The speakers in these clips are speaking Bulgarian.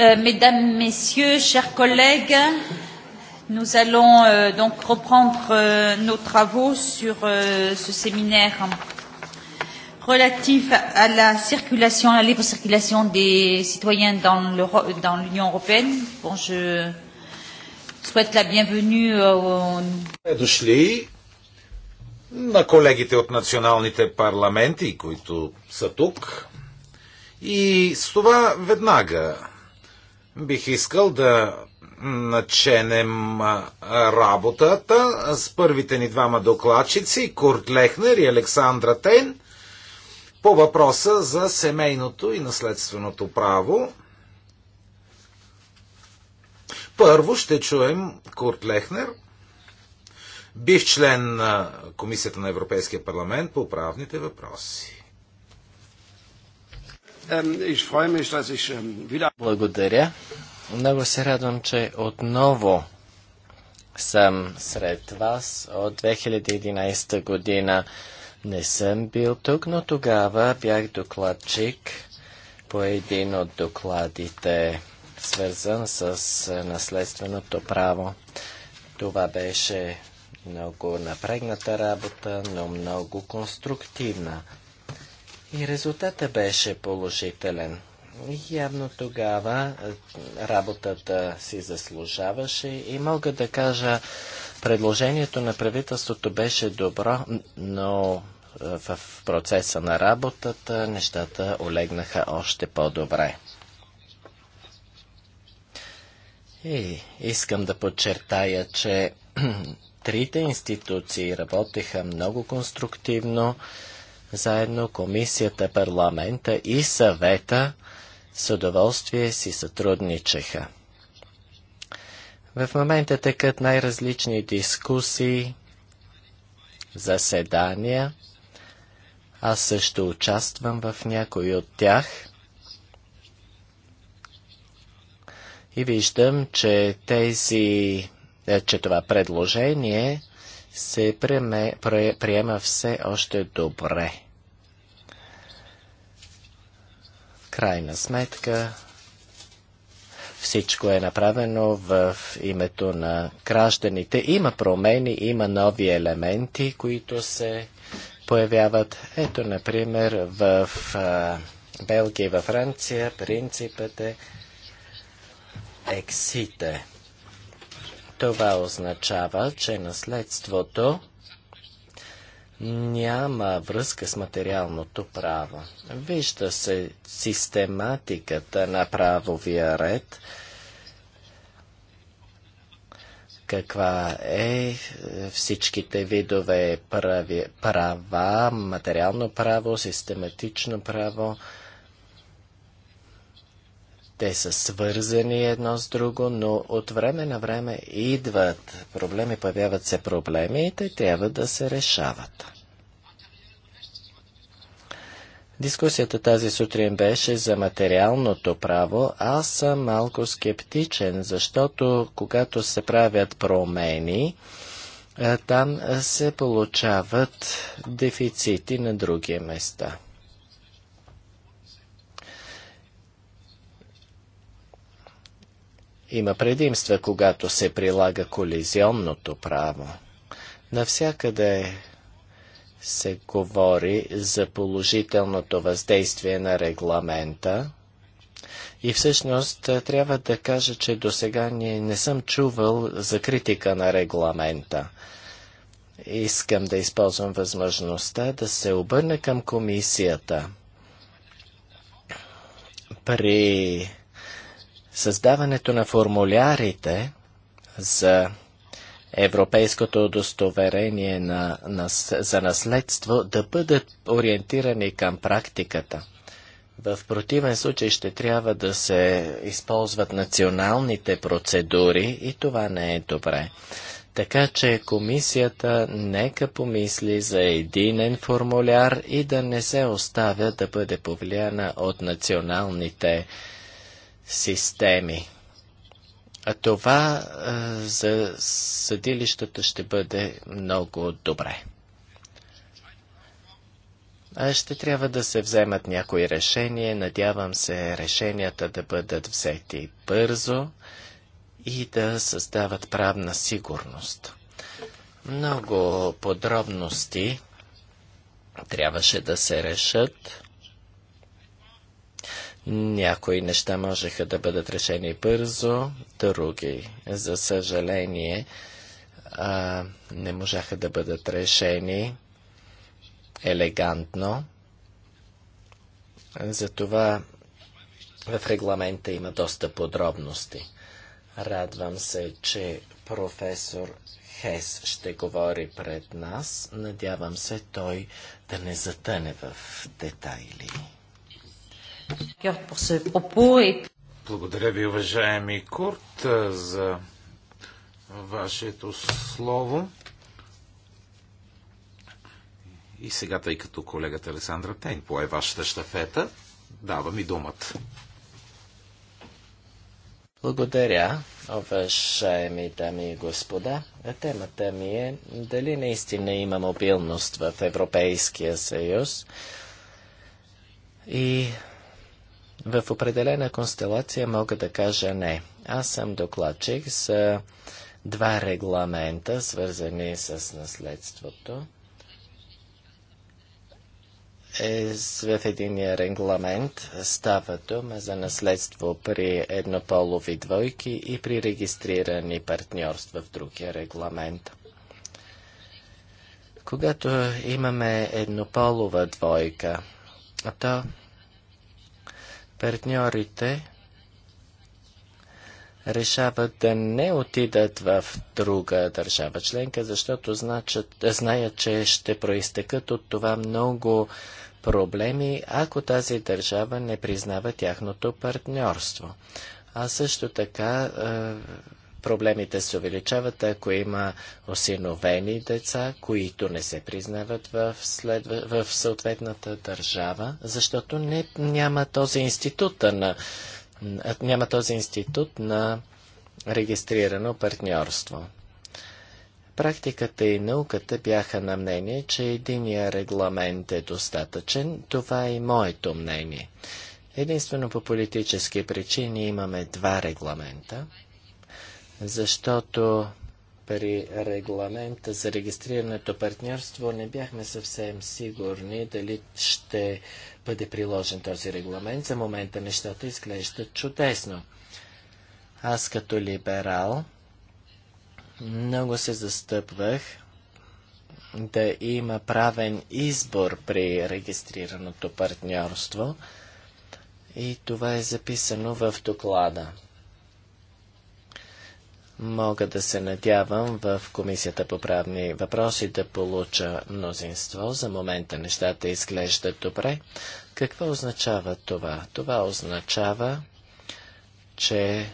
Mesdames, Messieurs, chers collègues, nous allons euh, donc reprendre euh, nos travaux sur euh, ce séminaire relatif à la circulation, à la libre circulation des citoyens dans l'Union européenne. Bon, je souhaite la bienvenue aux... Дошли на колегите от националните парламенти, които са тук. И с това веднага Бих искал да наченем работата с първите ни двама докладчици, Курт Лехнер и Александра Тейн, по въпроса за семейното и наследственото право. Първо ще чуем Курт Лехнер, бив член на Комисията на Европейския парламент по правните въпроси. Ähm, ähm, Благодаря. Много се радвам, че отново съм сред вас. От 2011 година не съм бил тук, но тогава бях докладчик по един от докладите, свързан с е, наследственото право. Това беше много напрегната работа, но много конструктивна. И резултата беше положителен. Явно тогава работата си заслужаваше и мога да кажа, предложението на правителството беше добро, но в процеса на работата нещата олегнаха още по-добре. И искам да подчертая, че трите институции работеха много конструктивно заедно комисията, парламента и съвета с удоволствие си сътрудничеха. В момента тъкат най-различни дискусии, заседания. Аз също участвам в някои от тях и виждам, че тези, е, че това предложение се приеме, приема все още добре. В крайна сметка, всичко е направено в името на гражданите. Има промени, има нови елементи, които се появяват. Ето, например, в а, Белгия и във Франция принципът е ексите. Това означава, че наследството няма връзка с материалното право. Вижда се систематиката на правовия ред, каква е, е всичките видове прави, права, материално право, систематично право, те са свързани едно с друго, но от време на време идват проблеми, появяват се проблеми и те трябва да се решават. Дискусията тази сутрин беше за материалното право. Аз съм малко скептичен, защото когато се правят промени, там се получават дефицити на други места. има предимства, когато се прилага колизионното право. Навсякъде се говори за положителното въздействие на регламента. И всъщност трябва да кажа, че до сега не, съм чувал за критика на регламента. Искам да използвам възможността да се обърна към комисията. При Създаването на формулярите за европейското удостоверение на, на, за наследство да бъдат ориентирани към практиката. В противен случай ще трябва да се използват националните процедури и това не е добре. Така че комисията нека помисли за единен формуляр и да не се оставя да бъде повлияна от националните процедури системи. А това а, за съдилищата ще бъде много добре. А ще трябва да се вземат някои решения. Надявам се решенията да бъдат взети бързо и да създават правна сигурност. Много подробности трябваше да се решат някои неща можеха да бъдат решени бързо, други, за съжаление, а, не можаха да бъдат решени елегантно. Затова в регламента има доста подробности. Радвам се, че професор Хес ще говори пред нас. Надявам се той да не затъне в детайли. Благодаря ви, уважаеми Курт, за вашето слово. И сега, тъй като колегата Александра Тейн пое вашата щафета, давам и думата. Благодаря, уважаеми дами и господа. Темата ми е дали наистина има мобилност в Европейския съюз и в определена констелация мога да кажа не. Аз съм докладчик с два регламента, свързани с наследството. Е, в единия регламент става дума за наследство при еднополови двойки и при регистрирани партньорства в другия регламент. Когато имаме еднополова двойка, то партньорите решават да не отидат в друга държава членка, защото значат, знаят, че ще проистекат от това много проблеми, ако тази държава не признава тяхното партньорство. А също така е, Проблемите се увеличават, ако има осиновени деца, които не се признават в, след... в съответната държава, защото не, няма този институт на, няма този институт на регистрирано партньорство. Практиката и науката бяха на мнение, че единия регламент е достатъчен, това е и моето мнение. Единствено по политически причини имаме два регламента – защото при регламента за регистрирането партньорство не бяхме съвсем сигурни дали ще бъде приложен този регламент. За момента нещата изглеждат чудесно. Аз като либерал много се застъпвах да има правен избор при регистрираното партньорство и това е записано в доклада. Мога да се надявам в Комисията по правни въпроси да получа мнозинство. За момента нещата изглеждат добре. Какво означава това? Това означава, че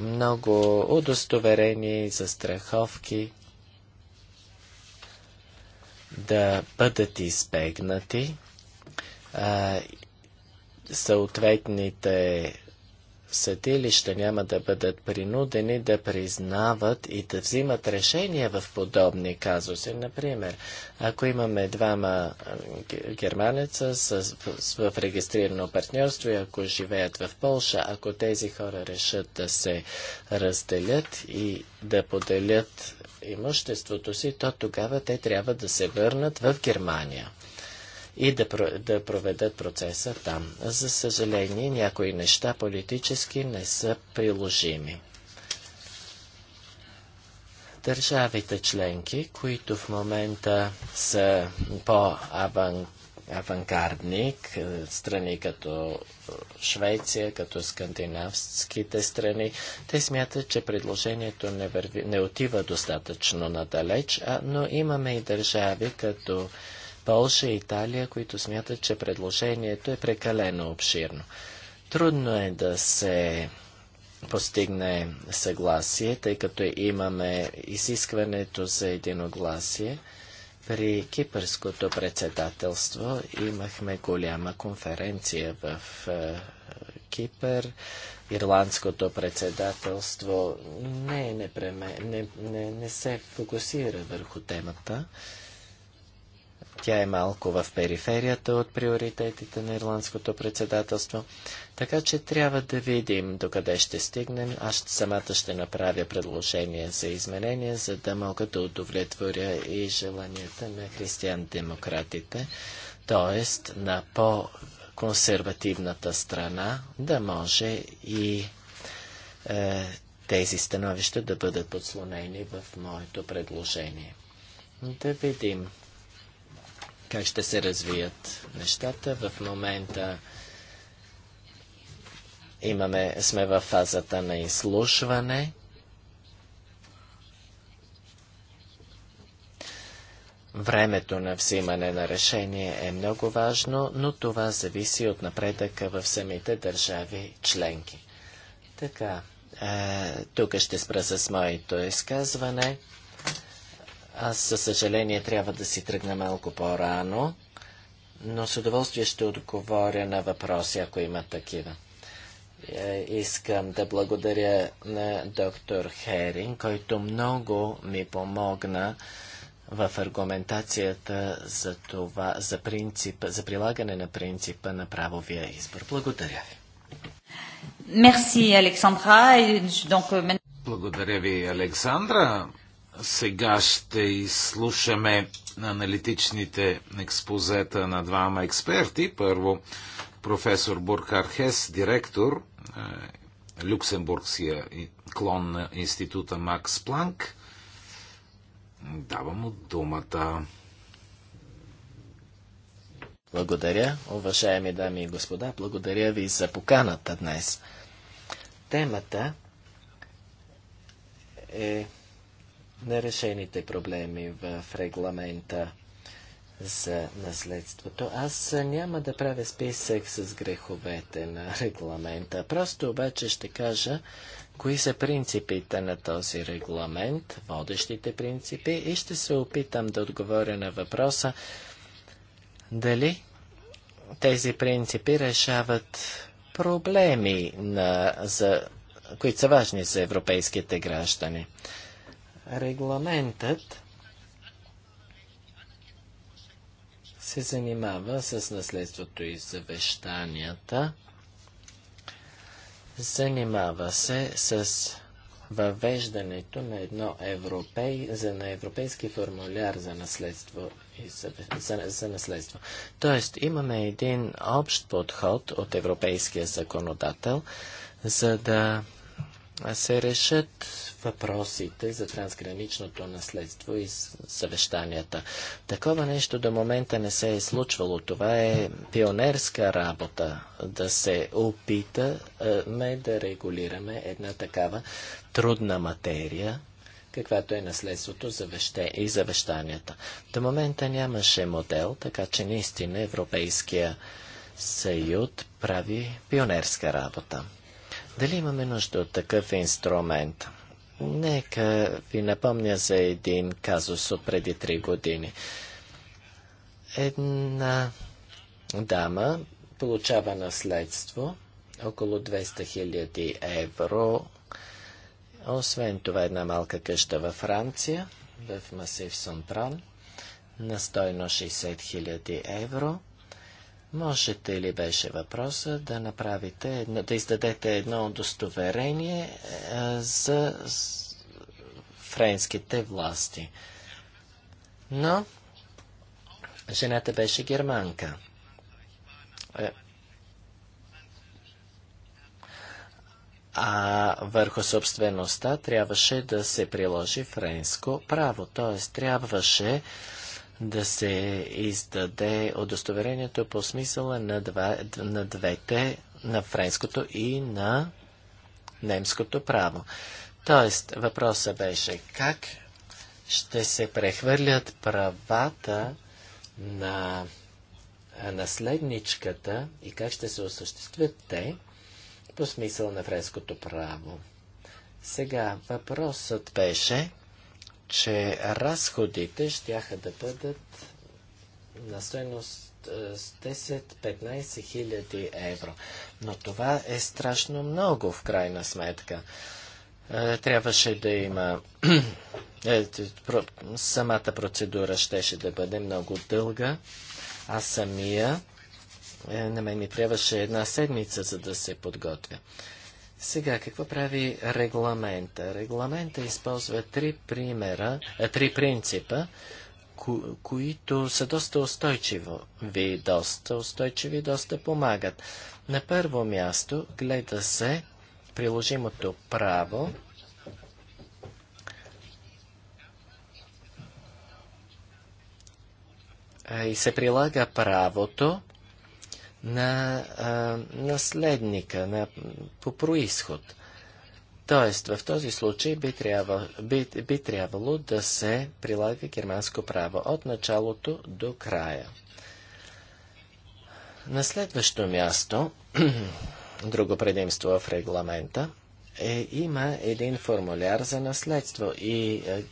много удостоверени за страховки да бъдат избегнати. А, съответните в съдилище няма да бъдат принудени да признават и да взимат решения в подобни казуси. Например, ако имаме двама германеца с, в, в регистрирано партньорство и ако живеят в Полша, ако тези хора решат да се разделят и да поделят имуществото си, то тогава те трябва да се върнат в Германия и да, да проведат процеса там. За съжаление, някои неща политически не са приложими. Държавите членки, които в момента са по-авангардни, страни като Швеция, като скандинавските страни, те смятат, че предложението не, върви, не отива достатъчно надалеч, а, но имаме и държави като Полша и Италия, които смятат, че предложението е прекалено обширно. Трудно е да се постигне съгласие, тъй като имаме изискването за единогласие. При кипърското председателство имахме голяма конференция в е, Кипър. Ирландското председателство не, е не, не, не се фокусира върху темата. Тя е малко в периферията от приоритетите на ирландското председателство, така че трябва да видим докъде ще стигнем. Аз самата ще направя предложение за изменение, за да мога да удовлетворя и желанията на християн-демократите, т.е. на по-консервативната страна да може и е, тези становища да бъдат подслонени в моето предложение. Да видим как ще се развият нещата. В момента имаме, сме в фазата на изслушване. Времето на взимане на решение е много важно, но това зависи от напредъка в самите държави членки. Така, е, тук ще спра с моето изказване. Аз, със съжаление, трябва да си тръгна малко по-рано, но с удоволствие ще отговоря на въпроси, ако има такива. Е, искам да благодаря на доктор Херин, който много ми помогна в аргументацията за, това, за, принцип, за прилагане на принципа на правовия избор. Благодаря ви. Merci, Александра. Euh, благодаря ви, Александра. Сега ще изслушаме аналитичните експозета на двама експерти. Първо професор Буркар Хес, директор е, Люксембургския клон на института Макс Планк. Давам му думата. Благодаря, уважаеми дами и господа. Благодаря ви за поканата днес. Темата е нерешените проблеми в регламента за наследството. Аз няма да правя списък с греховете на регламента. Просто обаче ще кажа кои са принципите на този регламент, водещите принципи и ще се опитам да отговоря на въпроса дали тези принципи решават проблеми, на, за, които са важни за европейските граждани. Регламентът се занимава с наследството и завещанията. Занимава се с въвеждането на едно европей, за, на европейски формуляр за наследство. И за, за, за наследство. Тоест, имаме един общ подход от европейския законодател, за да се решат въпросите за трансграничното наследство и съвещанията. Такова нещо до момента не се е случвало. Това е пионерска работа да се опитаме да регулираме една такава трудна материя, каквато е наследството и завещанията. До момента нямаше модел, така че наистина Европейския съюз прави пионерска работа. Дали имаме нужда от такъв инструмент? Нека ви напомня за един казус от преди три години. Една дама получава наследство около 200 000 евро. Освен това една малка къща във Франция, в масив Сонтран, на стойно 60 000 евро. Можете ли беше въпроса да направите, да издадете едно удостоверение е, за френските власти? Но жената беше германка. Е, а върху собствеността трябваше да се приложи френско право, т.е. трябваше да се издаде удостоверението по смисъла на, два, на двете, на френското и на немското право. Тоест, въпросът беше как ще се прехвърлят правата на наследничката и как ще се осъществят те по смисъл на френското право. Сега въпросът беше че разходите ще да бъдат на стоеност 10-15 е, хиляди евро. Но това е страшно много в крайна сметка. Е, трябваше да има... Е, самата процедура щеше да бъде много дълга. а самия на мен ми трябваше една седмица, за да се подготвя. Сега, какво прави регламента? Регламента използва три примера, е, три принципа, ко- които са доста устойчиви, доста устойчиви, доста помагат. На първо място гледа се приложимото право е, и се прилага правото на а, наследника, на, по происход. Тоест, в този случай би, трябвало, би, би трябвало да се прилага германско право от началото до края. На следващо място, друго предимство в регламента, е, има един формуляр за наследство и е,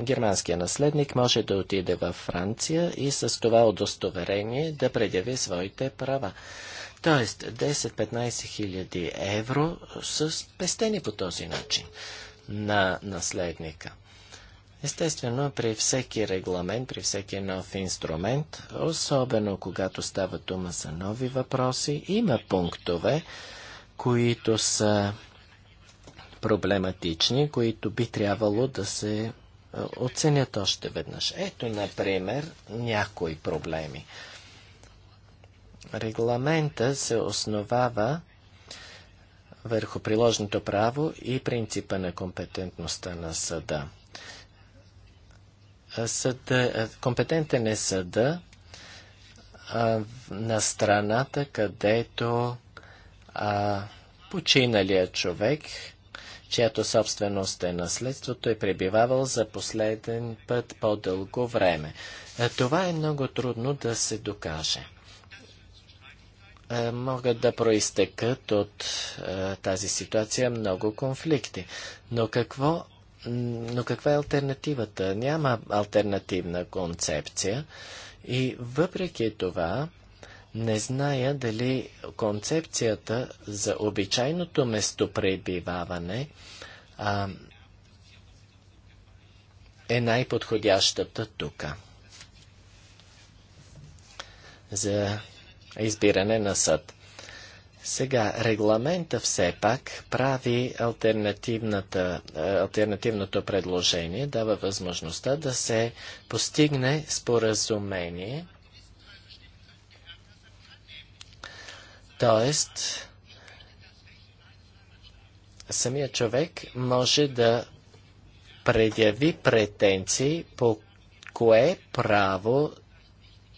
германския наследник може да отиде във Франция и с това удостоверение да предяви своите права. Тоест 10-15 хиляди евро са спестени по този начин на наследника. Естествено, при всеки регламент, при всеки нов инструмент, особено когато става дума за нови въпроси, има пунктове, които са проблематични, които би трябвало да се е, оценят още веднъж. Ето, например, някои проблеми. Регламента се основава върху приложното право и принципа на компетентността на съда. Съд, компетентен е съда а, на страната, където а, починалият човек чиято собственост е наследството, е пребивавал за последен път по-дълго време. Е, това е много трудно да се докаже. Е, Могат да проистекат от е, тази ситуация много конфликти. Но какво но каква е альтернативата? Няма альтернативна концепция. И въпреки това, не зная дали концепцията за обичайното местопребиваване а, е най-подходящата тук за избиране на съд. Сега, регламента все пак прави е, альтернативното предложение, дава възможността да се постигне споразумение Тоест, самия човек може да предяви претенции по кое право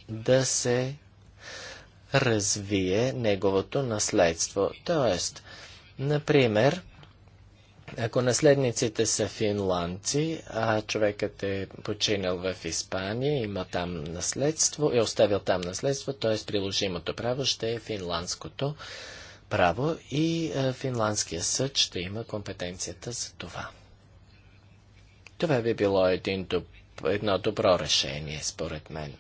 да се развие неговото наследство. Тоест, например, ако наследниците са финландци, а човекът е починал в Испания, има там наследство, е оставил там наследство, т.е. приложимото право ще е финландското право и финландския съд ще има компетенцията за това. Това би било един доб... едно добро решение, според мен.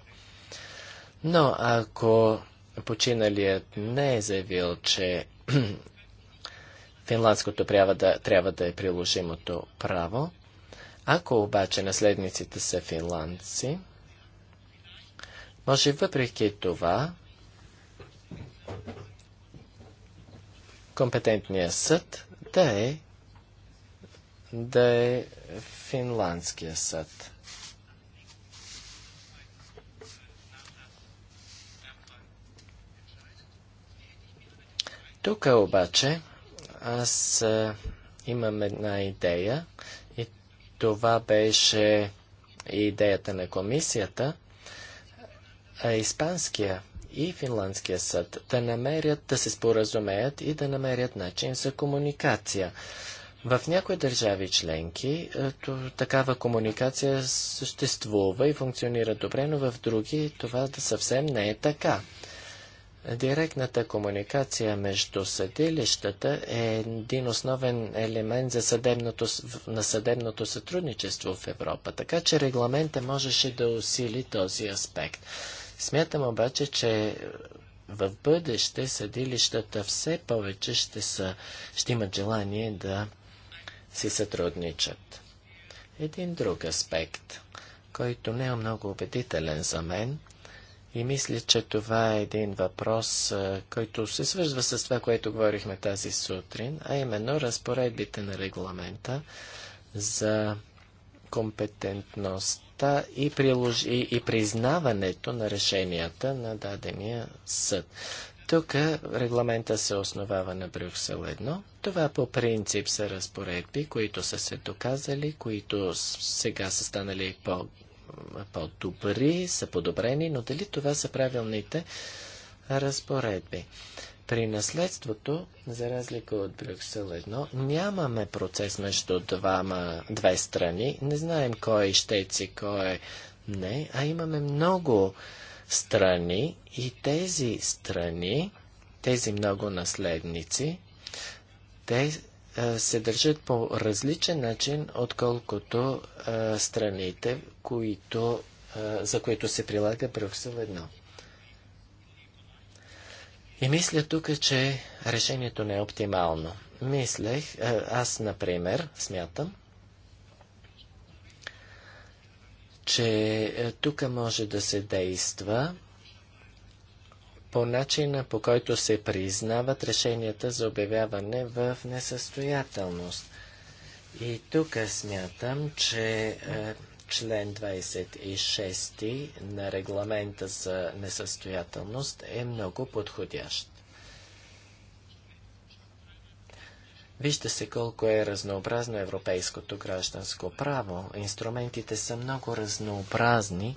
Но ако починалият не е заявил, че Финландското трябва да, трябва да е приложимото право. Ако обаче наследниците са финландци, може въпреки това компетентният съд да е да е финландския съд. Тук обаче аз а, имам една идея и това беше идеята на комисията. А, испанския и финландския съд да намерят, да се споразумеят и да намерят начин за комуникация. В някои държави членки то, такава комуникация съществува и функционира добре, но в други това да съвсем не е така. Директната комуникация между съдилищата е един основен елемент за съдебното, на съдебното сътрудничество в Европа, така че регламента можеше да усили този аспект. Смятам обаче, че в бъдеще съдилищата все повече ще, са, ще имат желание да си сътрудничат. Един друг аспект, който не е много убедителен за мен – и мисля, че това е един въпрос, който се свързва с това, което говорихме тази сутрин, а именно разпоредбите на регламента за компетентността и, прилож... и, признаването на решенията на дадения съд. Тук регламента се основава на Брюксел 1. Това по принцип са разпоредби, които са се доказали, които сега са станали по по-добри, са подобрени, но дали това са правилните разпоредби? При наследството, за разлика от Брюксел 1, нямаме процес между двама, две страни. Не знаем кой е щеци, кой е не, а имаме много страни и тези страни, тези много наследници, те се държат по различен начин, отколкото а, страните, които, а, за които се прилага Брюксел 1. И мисля тук, че решението не е оптимално. Мислех, аз, например, смятам, че тук може да се действа по начина по който се признават решенията за обявяване в несъстоятелност. И тук смятам, че е, член 26 на регламента за несъстоятелност е много подходящ. Вижте се колко е разнообразно европейското гражданско право. Инструментите са много разнообразни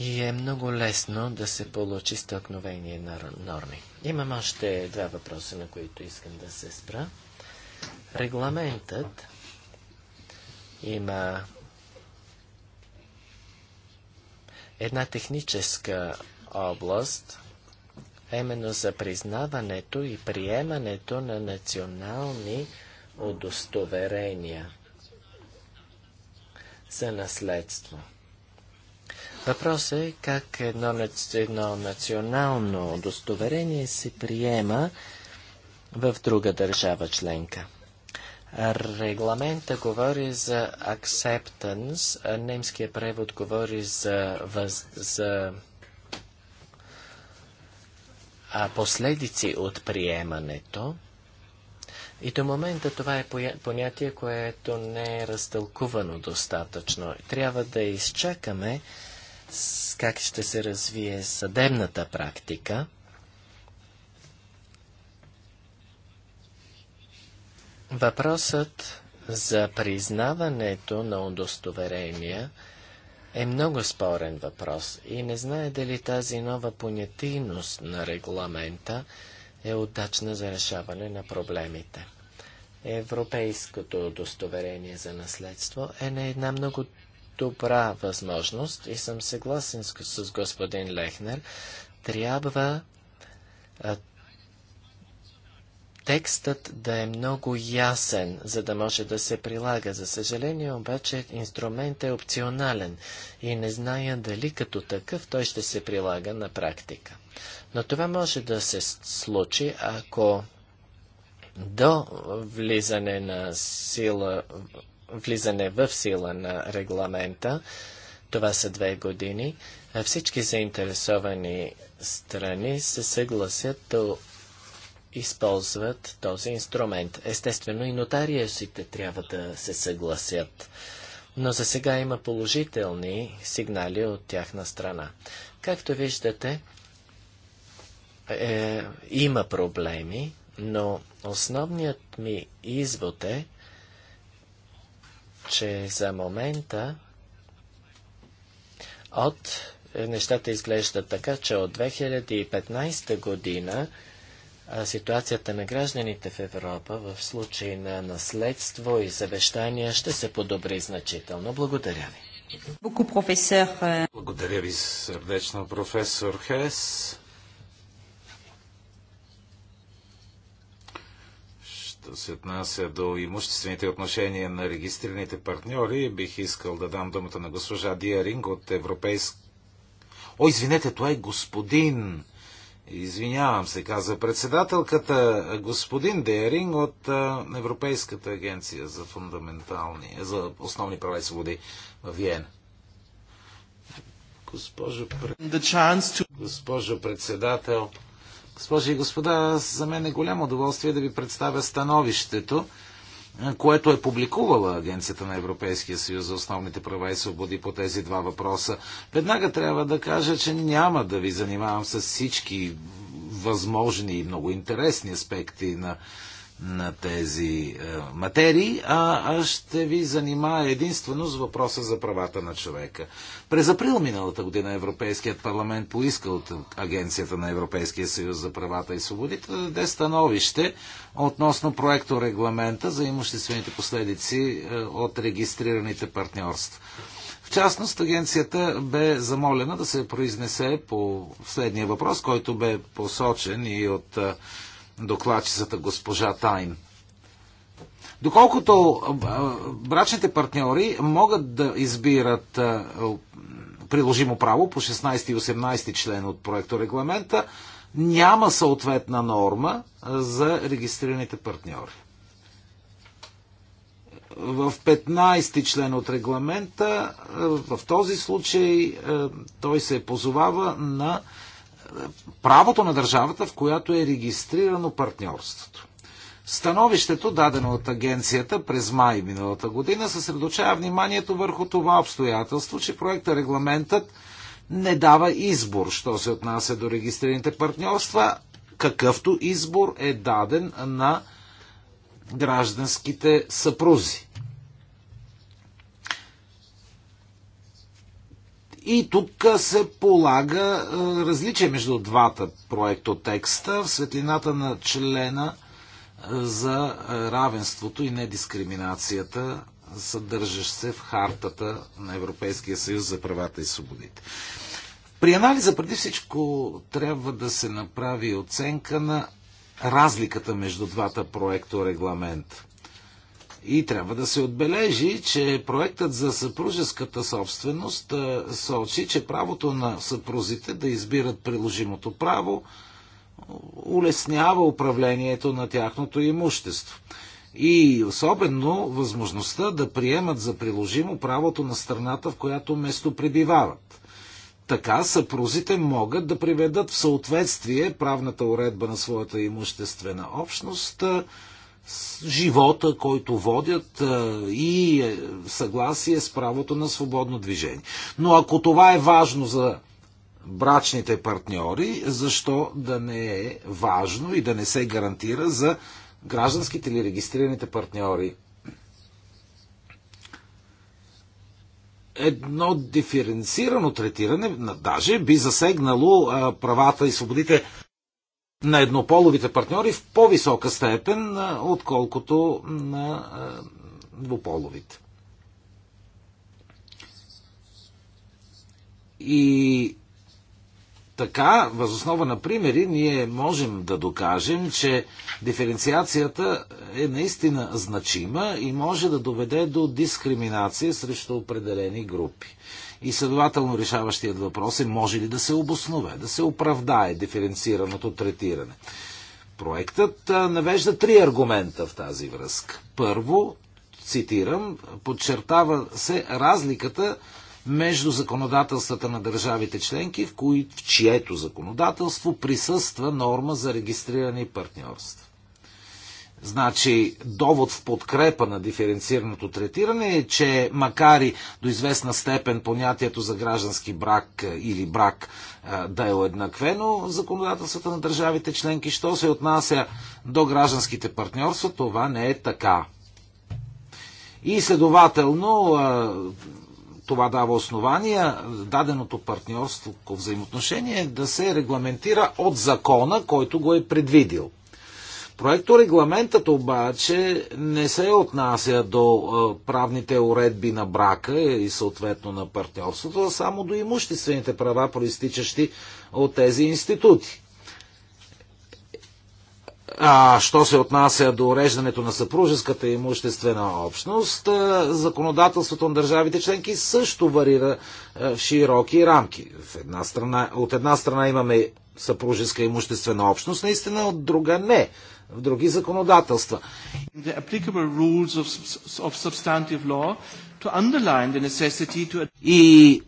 и е много лесно да се получи стълкновение на норми. Имам още два въпроса, на които искам да се спра. Регламентът има една техническа област, именно за признаването и приемането на национални удостоверения за наследство. Въпросът е как едно, едно национално удостоверение се приема в друга държава членка. Регламента говори за acceptance, а немският превод говори за, въз, за а последици от приемането. И до момента това е понятие, което не е разтълкувано достатъчно. Трябва да изчакаме как ще се развие съдебната практика. Въпросът за признаването на удостоверения е много спорен въпрос и не знае дали тази нова понятийност на регламента е удачна за решаване на проблемите. Европейското удостоверение за наследство е на една много добра възможност и съм съгласен с, с господин Лехнер. Трябва а, текстът да е много ясен, за да може да се прилага. За съжаление обаче инструмент е опционален и не зная дали като такъв той ще се прилага на практика. Но това може да се случи, ако до влизане на сила влизане в сила на регламента, това са две години, всички заинтересовани страни се съгласят да използват този инструмент. Естествено и нотариусите трябва да се съгласят. Но за сега има положителни сигнали от тяхна страна. Както виждате, е, има проблеми, но основният ми извод е, че за момента от е, нещата изглеждат така, че от 2015 година ситуацията на гражданите в Европа в случай на наследство и завещания ще се подобри значително. Благодаря ви. Благодаря ви сърдечно, професор Хес. Що се отнася до имуществените отношения на регистрираните партньори, бих искал да дам думата на госпожа Диаринг от Европейск... О, извинете, това е господин! Извинявам се, каза председателката, господин Дееринг от Европейската агенция за фундаментални, за основни права и свободи в Виен. Госпожо, госпожо председател, Госпожи и господа, за мен е голямо удоволствие да ви представя становището, което е публикувала Агенцията на Европейския съюз за основните права и свободи по тези два въпроса. Веднага трябва да кажа, че няма да ви занимавам с всички възможни и много интересни аспекти на на тези е, материи, а аз ще ви занимая единствено с въпроса за правата на човека. През април миналата година Европейският парламент поиска от Агенцията на Европейския съюз за правата и свободите да даде становище относно проекто регламента за имуществените последици е, от регистрираните партньорства. В частност, агенцията бе замолена да се произнесе по следния въпрос, който бе посочен и от е, докладчицата госпожа Тайн. Доколкото брачните партньори могат да избират приложимо право по 16 и 18 член от проекто регламента, няма съответна норма за регистрираните партньори. В 15 член от регламента, в този случай, той се позовава на правото на държавата, в която е регистрирано партньорството. Становището, дадено от агенцията през май миналата година, съсредоточава вниманието върху това обстоятелство, че проекта регламентът не дава избор, що се отнася до регистрираните партньорства, какъвто избор е даден на гражданските съпрузи. И тук се полага различие между двата проектотекста в светлината на члена за равенството и недискриминацията, съдържащ се в хартата на Европейския съюз за правата и свободите. При анализа преди всичко трябва да се направи оценка на разликата между двата проекто регламента. И трябва да се отбележи, че проектът за съпружеската собственост сочи, че правото на съпрузите да избират приложимото право улеснява управлението на тяхното имущество. И особено възможността да приемат за приложимо правото на страната, в която место пребивават. Така съпрузите могат да приведат в съответствие правната уредба на своята имуществена общност живота, който водят и е, съгласие с правото на свободно движение. Но ако това е важно за брачните партньори, защо да не е важно и да не се гарантира за гражданските или регистрираните партньори? Едно диференцирано третиране даже би засегнало правата и свободите на еднополовите партньори в по-висока степен, отколкото на двуполовите. И така, възоснова на примери, ние можем да докажем, че диференциацията е наистина значима и може да доведе до дискриминация срещу определени групи. И следователно решаващият въпрос е може ли да се обоснове, да се оправдае диференцираното третиране. Проектът навежда три аргумента в тази връзка. Първо, цитирам, подчертава се разликата между законодателствата на държавите членки, в, кои, в чието законодателство присъства норма за регистрирани партньорства. Значи, довод в подкрепа на диференцираното третиране е, че макар и до известна степен понятието за граждански брак е, или брак е, да е уеднаквено в законодателствата на държавите членки, що се отнася до гражданските партньорства, това не е така. И следователно, е, това дава основания даденото партньорство взаимоотношение да се регламентира от закона, който го е предвидил. Проекторегламентът обаче не се отнася до правните уредби на брака и съответно на партньорството, а само до имуществените права, проистичащи от тези институти. А що се отнася до уреждането на съпружеската имуществена общност, законодателството на държавите членки също варира в широки рамки. В една страна, от една страна имаме съпружеска имуществена общност, наистина от друга не в други законодателства. И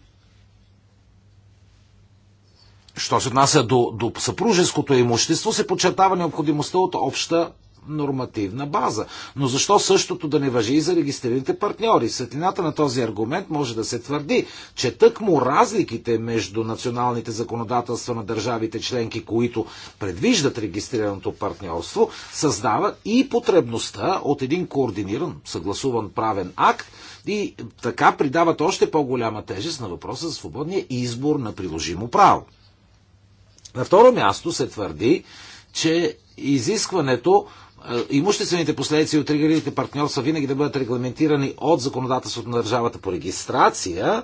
що се отнася до, до съпружеското имущество, се подчертава необходимостта от обща нормативна база. Но защо същото да не въжи и за регистрираните партньори? Светлината на този аргумент може да се твърди, че тъкмо разликите между националните законодателства на държавите членки, които предвиждат регистрираното партньорство, създава и потребността от един координиран, съгласуван правен акт и така придават още по-голяма тежест на въпроса за свободния избор на приложимо право. На второ място се твърди, че изискването е, имуществените последици от регулираните партньорства винаги да бъдат регламентирани от законодателството на държавата по регистрация,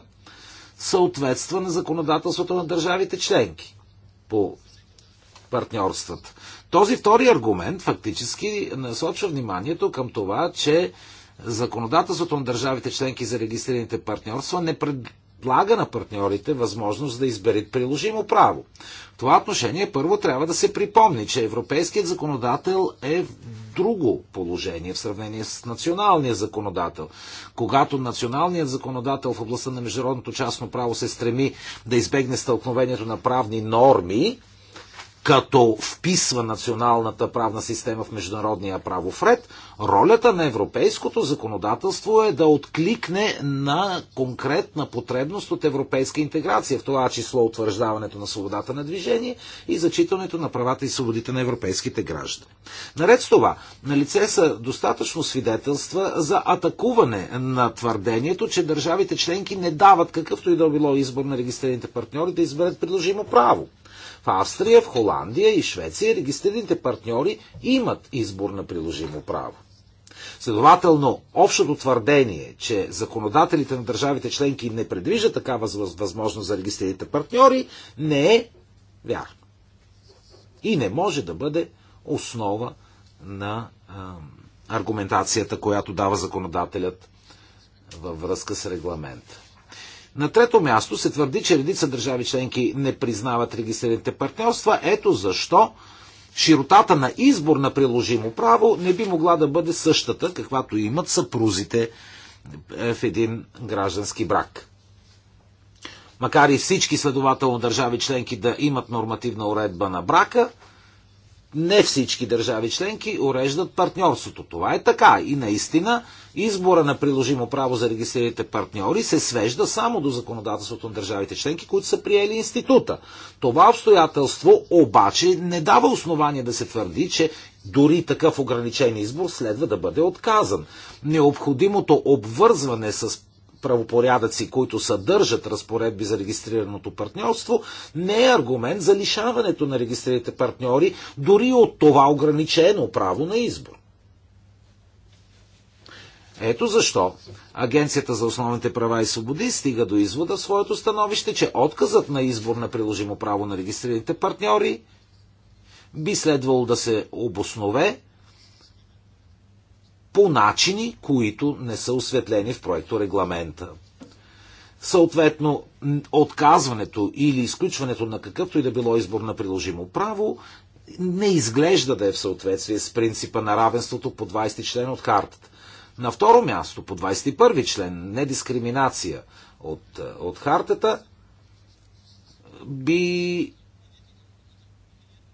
съответства на законодателството на държавите членки по партньорствата. Този втори аргумент фактически насочва вниманието към това, че законодателството на държавите членки за регистрираните партньорства не, пред, предлага на партньорите възможност да изберат приложимо право. В това отношение първо трябва да се припомни, че европейският законодател е в друго положение в сравнение с националния законодател. Когато националният законодател в областта на международното частно право се стреми да избегне стълкновението на правни норми, като вписва националната правна система в международния правов ред, ролята на европейското законодателство е да откликне на конкретна потребност от европейска интеграция, в това число утвърждаването на свободата на движение и зачитането на правата и свободите на европейските граждани. Наред с това, на лице са достатъчно свидетелства за атакуване на твърдението, че държавите членки не дават какъвто и да било избор на регистрираните партньори да изберат предложимо право. Австрия, в Холандия и Швеция регистрираните партньори имат избор на приложимо право. Следователно, общото твърдение, че законодателите на държавите членки не предвиждат такава възможност за регистрираните партньори, не е вярно. И не може да бъде основа на а, аргументацията, която дава законодателят във връзка с регламента. На трето място се твърди, че редица държави членки не признават регистрираните партньорства. Ето защо широтата на избор на приложимо право не би могла да бъде същата, каквато имат съпрузите е, в един граждански брак. Макар и всички следователно държави членки да имат нормативна уредба на брака, не всички държави членки уреждат партньорството. Това е така. И наистина избора на приложимо право за регистрираните партньори се свежда само до законодателството на държавите членки, които са приели института. Това обстоятелство обаче не дава основание да се твърди, че дори такъв ограничен избор следва да бъде отказан. Необходимото обвързване с правопорядъци, които съдържат разпоредби за регистрираното партньорство, не е аргумент за лишаването на регистрираните партньори дори от това ограничено право на избор. Ето защо Агенцията за основните права и свободи стига до извода в своето становище, че отказът на избор на приложимо право на регистрираните партньори би следвало да се обоснове по начини, които не са осветлени в проекто регламента. Съответно, отказването или изключването на какъвто и да било избор на приложимо право не изглежда да е в съответствие с принципа на равенството по 20 член от хартата. На второ място, по 21 член, недискриминация от, е, от хартата, би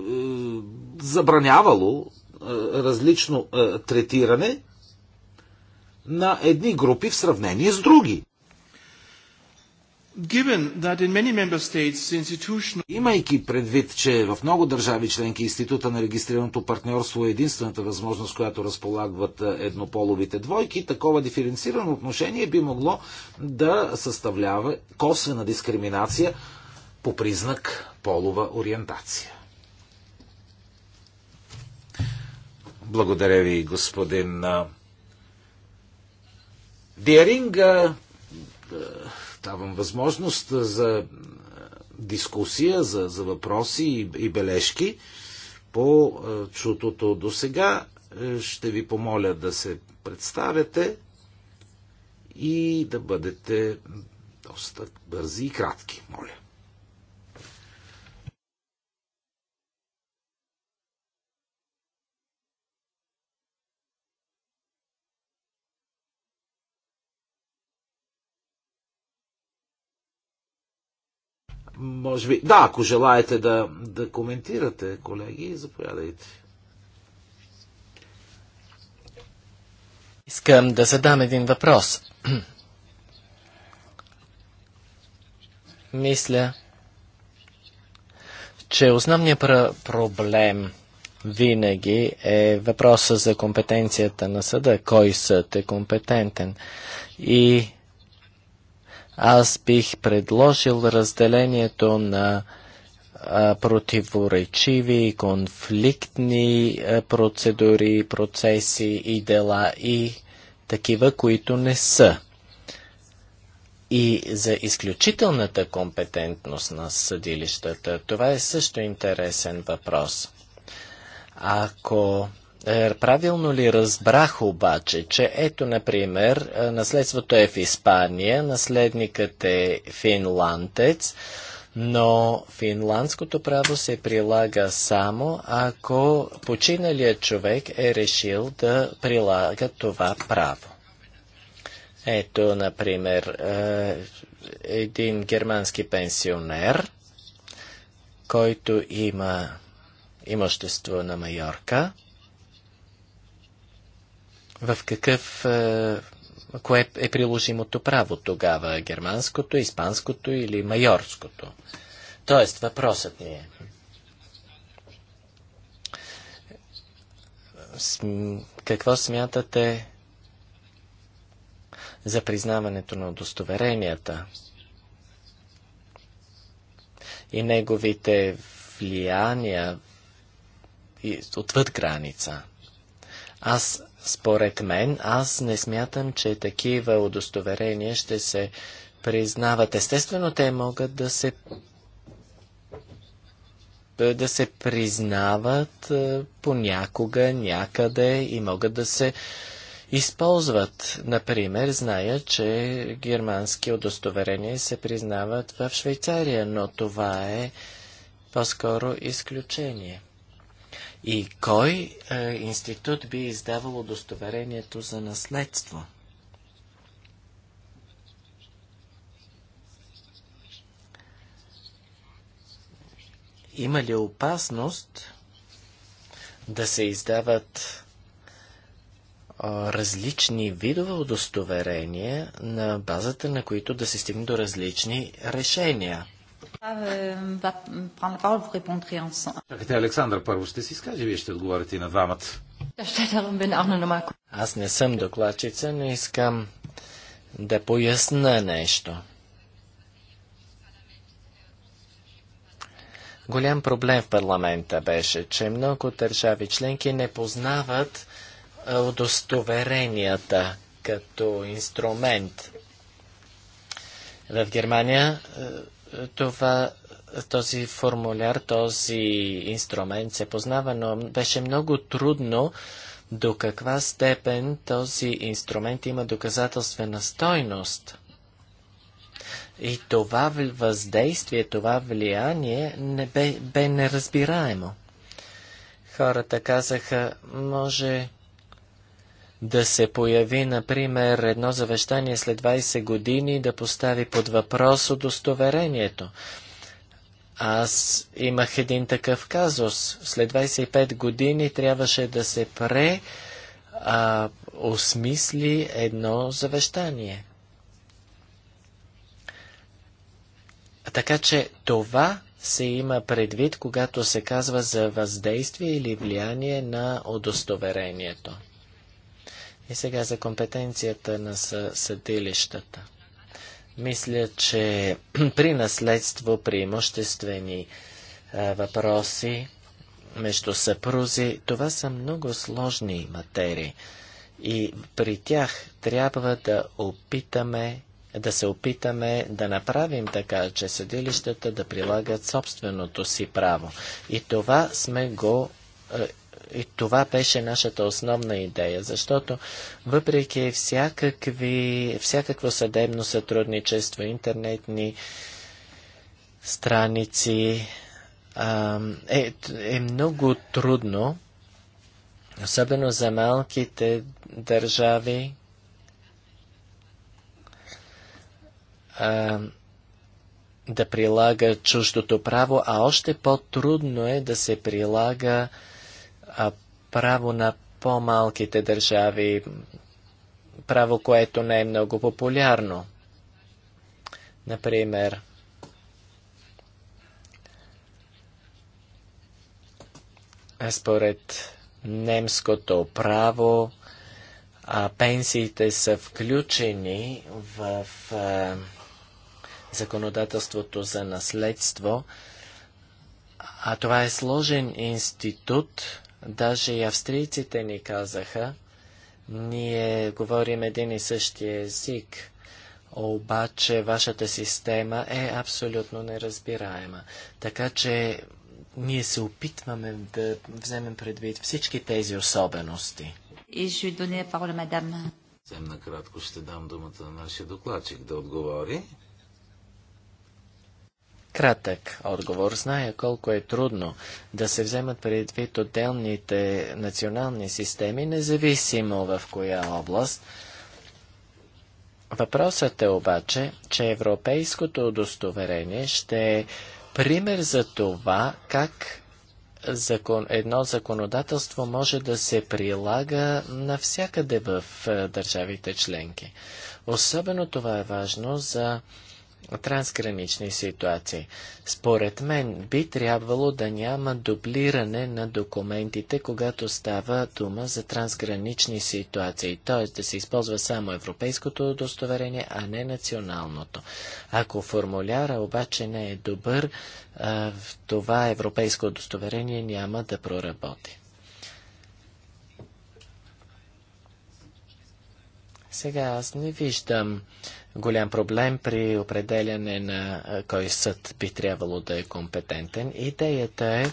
е, забранявало е, различно е, третиране на едни групи в сравнение с други. Institutional... Имайки предвид, че в много държави членки института на регистрираното партньорство е единствената възможност, която разполагат е, еднополовите двойки, такова диференцирано отношение би могло да съставлява косвена дискриминация по признак полова ориентация. Благодаря ви, господин Деринг давам възможност за дискусия, за, за въпроси и, и бележки по е, чутото до сега. Е, ще ви помоля да се представяте и да бъдете доста бързи и кратки, моля. Може би. Да, ако желаете да, да коментирате, колеги, заповядайте. Искам да задам един въпрос. Мисля, че основният пр- проблем винаги е въпроса за компетенцията на съда, кой съд е компетентен. И аз бих предложил разделението на противоречиви, конфликтни процедури, процеси и дела и такива, които не са. И за изключителната компетентност на съдилищата, това е също интересен въпрос. Ако е, правилно ли разбрах обаче, че ето, например, е, наследството е в Испания, наследникът е финландец, но финландското право се прилага само ако починалият човек е решил да прилага това право. Ето, например, е, един германски пенсионер, който има имущество на Майорка, в какъв е, кое е приложимото право тогава? Германското, испанското или майорското? Тоест, въпросът ми е. Какво смятате за признаването на удостоверенията и неговите влияния отвъд граница? Аз, според мен, аз не смятам, че такива удостоверения ще се признават. Естествено, те могат да се да се признават е, понякога, някъде и могат да се използват. Например, зная, че германски удостоверения се признават в Швейцария, но това е по-скоро изключение и кой е, институт би издавал удостоверението за наследство? Има ли опасност да се издават различни видове удостоверения, на базата на които да се стигне до различни решения? Е, Чакайте, Александър, първо ще си скаже, вие ще отговорите и на двамата. Аз не съм докладчица, но искам да поясна нещо. Голям проблем в парламента беше, че много държави членки не познават удостоверенията като инструмент. В Германия това, този формуляр, този инструмент се познава, но беше много трудно до каква степен този инструмент има доказателствена стойност. И това въздействие, това влияние не бе, бе неразбираемо. Хората казаха, може да се появи, например, едно завещание след 20 години да постави под въпрос удостоверението. Аз имах един такъв казус. След 25 години трябваше да се пре а, осмисли едно завещание. Така че това се има предвид, когато се казва за въздействие или влияние на удостоверението. И сега за компетенцията на съдилищата. Мисля, че при наследство, при имуществени въпроси между съпрузи, това са много сложни материи. И при тях трябва да опитаме да се опитаме да направим така, че съдилищата да прилагат собственото си право. И това сме го и това беше нашата основна идея, защото въпреки всякакви, всякакво съдебно сътрудничество, интернетни страници, е, е много трудно, особено за малките държави, да прилага чуждото право, а още по-трудно е да се прилага право на по-малките държави, право, което не е много популярно. Например, според немското право, а, пенсиите са включени в а, законодателството за наследство, а това е сложен институт, Даже и австрийците ни казаха, ние говорим един и същи език, обаче вашата система е абсолютно неразбираема. Така че ние се опитваме да вземем предвид всички тези особености. И ще ви донея парола, мадам. Съвсем накратко ще дам думата на нашия докладчик да отговори. Кратък отговор. Зная колко е трудно да се вземат предвид отделните национални системи, независимо в коя област. Въпросът е обаче, че европейското удостоверение ще е пример за това как закон, едно законодателство може да се прилага навсякъде в е, държавите членки. Особено това е важно за трансгранични ситуации. Според мен би трябвало да няма дублиране на документите, когато става дума за трансгранични ситуации, т.е. да се използва само европейското удостоверение, а не националното. Ако формуляра обаче не е добър, това европейско удостоверение няма да проработи. Сега аз не виждам голям проблем при определяне на кой съд би трябвало да е компетентен. Идеята е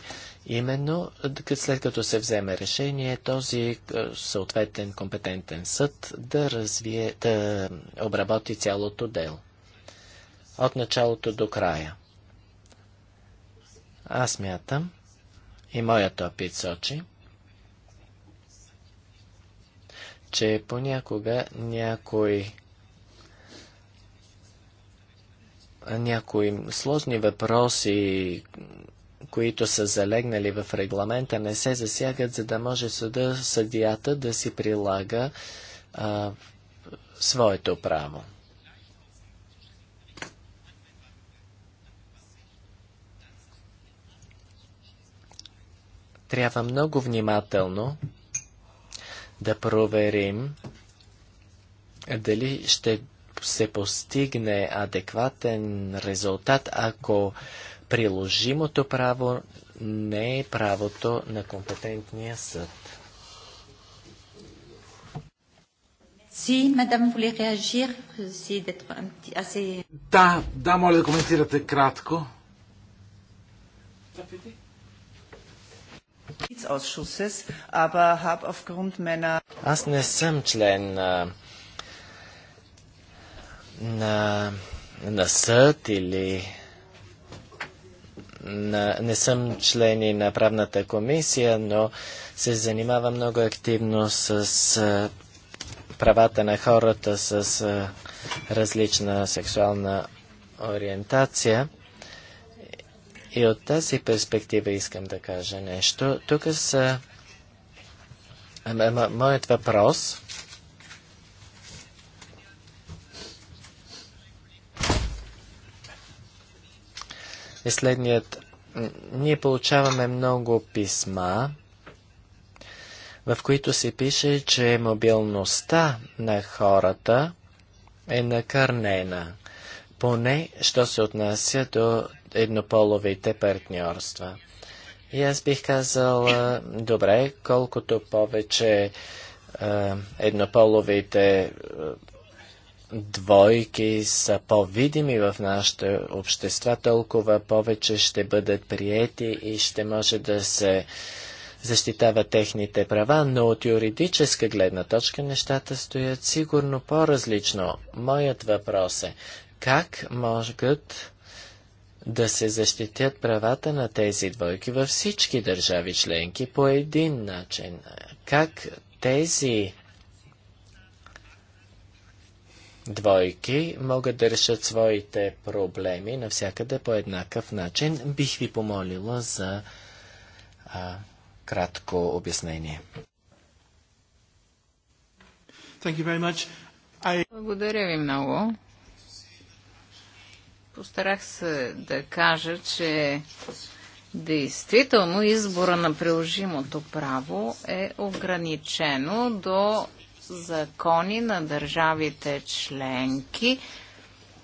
именно след като се вземе решение, този съответен компетентен съд да, развие, да обработи цялото дело. От началото до края. Аз мятам и моят опит сочи, че понякога някой. някои сложни въпроси, които са залегнали в регламента, не се засягат, за да може съда, съдията да си прилага а, своето право. Трябва много внимателно да проверим дали ще се постигне адекватен резултат, ако приложимото право не е правото на компетентния съд. Си, мадам, Да, да, моля да коментирате кратко. Аз не съм член на на, на съд или на, не съм члени на правната комисия, но се занимава много активно с, с правата на хората с различна сексуална ориентация. И от тази перспектива искам да кажа нещо. Тук са... Моят въпрос е следният. Ние получаваме много писма, в които се пише, че мобилността на хората е накърнена, поне що се отнася до еднополовите партньорства. И аз бих казал, добре, колкото повече е, еднополовите двойки са по-видими в нашите общества, толкова повече ще бъдат приети и ще може да се защитава техните права, но от юридическа гледна точка нещата стоят сигурно по-различно. Моят въпрос е, как могат да се защитят правата на тези двойки във всички държави членки по един начин? Как тези двойки могат да решат своите проблеми навсякъде по еднакъв начин. Бих ви помолила за а, кратко обяснение. I... Благодаря ви много. Постарах се да кажа, че действително избора на приложимото право е ограничено до закони на държавите членки,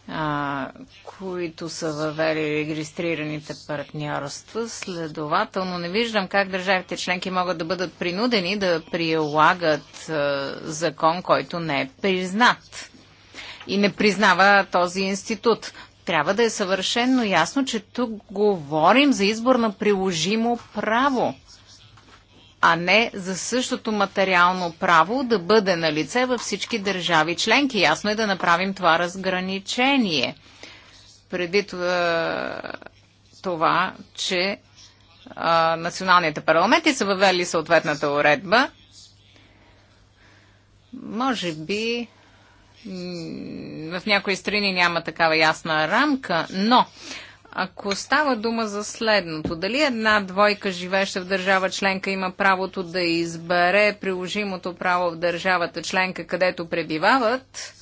а, които са въвели регистрираните партньорства. Следователно не виждам как държавите членки могат да бъдат принудени да прилагат а, закон, който не е признат и не признава този институт. Трябва да е съвършенно ясно, че тук говорим за избор на приложимо право а не за същото материално право да бъде на лице във всички държави членки. Ясно е да направим това разграничение. Преди е, това, че а, е, националните парламенти са въвели съответната уредба, може би в някои страни няма такава ясна рамка, но ако става дума за следното, дали една двойка живеща в държава членка има правото да избере приложимото право в държавата членка, където пребивават,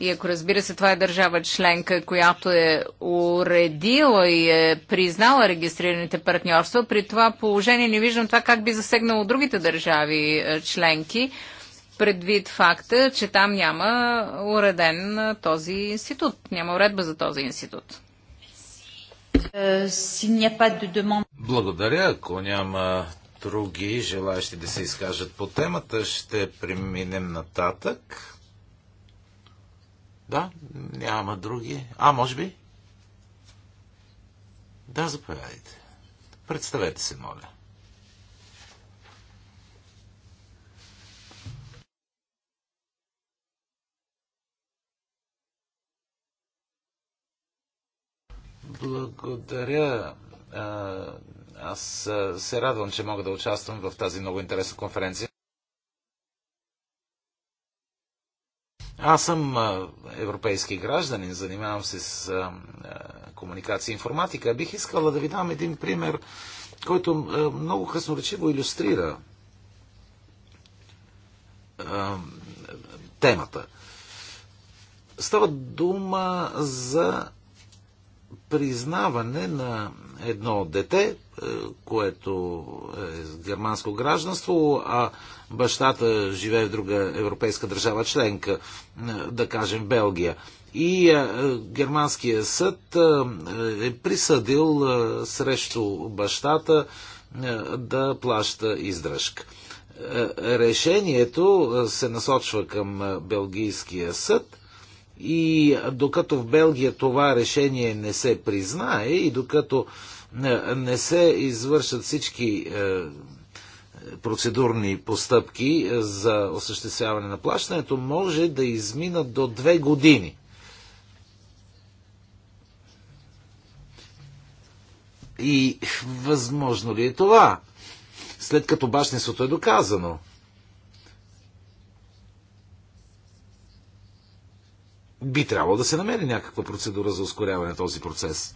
и ако разбира се това е държава членка, която е уредила и е признала регистрираните партньорства, при това положение не виждам това как би засегнало другите държави е, членки, предвид факта, че там няма уреден е, този институт, няма уредба за този институт. Е, Благодаря. Ако няма други желаящи да се изкажат по темата, ще преминем нататък. Да, няма други. А, може би? Да, заповядайте. Представете се, моля. Благодаря. Аз се радвам, че мога да участвам в тази много интересна конференция. Аз съм европейски гражданин, занимавам се с комуникация и информатика. Бих искала да ви дам един пример, който много красноречиво иллюстрира темата. Става дума за признаване на едно дете, е, което е с германско гражданство, а бащата живее в друга европейска държава членка, е, да кажем Белгия. И е, германския съд е присъдил срещу бащата да плаща издръжка. Решението се насочва към Белгийския съд – и докато в Белгия това решение не се признае и докато е, не се извършат всички е, процедурни постъпки е, за осъществяване на плащането, може да изминат до две години. И възможно ли е това? След като Башниството е доказано – би трябвало да се намери някаква процедура за ускоряване на този процес.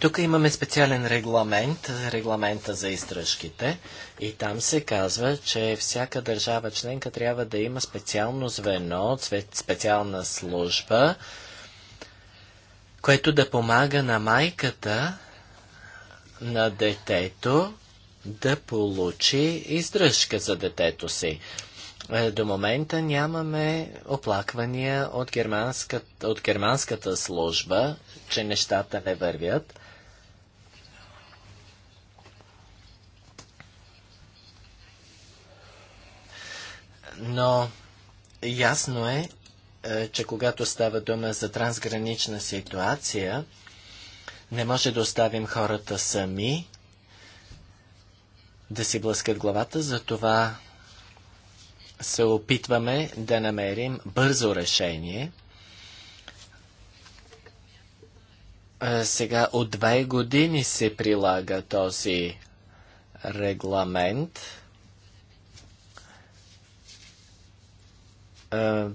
Тук имаме специален регламент, регламента за издръжките и там се казва, че всяка държава членка трябва да има специално звено, специална служба, което да помага на майката на детето да получи издръжка за детето си. Е, до момента нямаме оплаквания от германската, от германската служба, че нещата не вървят. Но ясно е, е, че когато става дума за трансгранична ситуация, не може да оставим хората сами да си блъскат главата, затова се опитваме да намерим бързо решение. Сега от две години се прилага този регламент.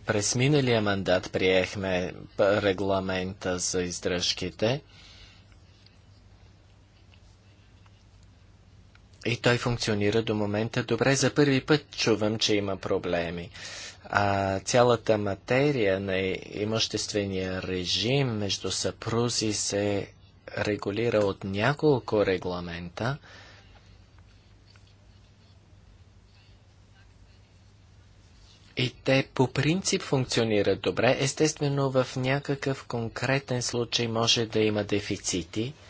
През миналия мандат приехме регламента за издръжките – И той функционира до момента добре. За първи път чувам, че има проблеми. А цялата материя на имуществения режим между съпрузи се регулира от няколко регламента. И те по принцип функционират добре. Естествено, в някакъв конкретен случай може да има дефицити –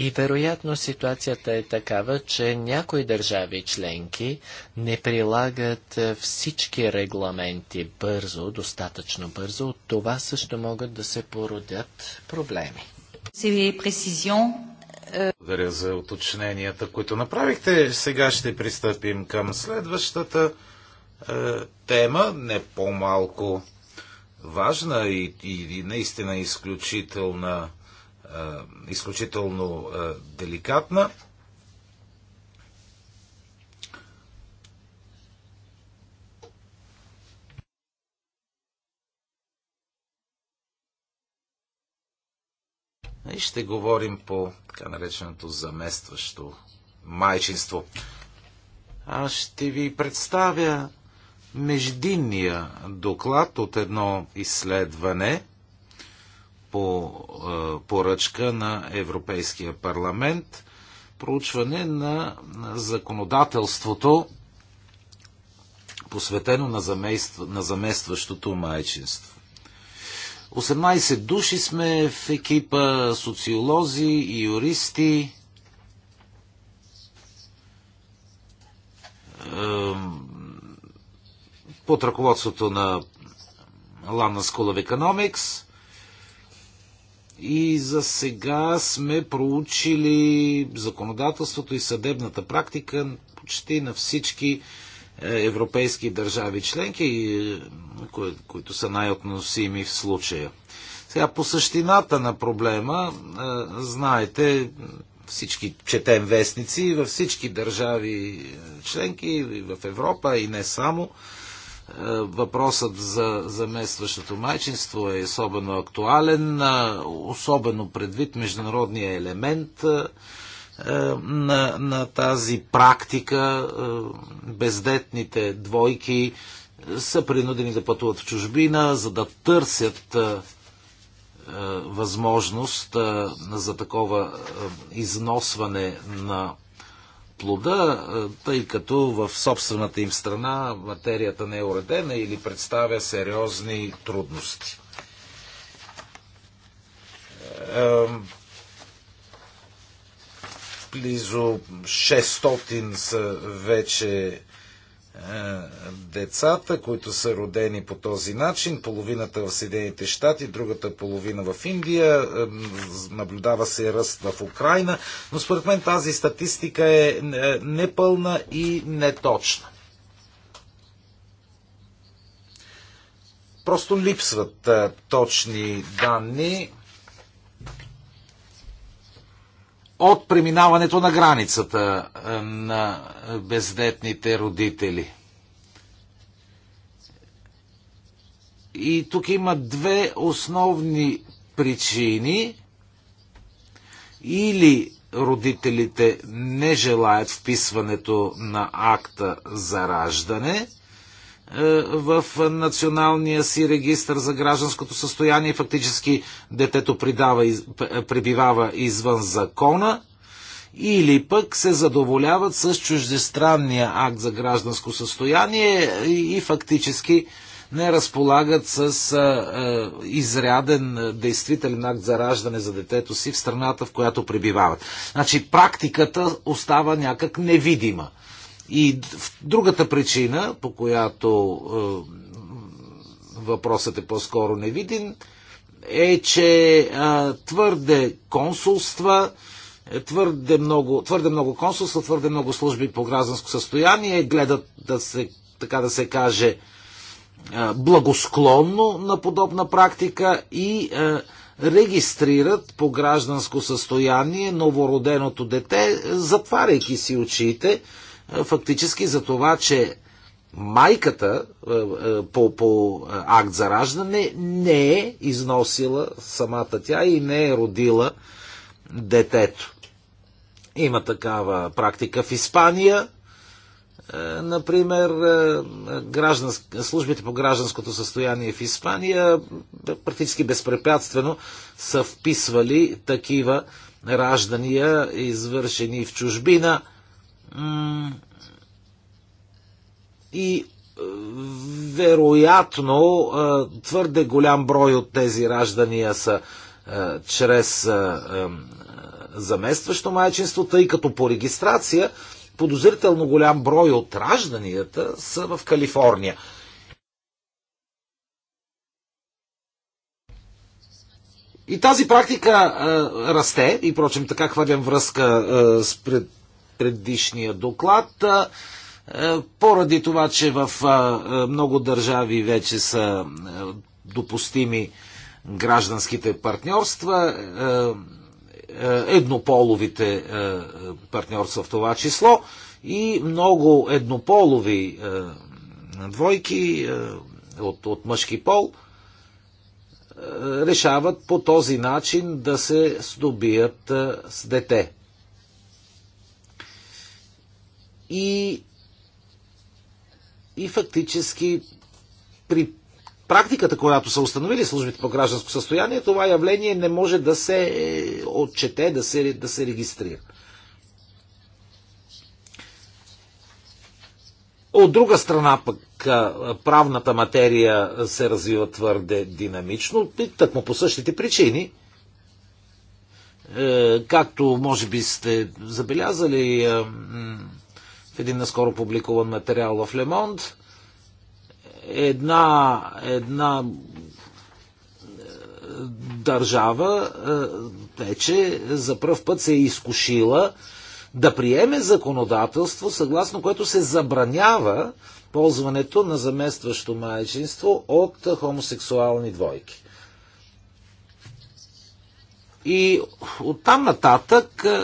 И вероятно ситуацията е такава, че някои държави членки не прилагат е, всички регламенти бързо, достатъчно бързо. От това също могат да се породят проблеми. Е, Благодаря за уточненията, които направихте. Сега ще пристъпим към следващата е, тема, не по-малко важна и, и, и наистина изключителна е, изключително е, деликатна. И ще говорим по така нареченото заместващо майчинство. Аз ще ви представя междинния доклад от едно изследване – по е, поръчка на Европейския парламент проучване на законодателството посветено на, замейств... на заместващото майчинство. 18 души сме в екипа социолози и юристи. Под ръководството на Лана School of Economics – и за сега сме проучили законодателството и съдебната практика почти на всички е, европейски държави членки, е, които са най-относими в случая. Сега по същината на проблема, е, знаете, всички четем вестници във всички държави членки, в Европа и не само, Въпросът за заместващото майчинство е особено актуален, особено предвид международния елемент е, на, на тази практика. Бездетните двойки е, са принудени да пътуват в чужбина, за да търсят е, възможност за такова износване на плода, тъй като в собствената им страна материята не е уредена или представя сериозни трудности. Близо 600 са вече децата, които са родени по този начин, половината в Съединените щати, другата половина в Индия, наблюдава се ръст в Украина, но според мен тази статистика е, е непълна и неточна. Просто липсват точни данни от преминаването на границата е, на бездетните родители. И тук има две основни причини. Или родителите не желаят вписването на акта за раждане, е, в националния си регистр за гражданското състояние. Фактически детето придава, пребивава извън закона или пък се задоволяват с чуждестранния акт за гражданско състояние и, фактически не разполагат с а, е, а, е, изряден действителен акт за раждане за детето си в страната, в която пребивават. Значи практиката остава някак невидима и другата причина, по която е, въпросът е по-скоро невиден, е, че твърде консулства, твърде много, твърде много консулства, твърде много служби по гражданско състояние гледат да се, така да се каже, благосклонно на подобна практика и регистрират по гражданско състояние новороденото дете, затваряйки си очите е, фактически за това, че майката е, е, по, по акт за раждане не е износила самата тя и не е родила детето. Има такава практика в Испания. Например, гражданск... службите по гражданското състояние в Испания практически безпрепятствено са вписвали такива раждания, извършени в чужбина – и е, вероятно е, твърде голям брой от тези раждания са е, чрез заместващо майчинство, тъй като по регистрация подозрително голям брой от ражданията са в Калифорния. И тази практика а, расте, и прочим така хвърлям връзка а, с пред, предишния доклад. Поради това, че в много държави вече са допустими гражданските партньорства, еднополовите партньорства в това число и много еднополови двойки от, от мъжки пол решават по този начин да се здобият с дете. и, и фактически при практиката, която са установили службите по гражданско състояние, това явление не може да се е, отчете, да се, да се регистрира. От друга страна пък правната материя се развива твърде динамично, тъкмо по същите причини. Е, както може би сте забелязали, е, един наскоро публикуван материал в Лемонт. Една, една е, държава е, вече за първ път се е изкушила да приеме законодателство, съгласно което се забранява ползването на заместващо майчинство от хомосексуални двойки. И оттам нататък е,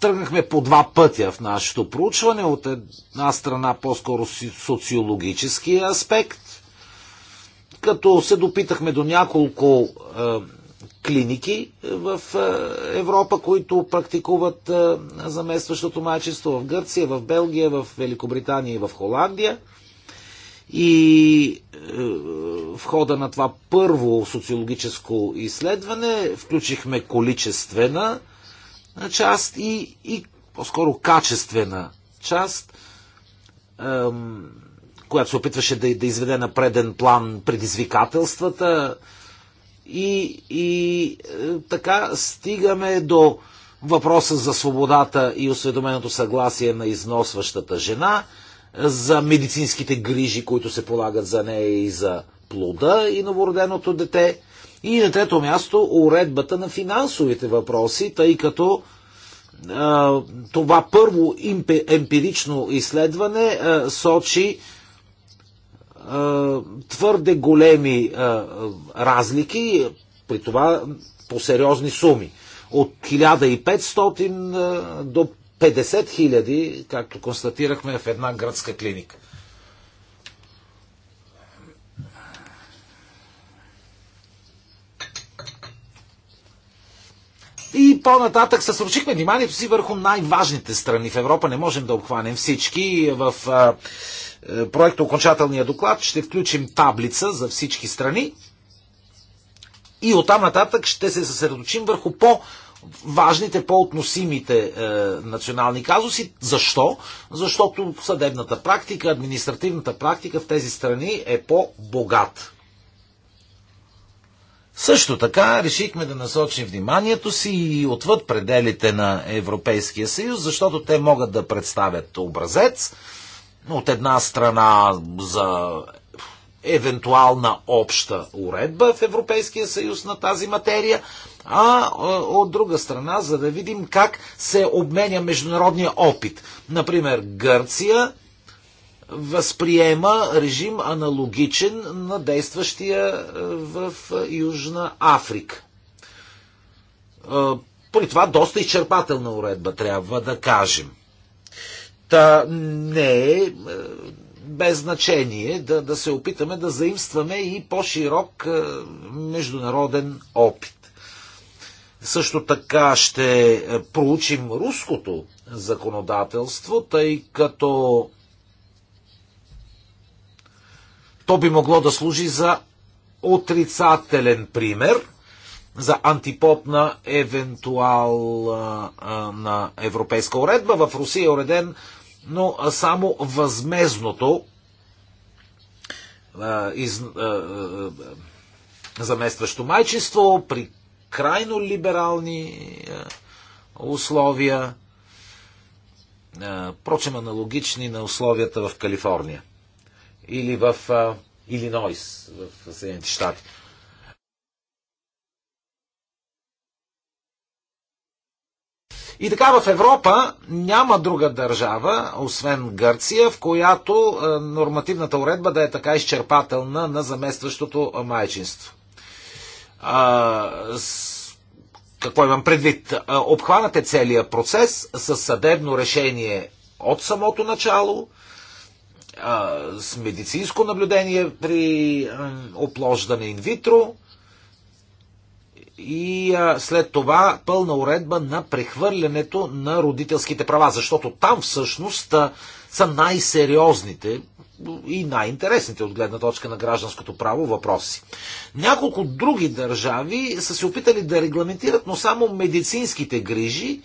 тръгнахме по два пътя в нашето проучване. От една страна по-скоро социологически аспект, като се допитахме до няколко е, клиники в е, Европа, които практикуват е, заместващото майчество в Гърция, в Белгия, в Великобритания и в Холандия. И е, в хода на това първо социологическо изследване включихме количествена част и, и по-скоро качествена част, ем, която се опитваше да, да изведе на преден план предизвикателствата и, и е, така стигаме до въпроса за свободата и осведоменото съгласие на износващата жена, е, за медицинските грижи, които се полагат за нея и за плода и новороденото дете – и на трето място уредбата на финансовите въпроси, тъй като а, това първо емпирично изследване а, сочи а, твърде големи а, разлики, при това по сериозни суми. От 1500 до 50 000, както констатирахме в една гръцка клиника. И по-нататък съсручихме вниманието си върху най-важните страни в Европа. Не можем да обхванем всички. В е, проекта окончателния доклад ще включим таблица за всички страни. И оттам нататък ще се съсредоточим върху по- важните, по-относимите е, национални казуси. Защо? Защото съдебната практика, административната практика в тези страни е по-богата. Също така решихме да насочим вниманието си и отвъд пределите на Европейския съюз, защото те могат да представят образец от една страна за евентуална обща уредба в Европейския съюз на тази материя, а от друга страна, за да видим как се обменя международния опит. Например, Гърция възприема режим аналогичен на действащия е, в е, Южна Африка. Е, При това доста изчерпателна уредба, трябва да кажем. Та не е без значение да, да се опитаме да заимстваме и по-широк международен опит. Също така ще проучим руското законодателство, тъй като То би могло да служи за отрицателен пример за антипод на на европейска уредба. В Русия е уреден, но само възмезното из, заместващо майчество при крайно либерални условия, прочем аналогични на условията в Калифорния или в Илинойс, в Съединените щати. И така в Европа няма друга държава, освен Гърция, в която нормативната уредба да е така изчерпателна на заместващото майчинство. А, с... Какво имам предвид? Обхванате целият процес с съдебно решение от самото начало – а, с медицинско наблюдение при а, оплождане инвитро и а, след това пълна уредба на прехвърлянето на родителските права, защото там всъщност а, са най-сериозните и най-интересните от гледна точка на гражданското право въпроси. Няколко други държави са се опитали да регламентират, но само медицинските грижи,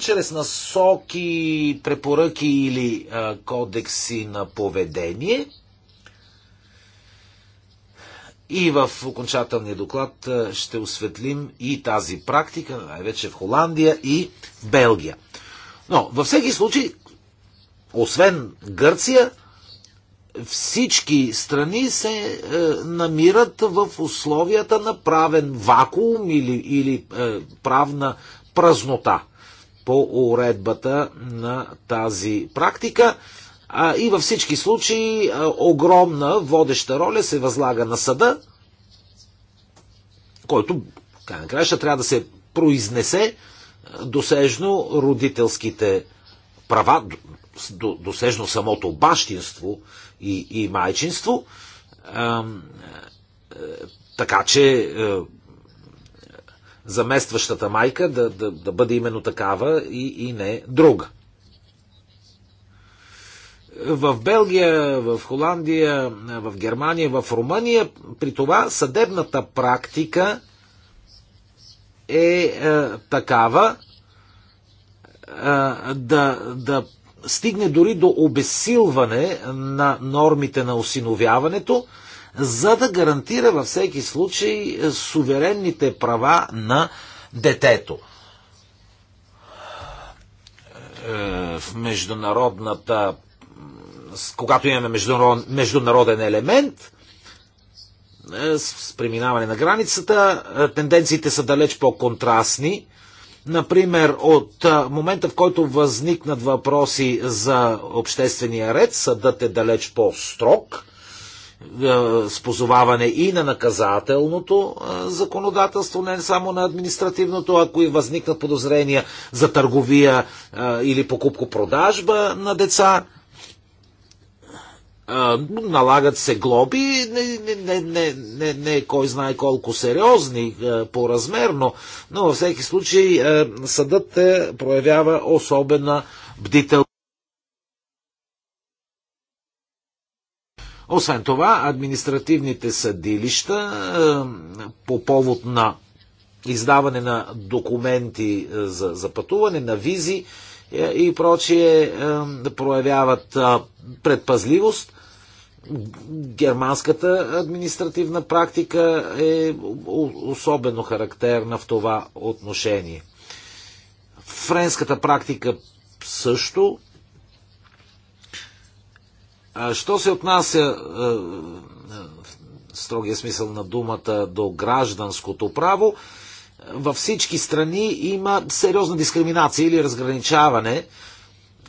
чрез насоки, препоръки или а, кодекси на поведение. И в окончателния доклад ще осветлим и тази практика, най-вече в Холандия и Белгия. Но във всеки случай, освен Гърция, всички страни се е, намират в условията на правен вакуум или, или е, правна празнота по уредбата на тази практика. А, и във всички случаи а, огромна водеща роля се възлага на съда, който, край на краща, трябва да се произнесе досежно родителските права, досежно самото бащинство и, и майчинство. А, е, така че е, заместващата майка да, да, да бъде именно такава и, и не друга. В Белгия, в Холандия, в Германия, в Румъния, при това съдебната практика е, е такава е, да, да стигне дори до обесилване на нормите на осиновяването, за да гарантира във всеки случай е, суверенните права на детето. Е, в международната когато имаме международен елемент, е, с преминаване на границата, тенденциите са далеч по-контрастни. Например, от момента, в който възникнат въпроси за обществения ред, съдът е далеч по-строг – е, с позоваване и на наказателното е, законодателство, не само на административното, ако и възникнат подозрения за търговия е, или покупко-продажба на деца. Налагат се глоби, не, не, не, не, не кой знае колко сериозни по размерно, но във всеки случай съдът проявява особена бдителност. Освен това, административните съдилища е, по повод на издаване на документи е, за, за пътуване, на визи е, и прочие да проявяват предпазливост. Германската административна практика е особено характерна в това отношение. Френската практика също Що се отнася е, в строгия смисъл на думата до гражданското право, във всички страни има сериозна дискриминация или разграничаване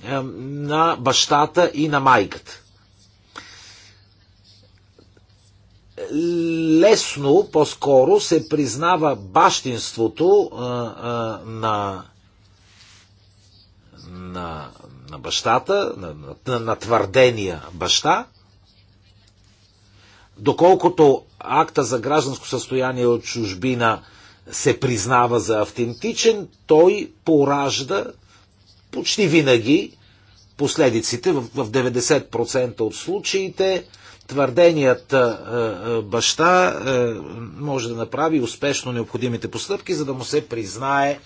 е, на бащата и на майката. Лесно, по-скоро, се признава бащинството а, е, а, на, на на бащата, на, на, на твърдения баща, доколкото акта за гражданско състояние от чужбина се признава за автентичен, той поражда почти винаги последиците. В, в 90% от случаите твърденият баща може да направи успешно необходимите постъпки, за да му се признае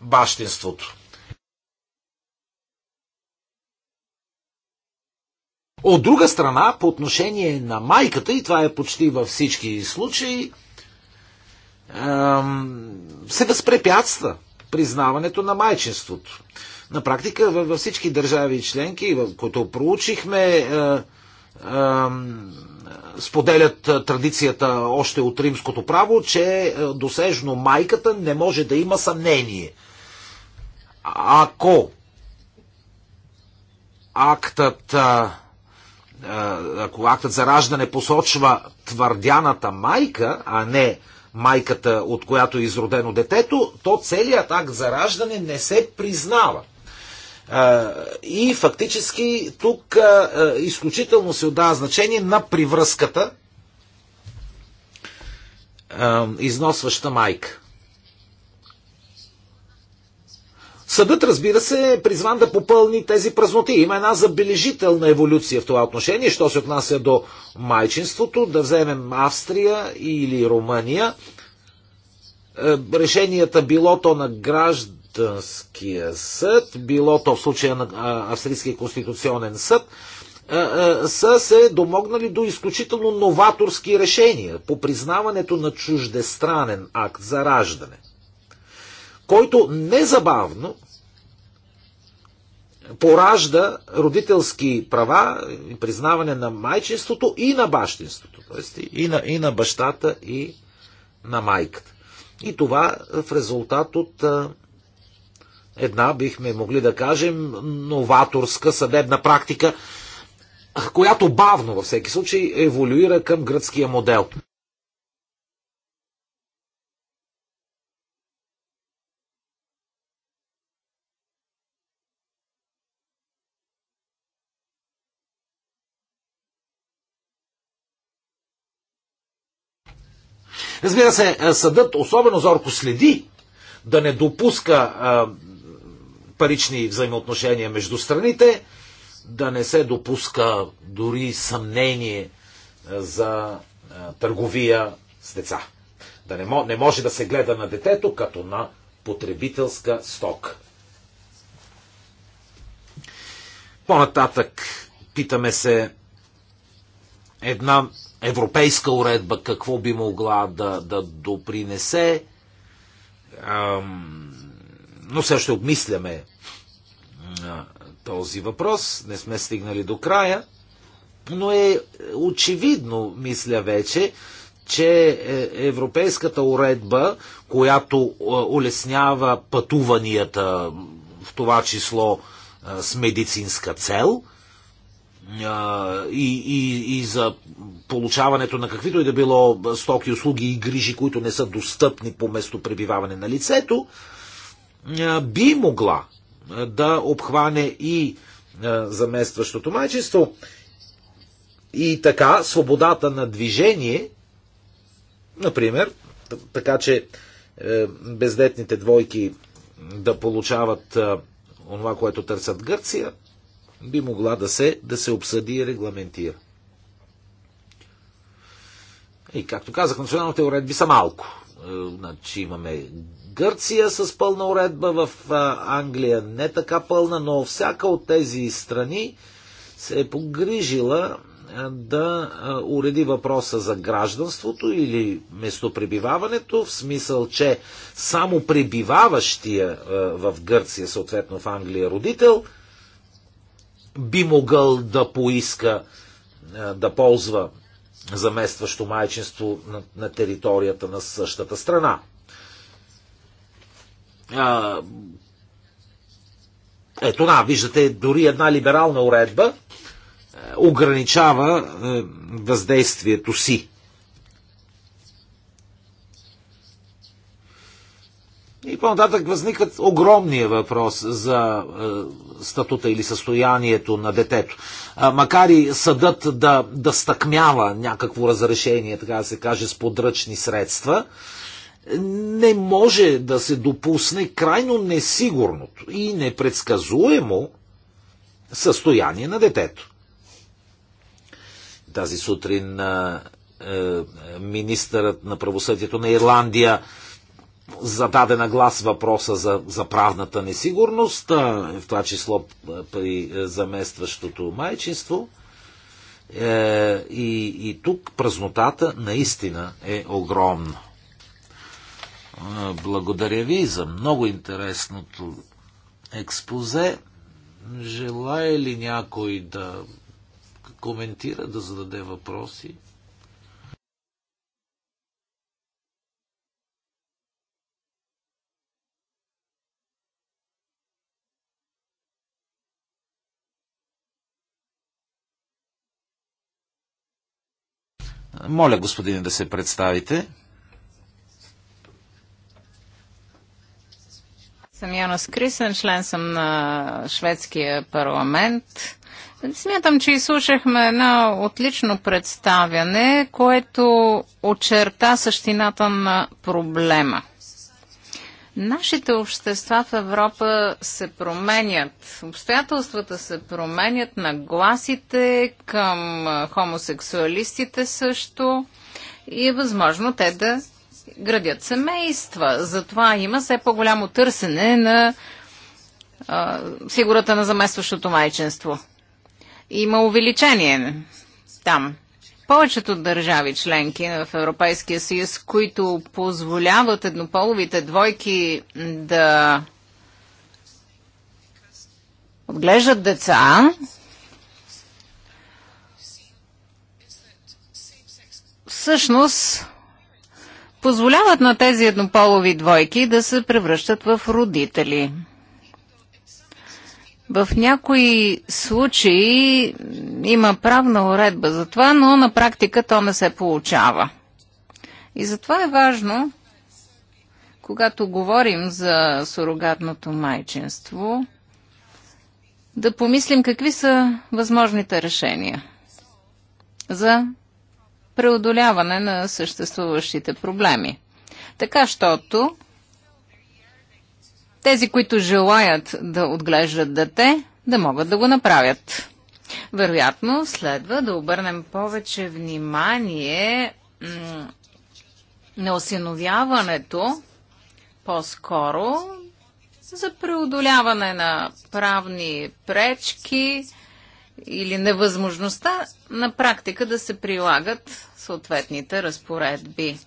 бащинството. От друга страна, по отношение на майката, и това е почти във всички случаи, се възпрепятства признаването на майчеството. На практика във всички държави и членки, които проучихме, е, споделят е, традицията още от римското право, че е, досежно майката не може да има съмнение. Ако актът е, ако актът за раждане посочва твърдяната майка, а не майката, от която е изродено детето, то целият акт за раждане не се признава. Е, и фактически тук е, изключително се отдава значение на привръзката износваща майка. Съдът, разбира се, е призван да попълни тези празноти. Има една забележителна еволюция в това отношение, що се отнася до майчинството, да вземем Австрия или Румъния. Е, решенията било то на гражданския съд, било то в случая на Австрийския конституционен съд, е, е, са се домогнали до изключително новаторски решения по признаването на чуждестранен акт за раждане – който незабавно поражда родителски права и признаване на майчинството и на бащинството. Тоест и на, и на бащата, и на майката. И това в резултат от една, бихме могли да кажем, новаторска съдебна практика, която бавно във всеки случай еволюира към гръцкия модел. Разбира се, е, съдът особено зорко следи да не допуска парични взаимоотношения между страните, да не се допуска дори съмнение за търговия с деца. Да не, не може да се гледа на детето като на потребителска стока. По-нататък питаме се една европейска уредба какво би могла да, да допринесе. Но сега ще обмисляме този въпрос. Не сме стигнали до края. Но е очевидно, мисля вече, че е, европейската уредба, която улеснява пътуванията, в това число с медицинска цел, и, и, и за получаването на каквито и да било стоки, услуги и грижи, които не са достъпни по пребиваване на лицето, би могла да обхване и заместващото майчество. И така, свободата на движение, например, така че е, бездетните двойки да получават е, онова, което търсят Гърция, би могла да се, да се обсъди и регламентира. И както казах, националните уредби са малко. Е, значи имаме Гърция с пълна уредба, в Англия не така пълна, но всяка от тези страни се е погрижила е, да е, уреди въпроса за гражданството или местопребиваването, в смисъл, че само пребиваващия в Гърция, съответно в Англия родител – би могъл да поиска е, да ползва заместващо майчинство на, на територията на същата страна. А, ето на, виждате, дори една либерална уредба е, ограничава е, въздействието си И по-нататък възникват огромния въпрос за е, статута или състоянието на детето. А, макар и съдът да, да стъкмява някакво разрешение, така да се каже, с подръчни средства, не може да се допусне крайно несигурното и непредсказуемо състояние на детето. Тази сутрин е, е министърът на правосъдието на Ирландия зададе на глас въпроса за, за правната несигурност, в това число при заместващото майчинство. Е, и, и тук празнотата наистина е огромна. Благодаря ви за много интересното експозе. Желая ли някой да коментира, да зададе въпроси? Моля, господин, да се представите. Съм Йонас Крисен, член съм на шведския парламент. Смятам, че изслушахме едно отлично представяне, което очерта същината на проблема. Нашите общества в Европа се променят. Обстоятелствата се променят, нагласите към хомосексуалистите също и е възможно те да градят семейства. Затова има все по-голямо търсене на а, фигурата на заместващото майчинство. Има увеличение там повечето държави членки в Европейския съюз, които позволяват еднополовите двойки да отглеждат деца, всъщност позволяват на тези еднополови двойки да се превръщат в родители. В някои случаи има правна уредба за това, но на практика то не се получава. И затова е важно, когато говорим за сурогатното майчинство, да помислим какви са възможните решения за преодоляване на съществуващите проблеми. Така, щото тези, които желаят да отглеждат дете, да могат да го направят. Вероятно, следва да обърнем повече внимание на осиновяването, по-скоро за преодоляване на правни пречки или невъзможността на практика да се прилагат съответните разпоредби.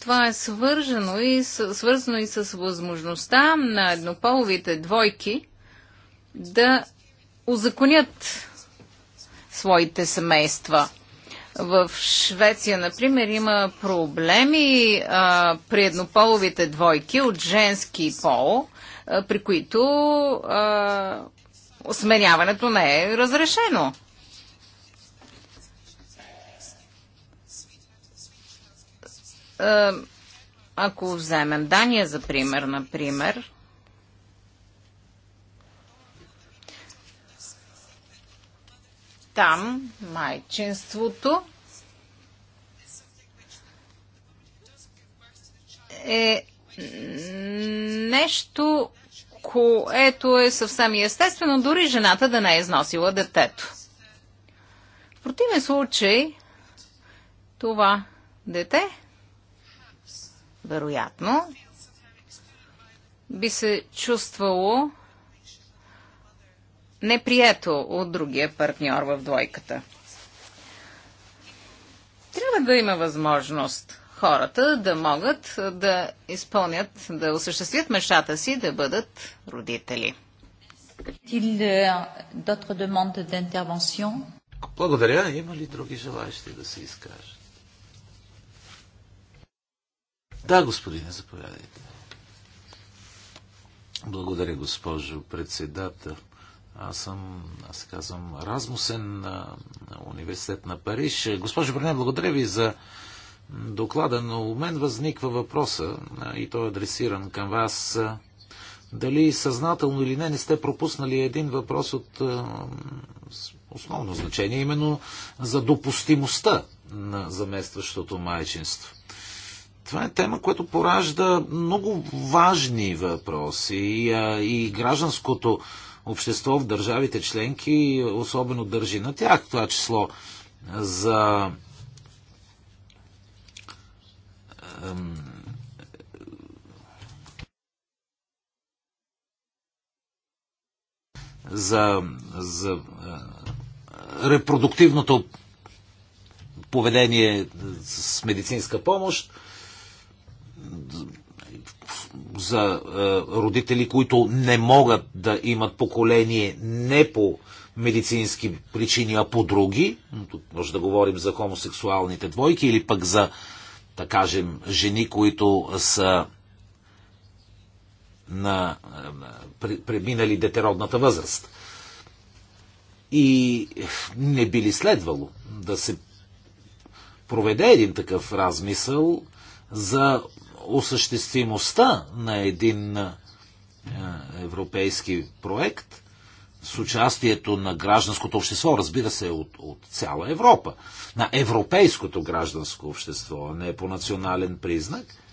Това е свързано и с, свързано и с възможността на еднополовите двойки да узаконят своите семейства. В Швеция, например, има проблеми а, при еднополовите двойки от женски пол, а, при които а, сменяването не е разрешено. Е, ако вземем Дания за пример, например, там майчинството е нещо, което е съвсем естествено, дори жената да не е износила детето. В противен случай, това дете вероятно, би се чувствало неприето от другия партньор в двойката. Трябва да има възможност хората да могат да изпълнят, да осъществят мечтата си да бъдат родители. Е, Благодаря. Има ли други желаящи да се изкажат? Да, господине, заповядайте. Благодаря, госпожо председател. Аз съм, аз казвам, Размусен на университет на Париж. Госпожо Брене, благодаря ви за доклада, но у мен възниква въпроса, и той е адресиран към вас, дали съзнателно или не, не сте пропуснали един въпрос от основно значение, именно за допустимостта на заместващото майчинство това е тема, която поражда много важни въпроси и, и гражданското общество в държавите членки особено държи на тях, това число за за, за репродуктивното поведение с медицинска помощ за е, родители, които не могат да имат поколение не по медицински причини, а по други. Тук може да говорим за хомосексуалните двойки или пък за, да кажем, жени, които са на, на е, преминали детеродната възраст. И не би ли следвало да се проведе един такъв размисъл за осъществимостта на един е, европейски проект с участието на гражданското общество, разбира се, от, от цяла Европа, на европейското гражданско общество, а не по национален признак –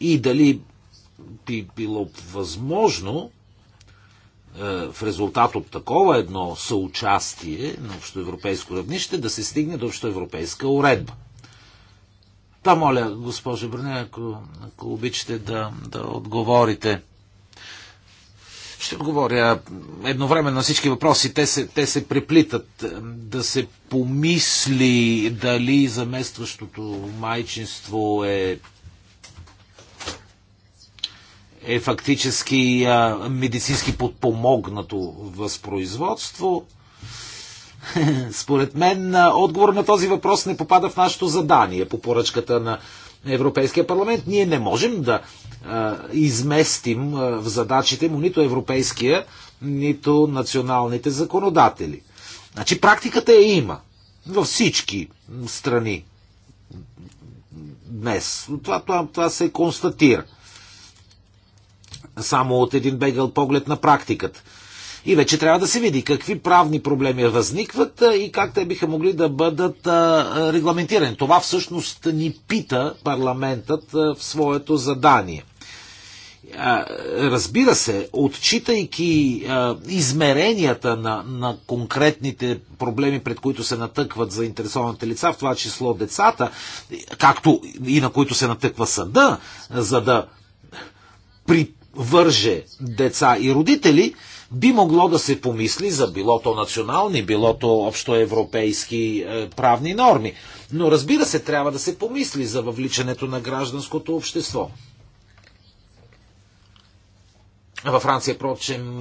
и дали би било възможно е, в резултат от такова едно съучастие на общоевропейско равнище да се стигне до общоевропейска уредба. Та да, моля, госпожо Брене, ако, ако обичате да, да отговорите. Ще отговоря едновременно на всички въпроси. Те се, те се преплитат. Да се помисли дали заместващото майчинство е е фактически а, медицински подпомогнато възпроизводство. Според мен отговор на този въпрос не попада в нашето задание по поръчката на Европейския парламент. Ние не можем да а, изместим а, в задачите му нито европейския, нито националните законодатели. Значи практиката е има във всички страни днес. Това, това, това се констатира само от един бегал поглед на практиката. И вече трябва да се види какви правни проблеми възникват и как те биха могли да бъдат регламентирани. Това всъщност ни пита парламентът в своето задание. Разбира се, отчитайки измеренията на, на конкретните проблеми, пред които се натъкват заинтересованите лица, в това число децата, както и на които се натъква съда, за да при върже деца и родители, би могло да се помисли за билото национални, билото общоевропейски е, правни норми. Но разбира се, трябва да се помисли за въвличането на гражданското общество. Във Франция, прочем,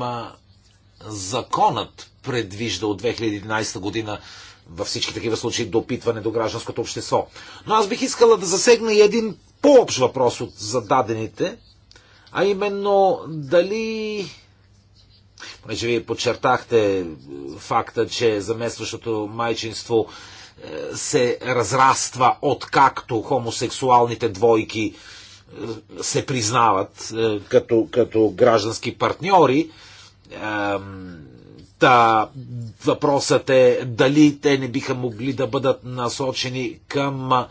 законът предвижда от 2011 година във всички такива случаи допитване до гражданското общество. Но аз бих искала да засегна и един по-общ въпрос от зададените а именно дали понеже вие подчертахте е, факта, че заместващото майчинство е, се разраства откакто хомосексуалните двойки е, се признават като, като граждански партньори. Та, въпросът е дали те не биха могли да бъдат насочени към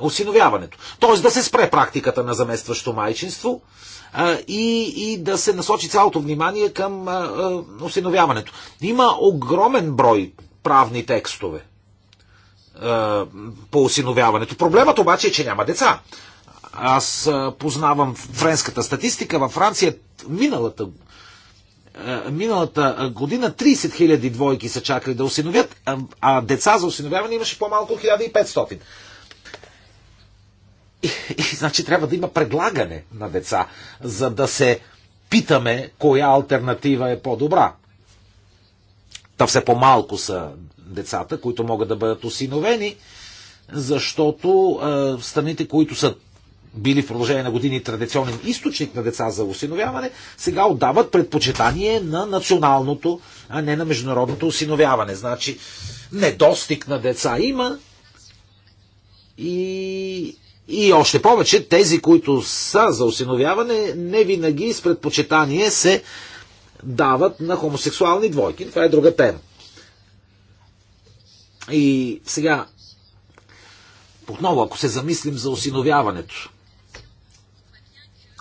осиновяването. Тоест да се спре практиката на заместващо майчинство а, и, и да се насочи цялото внимание към а, а, осиновяването. Има огромен брой правни текстове а, по осиновяването. Проблемът обаче е, че няма деца. Аз а, познавам френската статистика. Във Франция миналата, а, миналата година 30 000 двойки са чакали да осиновят, а, а деца за осиновяване имаше по-малко 1500. И, и значи трябва да има предлагане на деца, за да се питаме коя альтернатива е по-добра. Та все по-малко са децата, които могат да бъдат осиновени, защото е, страните, които са били в продължение на години традиционен източник на деца за осиновяване, сега отдават предпочитание на националното, а не на международното осиновяване. Значи, недостиг на деца има и и още повече тези, които са за осиновяване, не винаги с предпочитание се дават на хомосексуални двойки. Това е друга тема. И сега, отново, ако се замислим за осиновяването,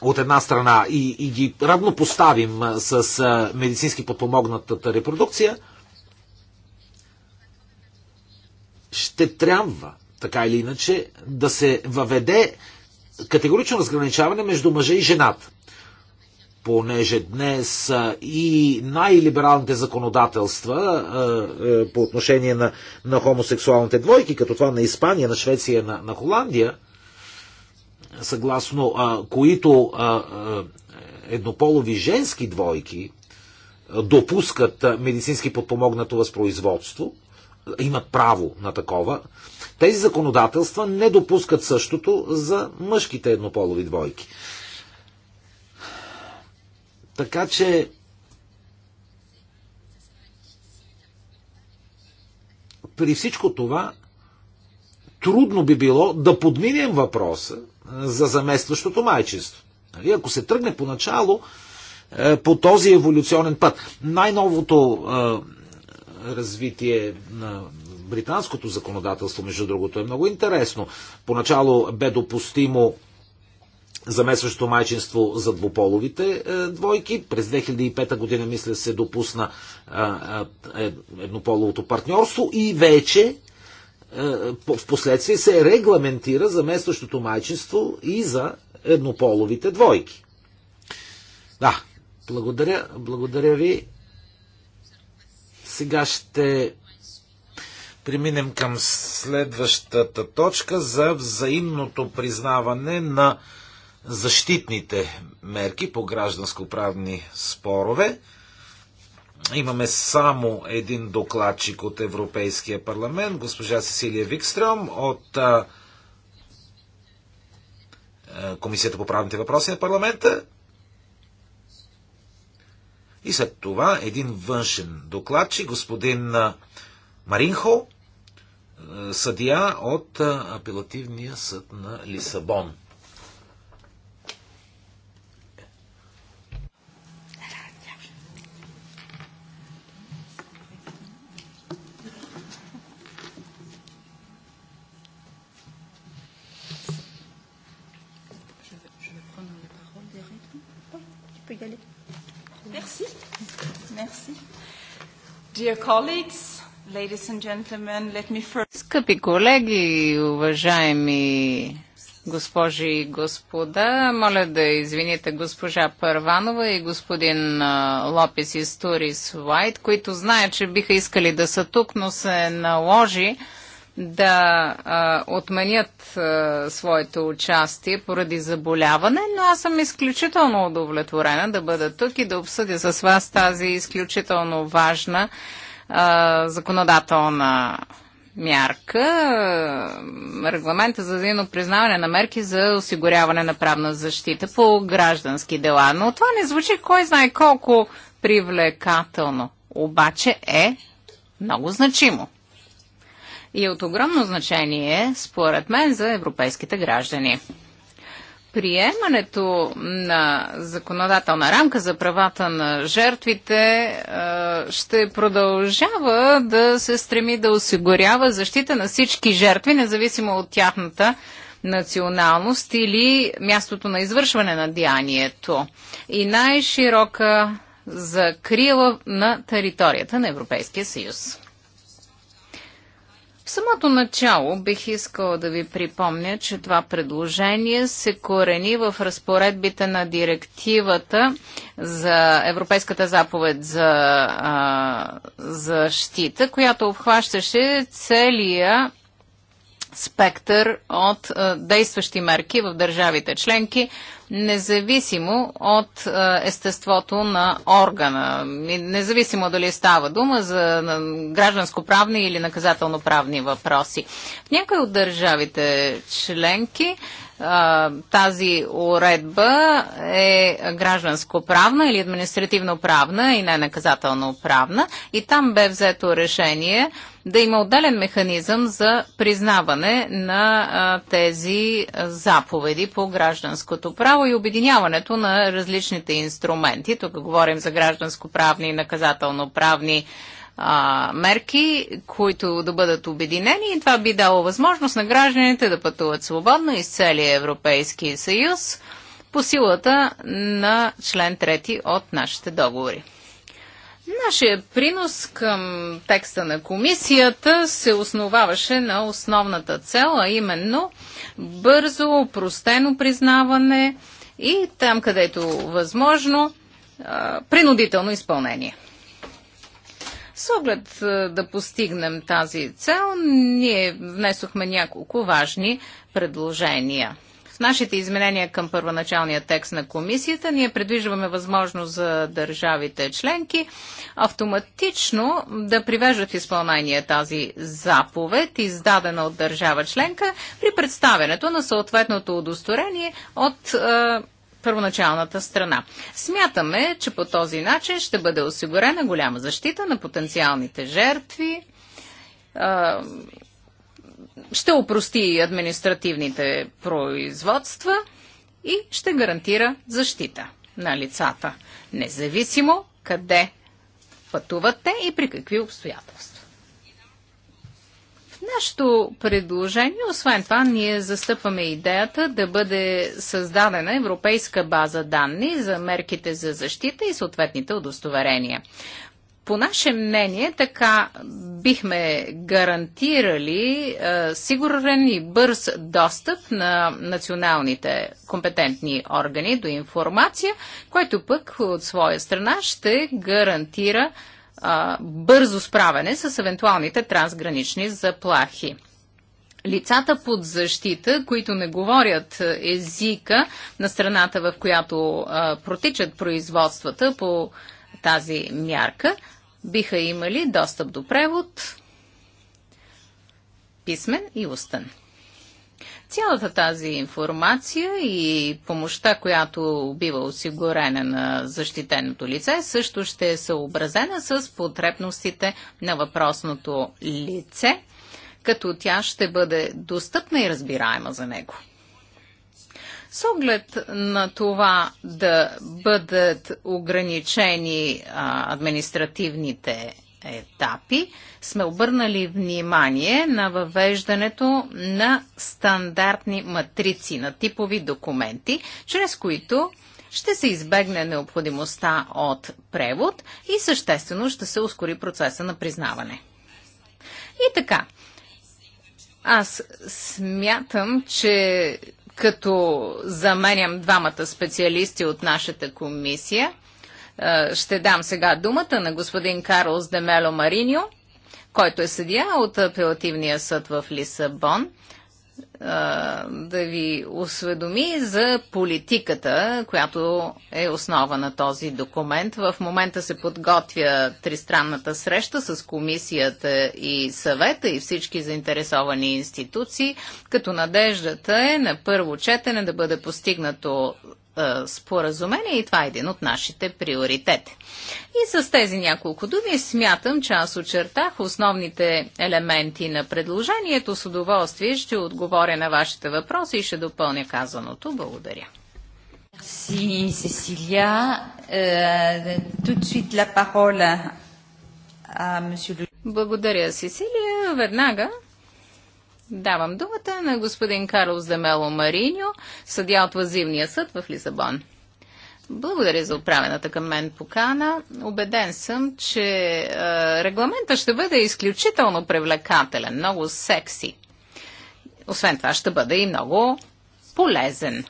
от една страна и, и ги равнопоставим с а, медицински подпомогнатата репродукция, ще трябва така или иначе, да се въведе категорично разграничаване между мъжа и жената. Понеже днес и най-либералните законодателства е, по отношение на, на хомосексуалните двойки, като това на Испания, на Швеция, на, на Холандия, съгласно а, които а, еднополови женски двойки допускат медицински подпомогнато възпроизводство, имат право на такова, тези законодателства не допускат същото за мъжките еднополови двойки. Така че при всичко това трудно би било да подминем въпроса за заместващото майчество. Нали? Ако се тръгне поначало е, по този еволюционен път. Най-новото е, развитие на британското законодателство, между другото, е много интересно. Поначало бе допустимо замесващо майчинство за двуполовите е, двойки. През 2005 година, мисля, се допусна е, еднополовото партньорство и вече е, в последствие се регламентира заместващото майчинство и за еднополовите двойки. Да, благодаря, благодаря ви. Сега ще преминем към следващата точка за взаимното признаване на защитните мерки по гражданско-правни спорове. Имаме само един докладчик от Европейския парламент, госпожа Сесилия Викстрем от а, Комисията по правните въпроси на парламента. И след това един външен докладчик, господин Маринхо съдия от апелативния съд на Лисабон. Dear colleagues, Скъпи колеги, уважаеми госпожи и господа, моля да извините госпожа Първанова и господин Лопес и Сторис Уайт, които знаят, че биха искали да са тук, но се наложи да а, отменят а, своето участие поради заболяване, но аз съм изключително удовлетворена да бъда тук и да обсъдя с вас тази изключително важна законодателна мярка, регламента за взаимно признаване на мерки за осигуряване на правна защита по граждански дела. Но това не звучи кой знае колко привлекателно, обаче е много значимо. И е от огромно значение, според мен, за европейските граждани приемането на законодателна рамка за правата на жертвите ще продължава да се стреми да осигурява защита на всички жертви, независимо от тяхната националност или мястото на извършване на деянието и най-широка закрила на територията на Европейския съюз. В самото начало бих искала да ви припомня, че това предложение се корени в разпоредбите на директивата за Европейската заповед за защита, която обхващаше целия спектър от действащи мерки в държавите членки независимо от е, естеството на органа. Независимо дали става дума за гражданско-правни или наказателно-правни въпроси. В някои от държавите членки тази уредба е гражданско-правна или административно-правна и не наказателно-правна. И там бе взето решение да има отделен механизъм за признаване на тези заповеди по гражданското право и обединяването на различните инструменти. Тук говорим за гражданско-правни и наказателно-правни а, мерки, които да бъдат обединени и това би дало възможност на гражданите да пътуват свободно из целия Европейски съюз по силата на член 3 от нашите договори. Нашия принос към текста на комисията се основаваше на основната цел, а именно бързо, простено признаване и там, където възможно, принудително изпълнение. С оглед е, да постигнем тази цел, ние внесохме няколко важни предложения. В нашите изменения към първоначалния текст на комисията ние предвиждаме възможност за държавите членки автоматично да привеждат в изпълнение тази заповед, издадена от държава членка, при представянето на съответното удостоверение от е, първоначалната страна. Смятаме, че по този начин ще бъде осигурена голяма защита на потенциалните жертви, ще опрости административните производства и ще гарантира защита на лицата, независимо къде пътуват те и при какви обстоятелства. Нашето предложение, освен това, ние застъпваме идеята да бъде създадена европейска база данни за мерките за защита и съответните удостоверения. По наше мнение, така бихме гарантирали е, сигурен и бърз достъп на националните компетентни органи до информация, който пък от своя страна ще гарантира а, бързо справяне с евентуалните трансгранични заплахи лицата под защита, които не говорят езика на страната, в която а, протичат производствата по тази мярка, биха имали достъп до превод писмен и устен. Цялата тази информация и помощта, която бива осигурена на защитеното лице, също ще е съобразена с потребностите на въпросното лице, като тя ще бъде достъпна и разбираема за него. С оглед на това да бъдат ограничени а, административните етапи сме обърнали внимание на въвеждането на стандартни матрици на типови документи, чрез които ще се избегне необходимостта от превод и съществено ще се ускори процеса на признаване. И така, аз смятам, че като заменям двамата специалисти от нашата комисия, е, ще дам сега думата на господин Карлос Демело Мариньо, който е съдия от апелативния съд в Лисабон е, да ви осведоми за политиката, която е основа на този документ. В момента се подготвя тристранната среща с комисията и съвета и всички заинтересовани институции, като надеждата е на първо четене да бъде постигнато е, споразумение и това е един от нашите приоритети. И с тези няколко думи смятам, че аз очертах основните елементи на предложението. С удоволствие ще отговоря на вашите въпроси и ще допълня казаното. Благодаря. Си, Сесилия, тут свит de парола, Благодаря, Сесилия. Веднага Давам думата на господин Карл Замело Мариньо, съдя от Вазивния съд в Лисабон. Благодаря за отправената към мен покана. Обеден съм, че е, регламента ще бъде изключително привлекателен, много секси. Освен това ще бъде и много полезен,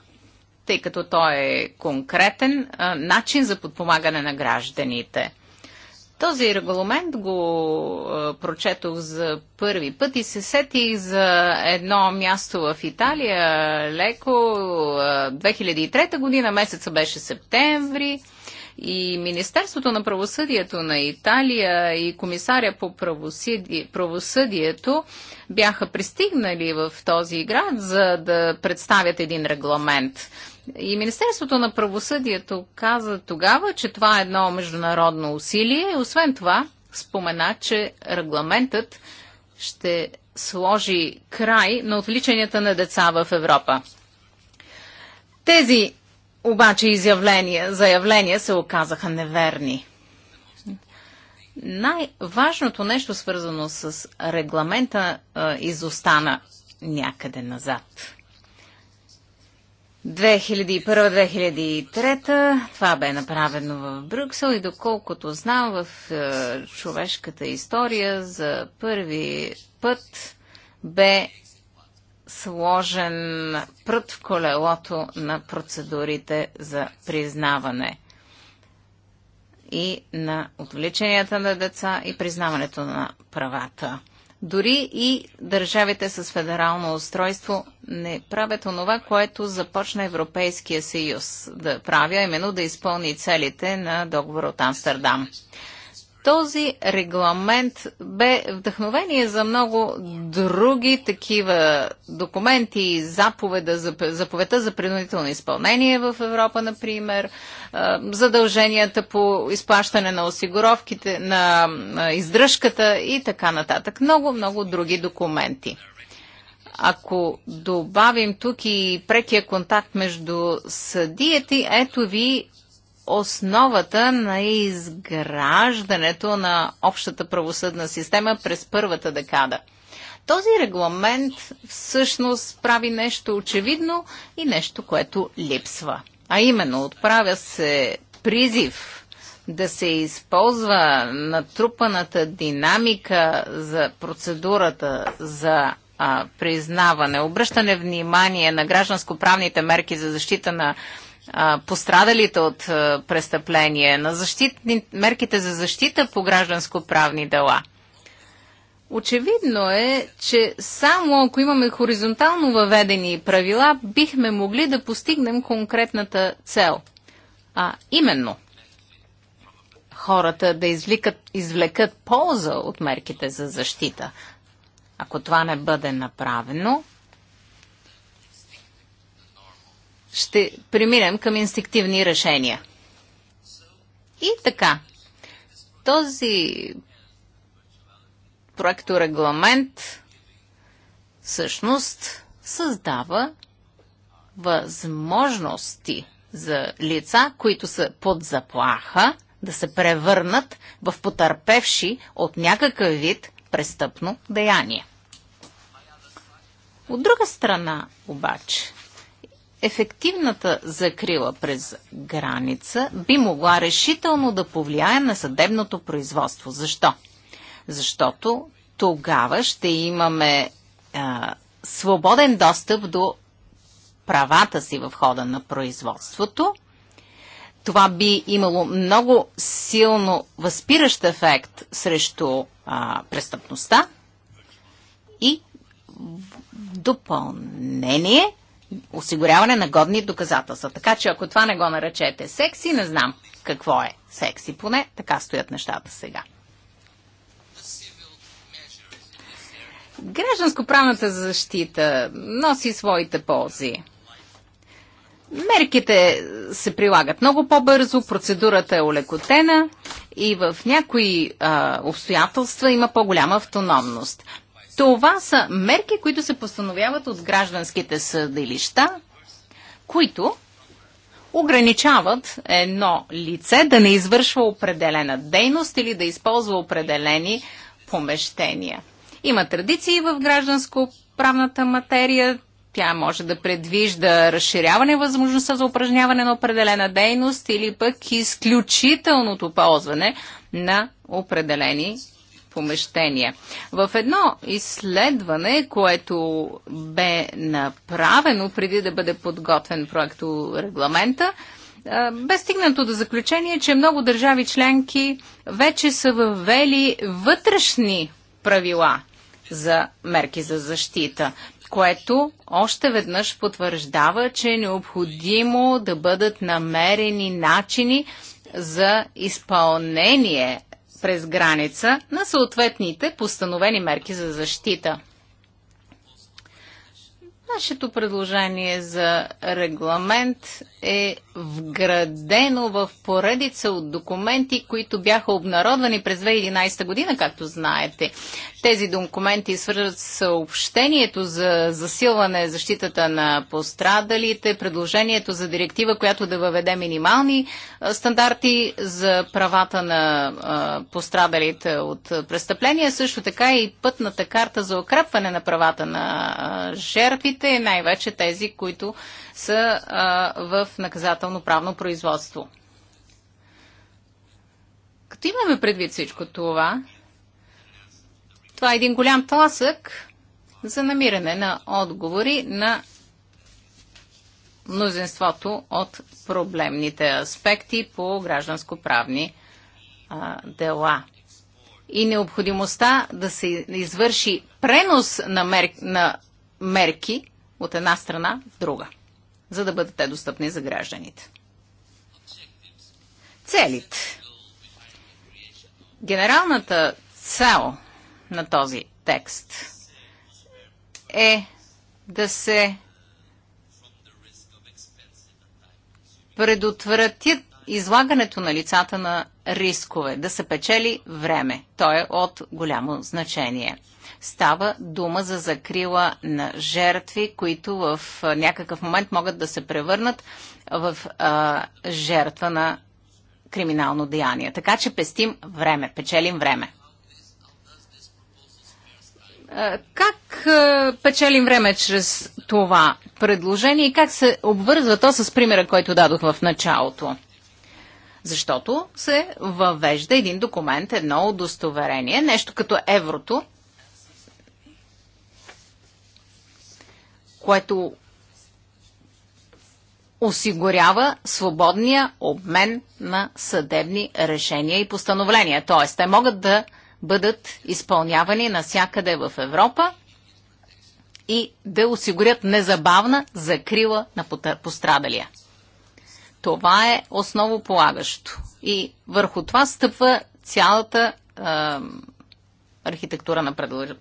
тъй като той е конкретен е, начин за подпомагане на гражданите – този регламент го а, е, прочетох за първи път и се сетих за едно място в Италия, леко, е, а, 2003 година, месеца беше септември. И Министерството на правосъдието на Италия и комисаря по правосъди... правосъдието бяха пристигнали в този град, за да представят един регламент. И Министерството на правосъдието каза тогава, че това е едно международно усилие. и Освен това, спомена, че регламентът ще сложи край на отвличанията на деца в Европа. Тези обаче изявления, заявления се оказаха неверни. Най-важното нещо, свързано с регламента, изостана някъде назад. 2001-2003. Това бе направено в Брюксел и доколкото знам в е, човешката история за първи път бе сложен прът в колелото на процедурите за признаване и на отвличанията на деца и признаването на правата. Дори и държавите с федерално устройство не правят онова, което започна Европейския съюз да правя, именно да изпълни целите на договор от Амстердам. Този регламент бе вдъхновение за много други такива документи, заповеда, заповедта за принудително изпълнение в Европа, например, задълженията по изплащане на осигуровките, на издръжката и така нататък. Много, много други документи. Ако добавим тук и прекия контакт между съдиети, ето ви основата на изграждането на общата правосъдна система през първата декада. Този регламент всъщност прави нещо очевидно и нещо, което липсва. А именно, отправя се призив да се използва натрупаната динамика за процедурата за а, признаване, обръщане внимание на гражданско-правните мерки за защита на пострадалите от престъпление, на защитни, мерките за защита по гражданско-правни дела. Очевидно е, че само ако имаме хоризонтално въведени правила, бихме могли да постигнем конкретната цел. А именно, хората да извлекат, извлекат полза от мерките за защита. Ако това не бъде направено, ще преминем към инстинктивни решения. И така, този проекторегламент всъщност създава възможности за лица, които са под заплаха, да се превърнат в потърпевши от някакъв вид престъпно деяние. От друга страна, обаче, ефективната закрила през граница би могла решително да повлияе на съдебното производство. Защо? Защото тогава ще имаме а, свободен достъп до правата си в хода на производството. Това би имало много силно възпиращ ефект срещу а, престъпността и допълнение – осигуряване на годни доказателства. Така че ако това не го наречете секси, не знам какво е секси. Поне така стоят нещата сега. Гражданско-правната защита носи своите ползи. Мерките се прилагат много по-бързо, процедурата е улекотена и в някои а, обстоятелства има по-голяма автономност. Това са мерки, които се постановяват от гражданските съдилища, които ограничават едно лице да не извършва определена дейност или да използва определени помещения. Има традиции в гражданско-правната материя. Тя може да предвижда разширяване възможността за упражняване на определена дейност или пък изключителното ползване на определени помещения. В едно изследване, което бе направено преди да бъде подготвен проекто регламента, бе стигнато до заключение, че много държави членки вече са въвели вътрешни правила за мерки за защита, което още веднъж потвърждава, че е необходимо да бъдат намерени начини за изпълнение през граница на съответните постановени мерки за защита. Нашето предложение за регламент е вградено в поредица от документи, които бяха обнародвани през 2011 година, както знаете. Тези документи свързват съобщението за засилване защитата на пострадалите, предложението за директива, която да въведе минимални стандарти за правата на пострадалите от престъпления, също така и пътната карта за укрепване на правата на жертвите, най-вече тези, които са а, в наказателно-правно производство. Като имаме предвид всичко това, това е един голям тласък за намиране на отговори на мнозинството от проблемните аспекти по гражданско-правни дела. И необходимостта да се извърши пренос на, мер... на мерки от една страна в друга за да бъдат те достъпни за гражданите. Целите. Генералната цел на този текст е да се предотвратят излагането на лицата на рискове, да се печели време. То е от голямо значение. Става дума за закрила на жертви, които в някакъв момент могат да се превърнат в а, жертва на криминално деяние. Така че пестим време, печелим време. Как печелим време чрез това предложение и как се обвързва то с примера, който дадох в началото? Защото се въвежда един документ, едно удостоверение, нещо като еврото, което осигурява свободния обмен на съдебни решения и постановления. Т.е. те могат да бъдат изпълнявани насякъде в Европа и да осигурят незабавна закрила на пострадалия. Това е основополагащо. И върху това стъпва цялата е, архитектура на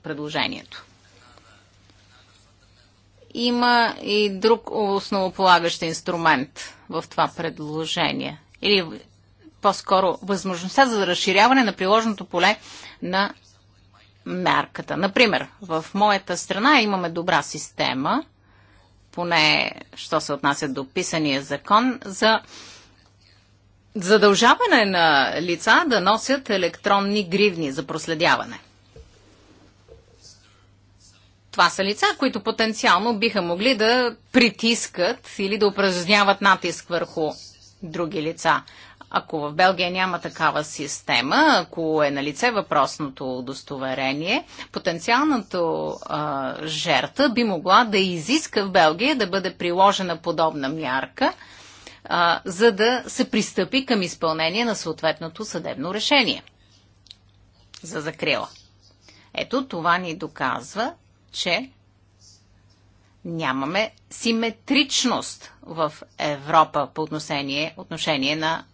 предложението. Има и друг основополагащ инструмент в това предложение. Или по-скоро възможността за разширяване на приложеното поле на мярката. Например, в моята страна имаме добра система, поне що се отнася до писания закон, за задължаване на лица да носят електронни гривни за проследяване – това са лица, които потенциално биха могли да притискат или да упражняват натиск върху други лица. Ако в Белгия няма такава система, ако е на лице въпросното удостоверение, потенциалната жертва би могла да изиска в Белгия да бъде приложена подобна мярка, а, за да се пристъпи към изпълнение на съответното съдебно решение за закрила. Ето това ни доказва, че нямаме симетричност в Европа по отношение, отношение на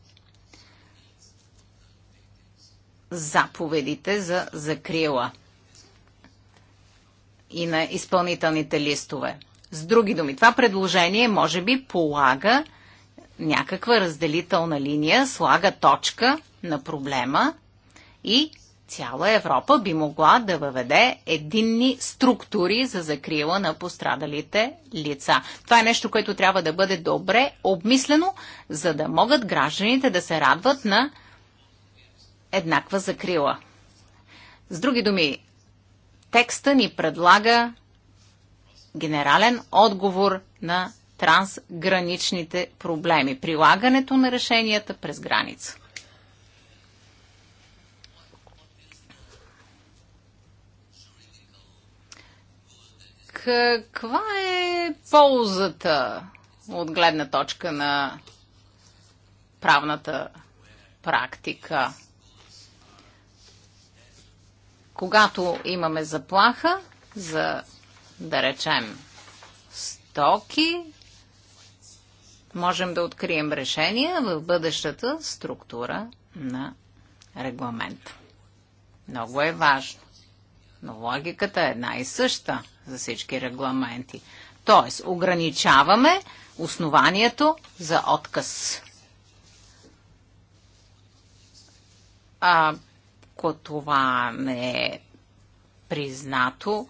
заповедите за закрила и на изпълнителните листове. С други думи, това предложение може би полага някаква разделителна линия, слага точка на проблема и цяла Европа би могла да въведе единни структури за закрила на пострадалите лица. Това е нещо, което трябва да бъде добре обмислено, за да могат гражданите да се радват на еднаква закрила. С други думи, текста ни предлага генерален отговор на трансграничните проблеми, прилагането на решенията през граница. Е, каква е ползата от гледна точка на правната практика? Когато имаме заплаха за, да речем, стоки, можем да открием решения в бъдещата структура на регламента. Много е важно но логиката е една и съща за всички регламенти. Тоест, ограничаваме основанието за отказ. Ако това не е признато,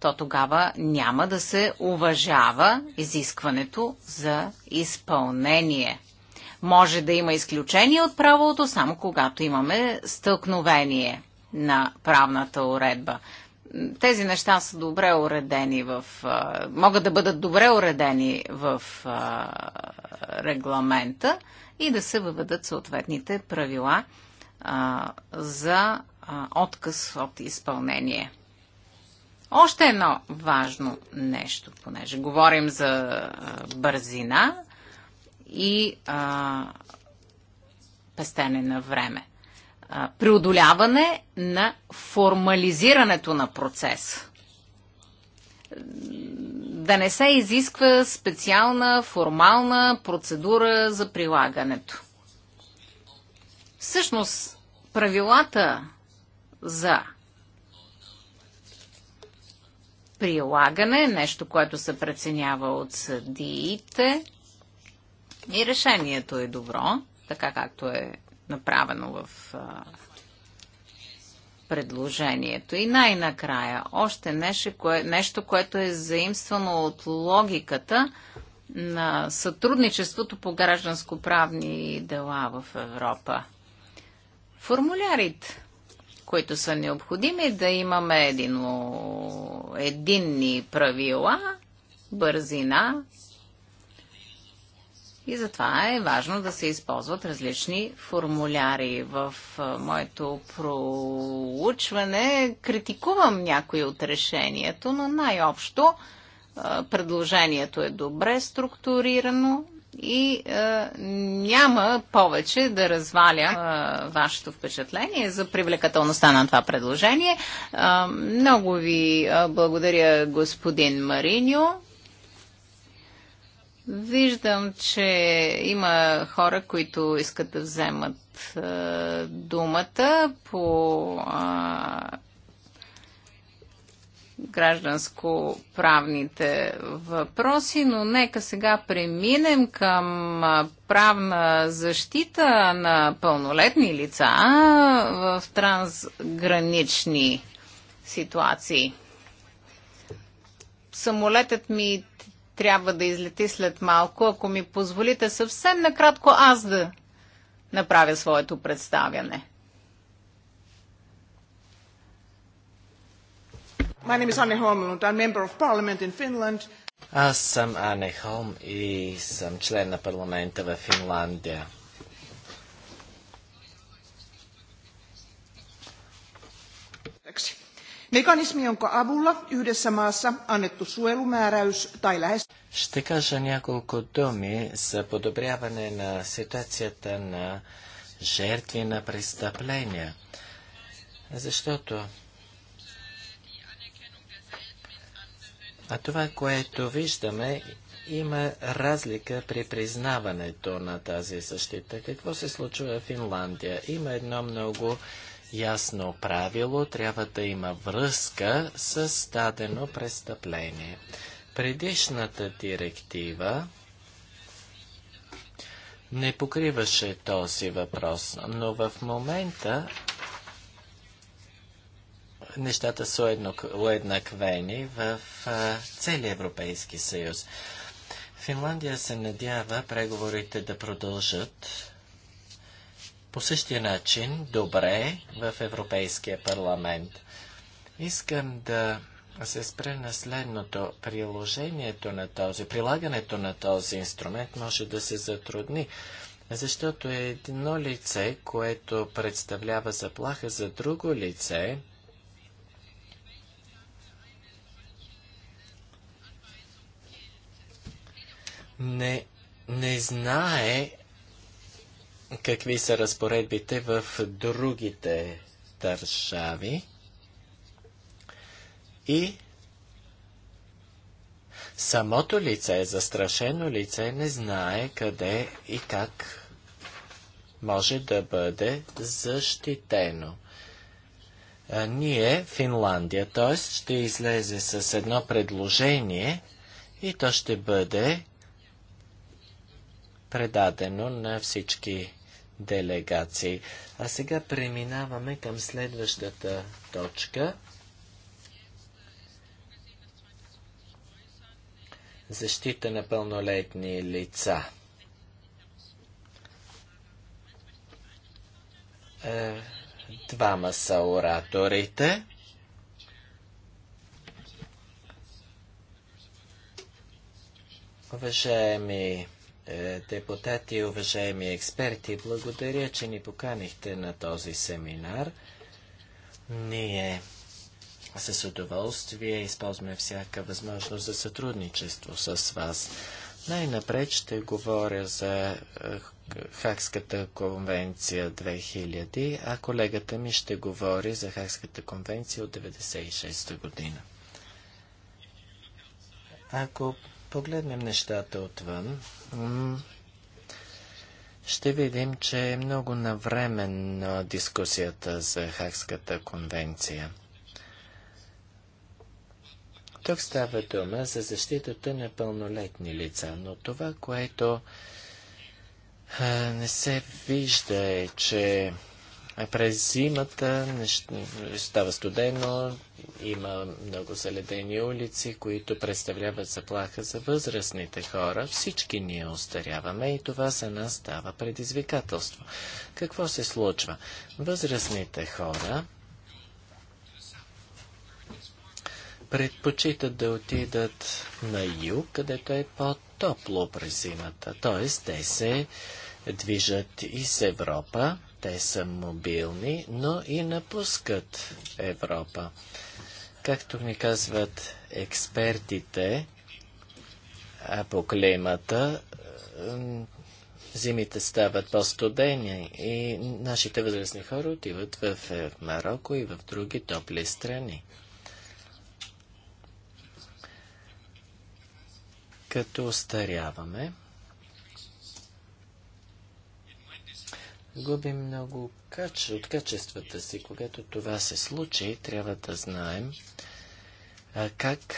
то тогава няма да се уважава изискването за изпълнение. Може да има изключение от правото, само когато имаме стълкновение на правната уредба. Тези неща са добре уредени в. могат да бъдат добре уредени в регламента и да се въведат съответните правила за отказ от изпълнение. Още едно важно нещо, понеже говорим за бързина и пестене на време преодоляване на формализирането на процес. Да не се изисква специална формална процедура за прилагането. Всъщност, правилата за прилагане, нещо, което се преценява от съдиите, и решението е добро, така както е направено в а, предложението. И най-накрая, още нещо, кое, нещо, което е заимствано от логиката на сътрудничеството по гражданско-правни дела в Европа. Формулярите, които са необходими да имаме едино, единни правила, бързина, и затова е важно да се използват различни формуляри. В моето проучване критикувам някои от решението, но най-общо предложението е добре структурирано и е, няма повече да разваля е, вашето впечатление за привлекателността на това предложение. Е, много ви благодаря, господин Мариньо. Виждам, че има хора, които искат да вземат а, думата по а, гражданско-правните въпроси, но нека сега преминем към правна защита на пълнолетни лица в трансгранични ситуации. Самолетът ми трябва да излети след малко. Ако ми позволите съвсем накратко аз да направя своето представяне. My name is Anne Holmlund. I'm member of parliament in Finland. Аз съм Ане Холм и съм член на парламента в Финландия. Mekanismi, jonka avulla yhdessä maassa annettu suojelumääräys tai lähes... Ще кажа няколко думи за подобряване на ситуацията на жертви на престъпления. Защото а това, което виждаме, има разлика при признаването на тази защита. Какво се случва в Финландия? Има едно много ясно правило, трябва да има връзка с дадено престъпление. Предишната директива не покриваше този въпрос, но в момента нещата са уеднаквени в целия Европейски съюз. Финландия се надява преговорите да продължат по същия начин добре в Европейския парламент. Искам да се спре на следното. Приложението на този, прилагането на този инструмент може да се затрудни, защото едно лице, което представлява заплаха за друго лице, не, не знае какви са разпоредбите в другите държави и самото лице, застрашено лице, не знае къде и как може да бъде защитено. А ние, Финландия, т.е. ще излезе с едно предложение и то ще бъде предадено на всички делегации. А сега преминаваме към следващата точка. Защита на пълнолетни лица. Е, двама са ораторите. Уважаеми е, депутати, уважаеми експерти, благодаря, че ни поканихте на този семинар. Ние с удоволствие използваме всяка възможност за сътрудничество с вас. Най-напред ще говоря за е, Хакската конвенция 2000, а колегата ми ще говори за Хакската конвенция от 1996 година. Ако погледнем нещата отвън, ще видим, че е много навременна дискусията за Хакската конвенция. Тук става дума за защитата на пълнолетни лица, но това, което а, не се вижда е, че а през зимата нещ... става студено, има много заледени улици, които представляват заплаха за възрастните хора. Всички ние остаряваме и това за нас става предизвикателство. Какво се случва? Възрастните хора предпочитат да отидат на юг, където е по-топло през зимата. Тоест, те се движат из Европа те са мобилни, но и напускат Европа. Както ни казват експертите по климата, зимите стават по-студени и нашите възрастни хора отиват в Марокко и в други топли страни. Като остаряваме, губим много от качествата си. Когато това се случи, трябва да знаем а, как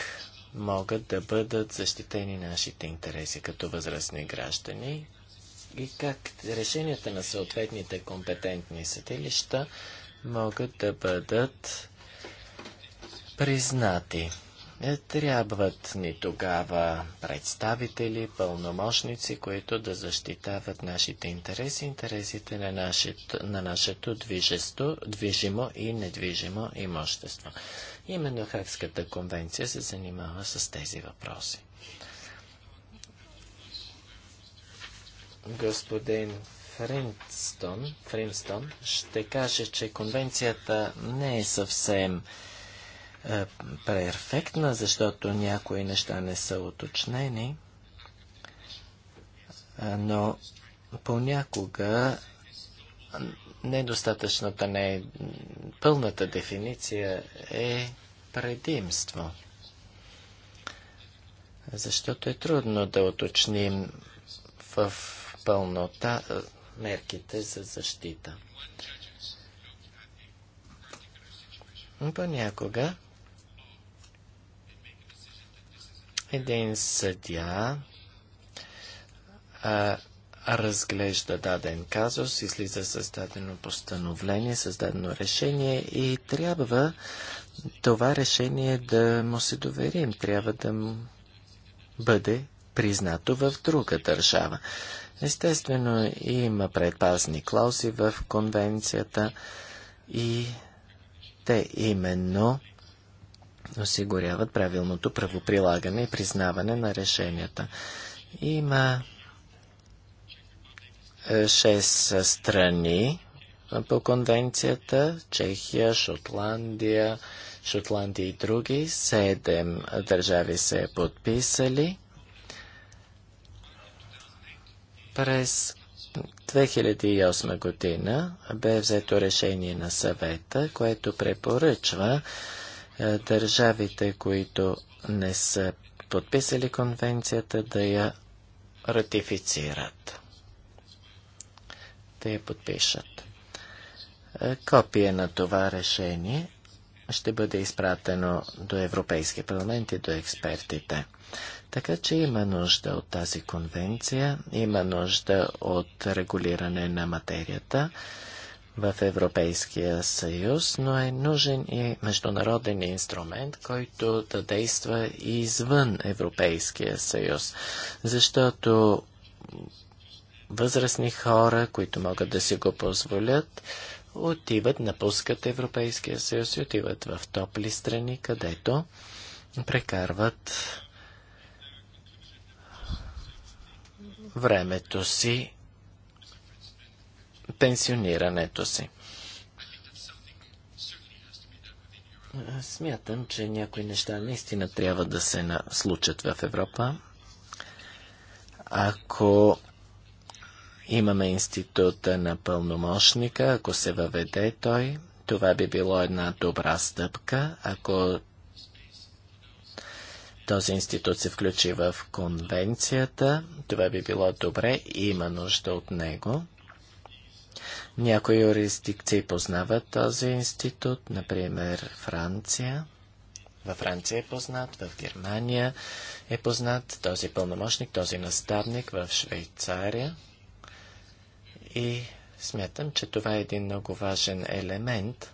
могат да бъдат защитени нашите интереси като възрастни граждани и как решенията на съответните компетентни съдилища могат да бъдат признати. Е, трябват ни тогава представители, пълномощници, които да защитават нашите интереси, интересите на нашето, на нашето движество, движимо и недвижимо имущество. Именно Хакската конвенция се занимава с тези въпроси. Господин Фринстон, Фринстон ще каже, че конвенцията не е съвсем е, перфектна, защото някои неща не са уточнени, е, но понякога недостатъчната, не пълната дефиниция е предимство. Защото е трудно да уточним в пълнота е, мерките за защита. Понякога Един съдя а, разглежда даден казус, излиза създадено постановление, създадено решение и трябва това решение да му се доверим, трябва да му бъде признато в друга държава. Естествено, има предпазни клаузи в конвенцията и те именно осигуряват правилното правоприлагане и признаване на решенията. Има е, шест е, страни по конвенцията Чехия, Шотландия, Шотландия и други. Седем е, държави се е подписали. През 2008 година бе взето решение на съвета, което препоръчва е, държавите, които не са подписали конвенцията, да я ратифицират. Да я подпишат. Е, копие на това решение ще бъде изпратено до Европейски парламент и до експертите. Така че има нужда от тази конвенция, има нужда от регулиране на материята в Европейския съюз, но е нужен и международен инструмент, който да действа и извън Европейския съюз, защото възрастни хора, които могат да си го позволят, отиват, напускат Европейския съюз и отиват в топли страни, където прекарват времето си пенсионирането си. Смятам, че някои неща наистина трябва да се случат в Европа. Ако имаме института на пълномощника, ако се въведе той, това би било една добра стъпка, ако този институт се включи в конвенцията, това би било добре, има нужда от него. Някои юрисдикции познават този институт, например Франция. Във Франция е познат, в Германия е познат този пълномощник, този наставник в Швейцария. И смятам, че това е един много важен елемент,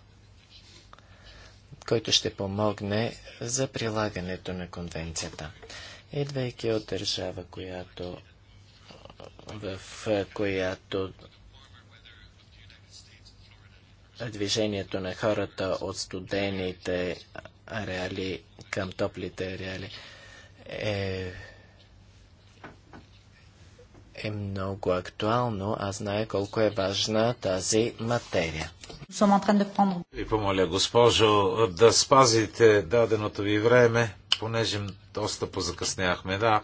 който ще помогне за прилагането на конвенцията. Идвайки от държава, която в която движението на хората от студените ареали към топлите ареали е, е много актуално. Аз знае колко е важна тази материя. Ви помоля, госпожо, да спазите даденото ви време, понеже доста позакъсняхме. Да,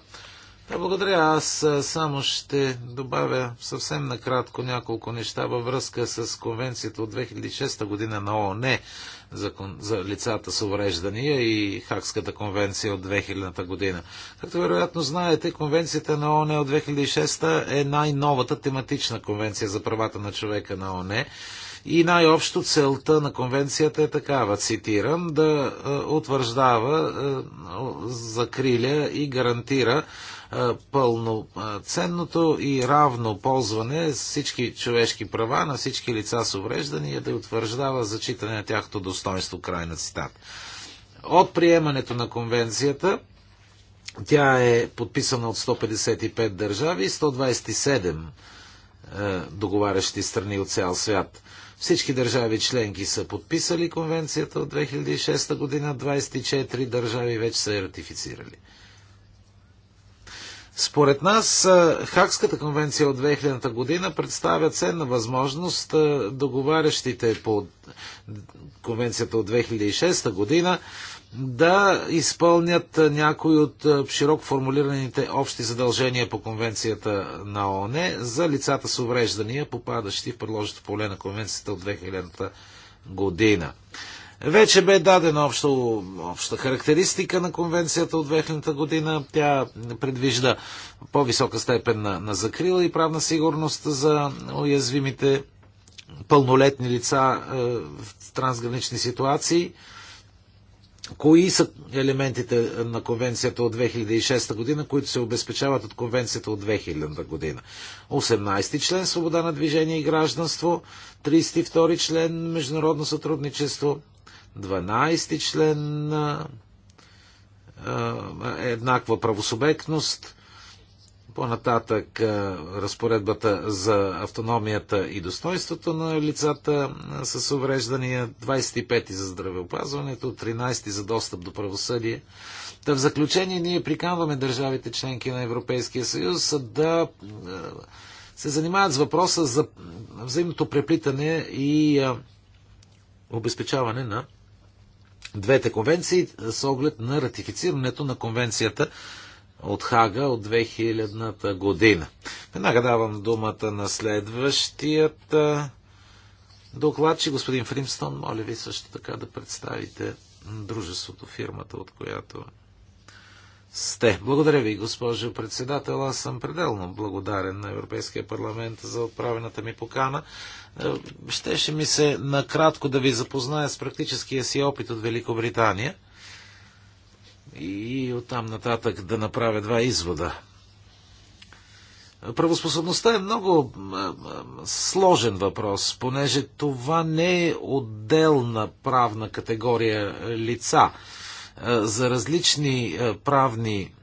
да, благодаря. Аз само ще добавя съвсем накратко няколко неща във връзка с конвенцията от 2006 година на ООН за, за лицата с увреждания и Хакската конвенция от 2000 година. Както вероятно знаете, конвенцията на ООН от 2006 е най-новата тематична конвенция за правата на човека на ООН. И най-общо целта на конвенцията е такава, цитирам, да утвърждава, закриля и гарантира пълноценното и равно ползване с всички човешки права на всички лица с увреждания да утвърждава зачитане на тяхното достоинство. Край на цитат. От приемането на конвенцията тя е подписана от 155 държави и 127 е, договарящи страни от цял свят. Всички държави членки са подписали конвенцията от 2006 година, 24 държави вече са я ратифицирали. Според нас Хакската конвенция от 2000 година представя ценна възможност договарящите по конвенцията от 2006 година да изпълнят някои от широко формулираните общи задължения по конвенцията на ООН за лицата с увреждания, попадащи в предложеното поле на конвенцията от 2000 година. Вече бе дадена общо, обща характеристика на конвенцията от 2000 година. Тя предвижда по-висока степен на, на закрила и правна сигурност за уязвимите пълнолетни лица е, в трансгранични ситуации. Кои са елементите на конвенцията от 2006 година, които се обезпечават от конвенцията от 2000 година? 18 член Свобода на движение и гражданство, 32 член Международно сътрудничество, 12 член еднаква правосубектност, по-нататък разпоредбата за автономията и достоинството на лицата с увреждания, 25 ти за здравеопазването, 13 за достъп до правосъдие. Та в заключение ние приканваме държавите членки на Европейския съюз да се занимават с въпроса за взаимното преплитане и обезпечаване на двете конвенции с оглед на ратифицирането на конвенцията от Хага от 2000-та година. Веднага давам думата на следващият докладчик. Господин Фримстон, моля ви също така да представите дружеството, фирмата, от която сте. Благодаря ви, госпожо председател. Аз съм пределно благодарен на Европейския парламент за отправената ми покана. Е, щеше ми се накратко да ви запозная с практическия си опит от Великобритания и оттам нататък да направя два извода. Правоспособността е много е, е, сложен въпрос, понеже това не е отделна правна категория лица за различни правни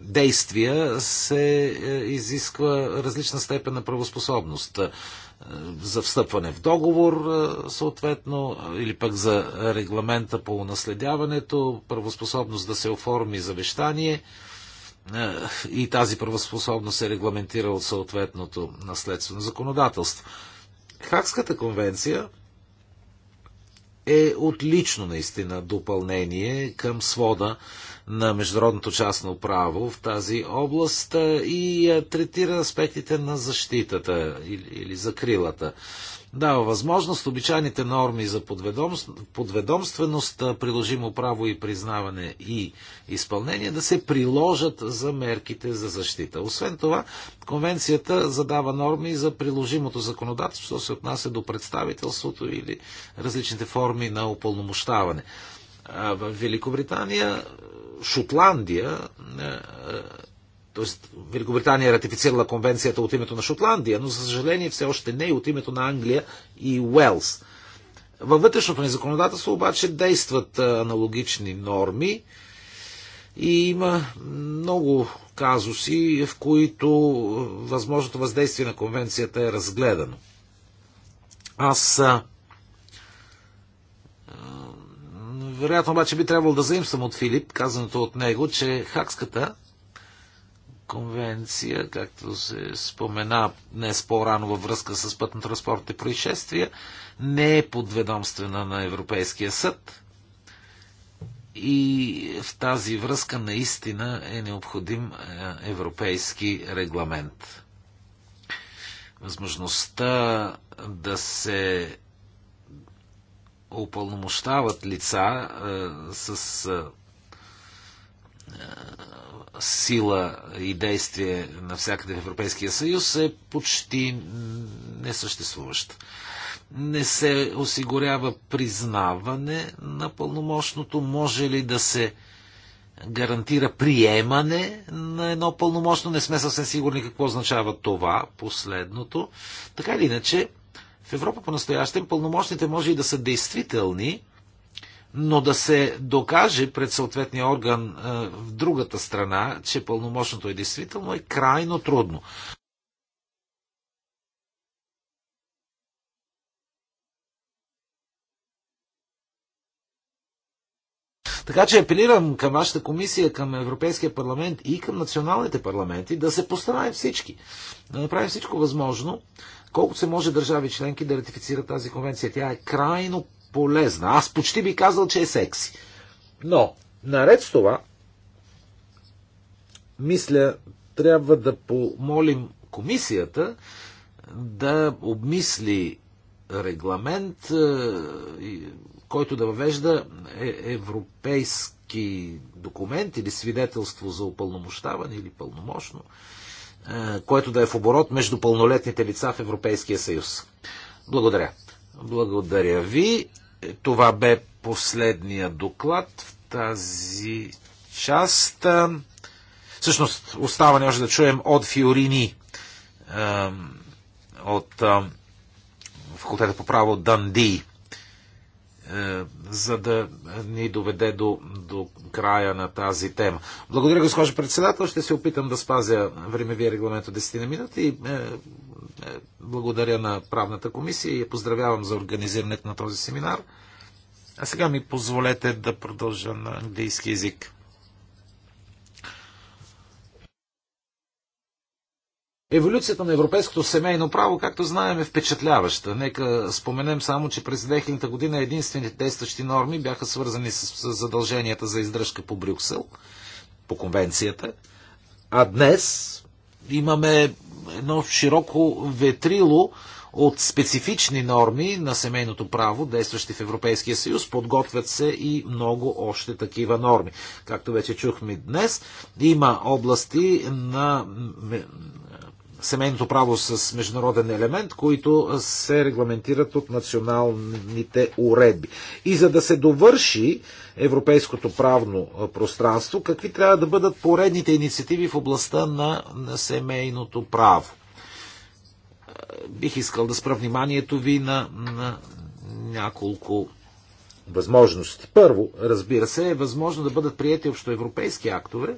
действия се е, изисква различна степен на правоспособност. За встъпване в договор, съответно, или пък за регламента по унаследяването, правоспособност да се оформи завещание и тази правоспособност се регламентира от съответното наследствено законодателство. Хакската конвенция е отлично наистина допълнение към свода на международното частно право в тази област и третира аспектите на защитата или, или закрилата дава възможност обичайните норми за подведомственост, приложимо право и признаване и изпълнение да се приложат за мерките за защита. Освен това, конвенцията задава норми за приложимото законодателство, що се отнася до представителството или различните форми на упълномощаване. В Великобритания, Шотландия Тоест, Великобритания е ратифицирала конвенцията от името на Шотландия, но за съжаление все още не и от името на Англия и Уелс. Във вътрешното ни законодателство обаче действат аналогични норми и има много казуси, в които възможното въздействие на конвенцията е разгледано. Аз вероятно обаче би трябвало да заимствам от Филип казаното от него, че Хакската конвенция, както се спомена днес по-рано във връзка с пътно-транспортните происшествия, не е подведомствена на Европейския съд. И в тази връзка наистина е необходим е, европейски регламент. Възможността да се опълномощават лица е, с е, сила и действие навсякъде в Европейския съюз е почти несъществуваща. Не се осигурява признаване на пълномощното, може ли да се гарантира приемане на едно пълномощно. Не сме съвсем сигурни какво означава това, последното. Така или иначе, в Европа по-настоящем пълномощните може и да са действителни, но да се докаже пред съответния орган е, в другата страна, че пълномощното е действително, е крайно трудно. Така че апелирам към вашата комисия, към Европейския парламент и към националните парламенти да се постараем всички, да направим всичко възможно, колкото се може държави членки да ратифицират тази конвенция. Тя е крайно полезна. Аз почти би казал, че е секси. Но, наред с това, мисля, трябва да помолим комисията да обмисли регламент, е, който да въвежда е, европейски документ или свидетелство за упълномощаване или пълномощно, е, което да е в оборот между пълнолетните лица в Европейския съюз. Благодаря. Благодаря ви. Това бе последния доклад в тази част. Всъщност, остава още да чуем от Фиорини от факултета по право Данди. Е, за да ни доведе до, до края на тази тема. Благодаря, госпожо председател. Ще се опитам да спазя времевия регламент от 10 на минути. И, е, е, благодаря на правната комисия и я поздравявам за организирането на този семинар. А сега ми позволете да продължа на английски язик. Еволюцията на европейското семейно право, както знаем, е впечатляваща. Нека споменем само, че през 2000 година единствените действащи норми бяха свързани с задълженията за издръжка по Брюксел, по конвенцията. А днес имаме едно широко ветрило от специфични норми на семейното право, действащи в Европейския съюз, подготвят се и много още такива норми. Както вече чухме днес, има области на семейното право с международен елемент, които се регламентират от националните уредби. И за да се довърши европейското правно пространство, какви трябва да бъдат поредните инициативи в областта на, на семейното право? Бих искал да спра вниманието ви на, на няколко възможности. Първо, разбира се, е възможно да бъдат прияти общоевропейски актове,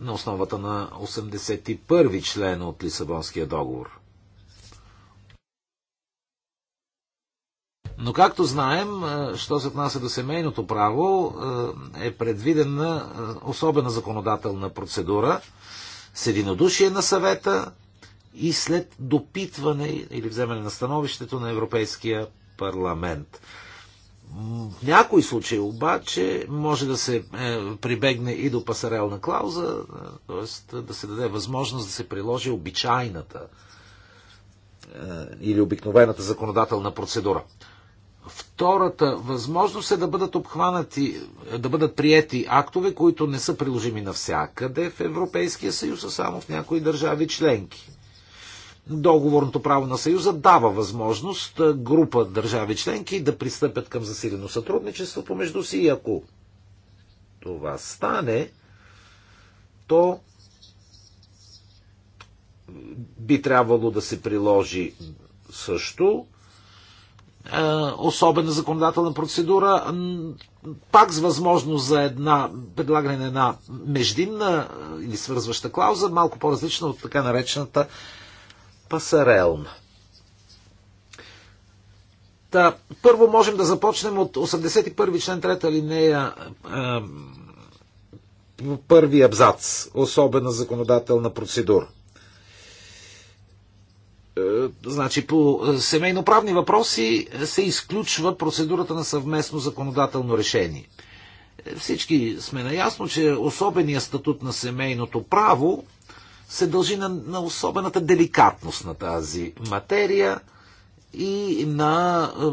на основата на 81 член от Лисабонския договор. Но както знаем, е, що се отнася до семейното право, е, е предвидена е, особена законодателна процедура с единодушие на съвета и след допитване или вземане на становището на Европейския парламент. В някои случаи обаче може да се е, прибегне и до пасарелна клауза, е, т.е. да се даде възможност да се приложи обичайната е, или обикновената законодателна процедура. Втората възможност е да бъдат обхванати, да бъдат приети актове, които не са приложими навсякъде в Европейския съюз, а само в някои държави членки договорното право на Съюза дава възможност група държави членки да пристъпят към засилено сътрудничество помежду си и ако това стане, то би трябвало да се приложи също особена законодателна процедура, пак с възможност за една предлагане на една междинна или свързваща клауза, малко по-различна от така наречената пасарелна. Та, първо можем да започнем от 81 член 3 линея първи абзац, особена законодателна процедура. Е, значи по семейноправни въпроси се изключва процедурата на съвместно законодателно решение. Е, всички сме наясно, че особения статут на семейното право се дължи на, на особената деликатност на тази материя и на е,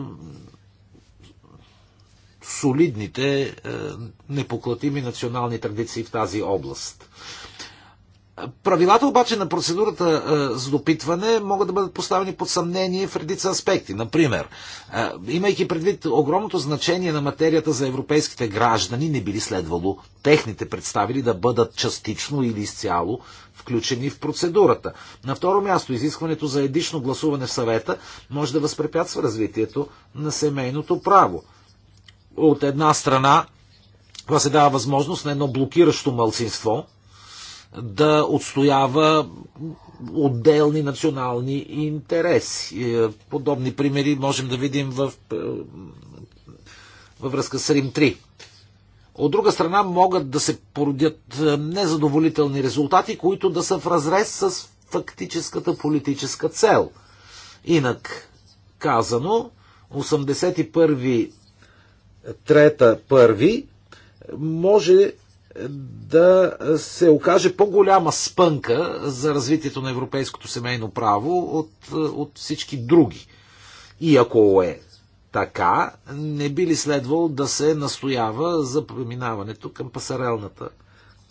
солидните, е, непоклатими национални традиции в тази област. Правилата обаче на процедурата е, за допитване могат да бъдат поставени под съмнение в редица аспекти. Например, е, имайки предвид огромното значение на материята за европейските граждани, не би ли следвало техните представили да бъдат частично или изцяло включени в процедурата. На второ място, изискването за едично гласуване в съвета може да възпрепятства развитието на семейното право. От една страна, това се дава възможност на едно блокиращо мълцинство, да отстоява отделни национални интереси. Е, подобни примери можем да видим в, е, във връзка с Рим 3. От друга страна могат да се породят е, незадоволителни резултати, които да са в разрез с фактическата политическа цел. Инак казано, 81 3 първи може да се окаже по-голяма спънка за развитието на европейското семейно право от, от всички други. И ако е така, не би ли следвало да се настоява за преминаването към пасарелната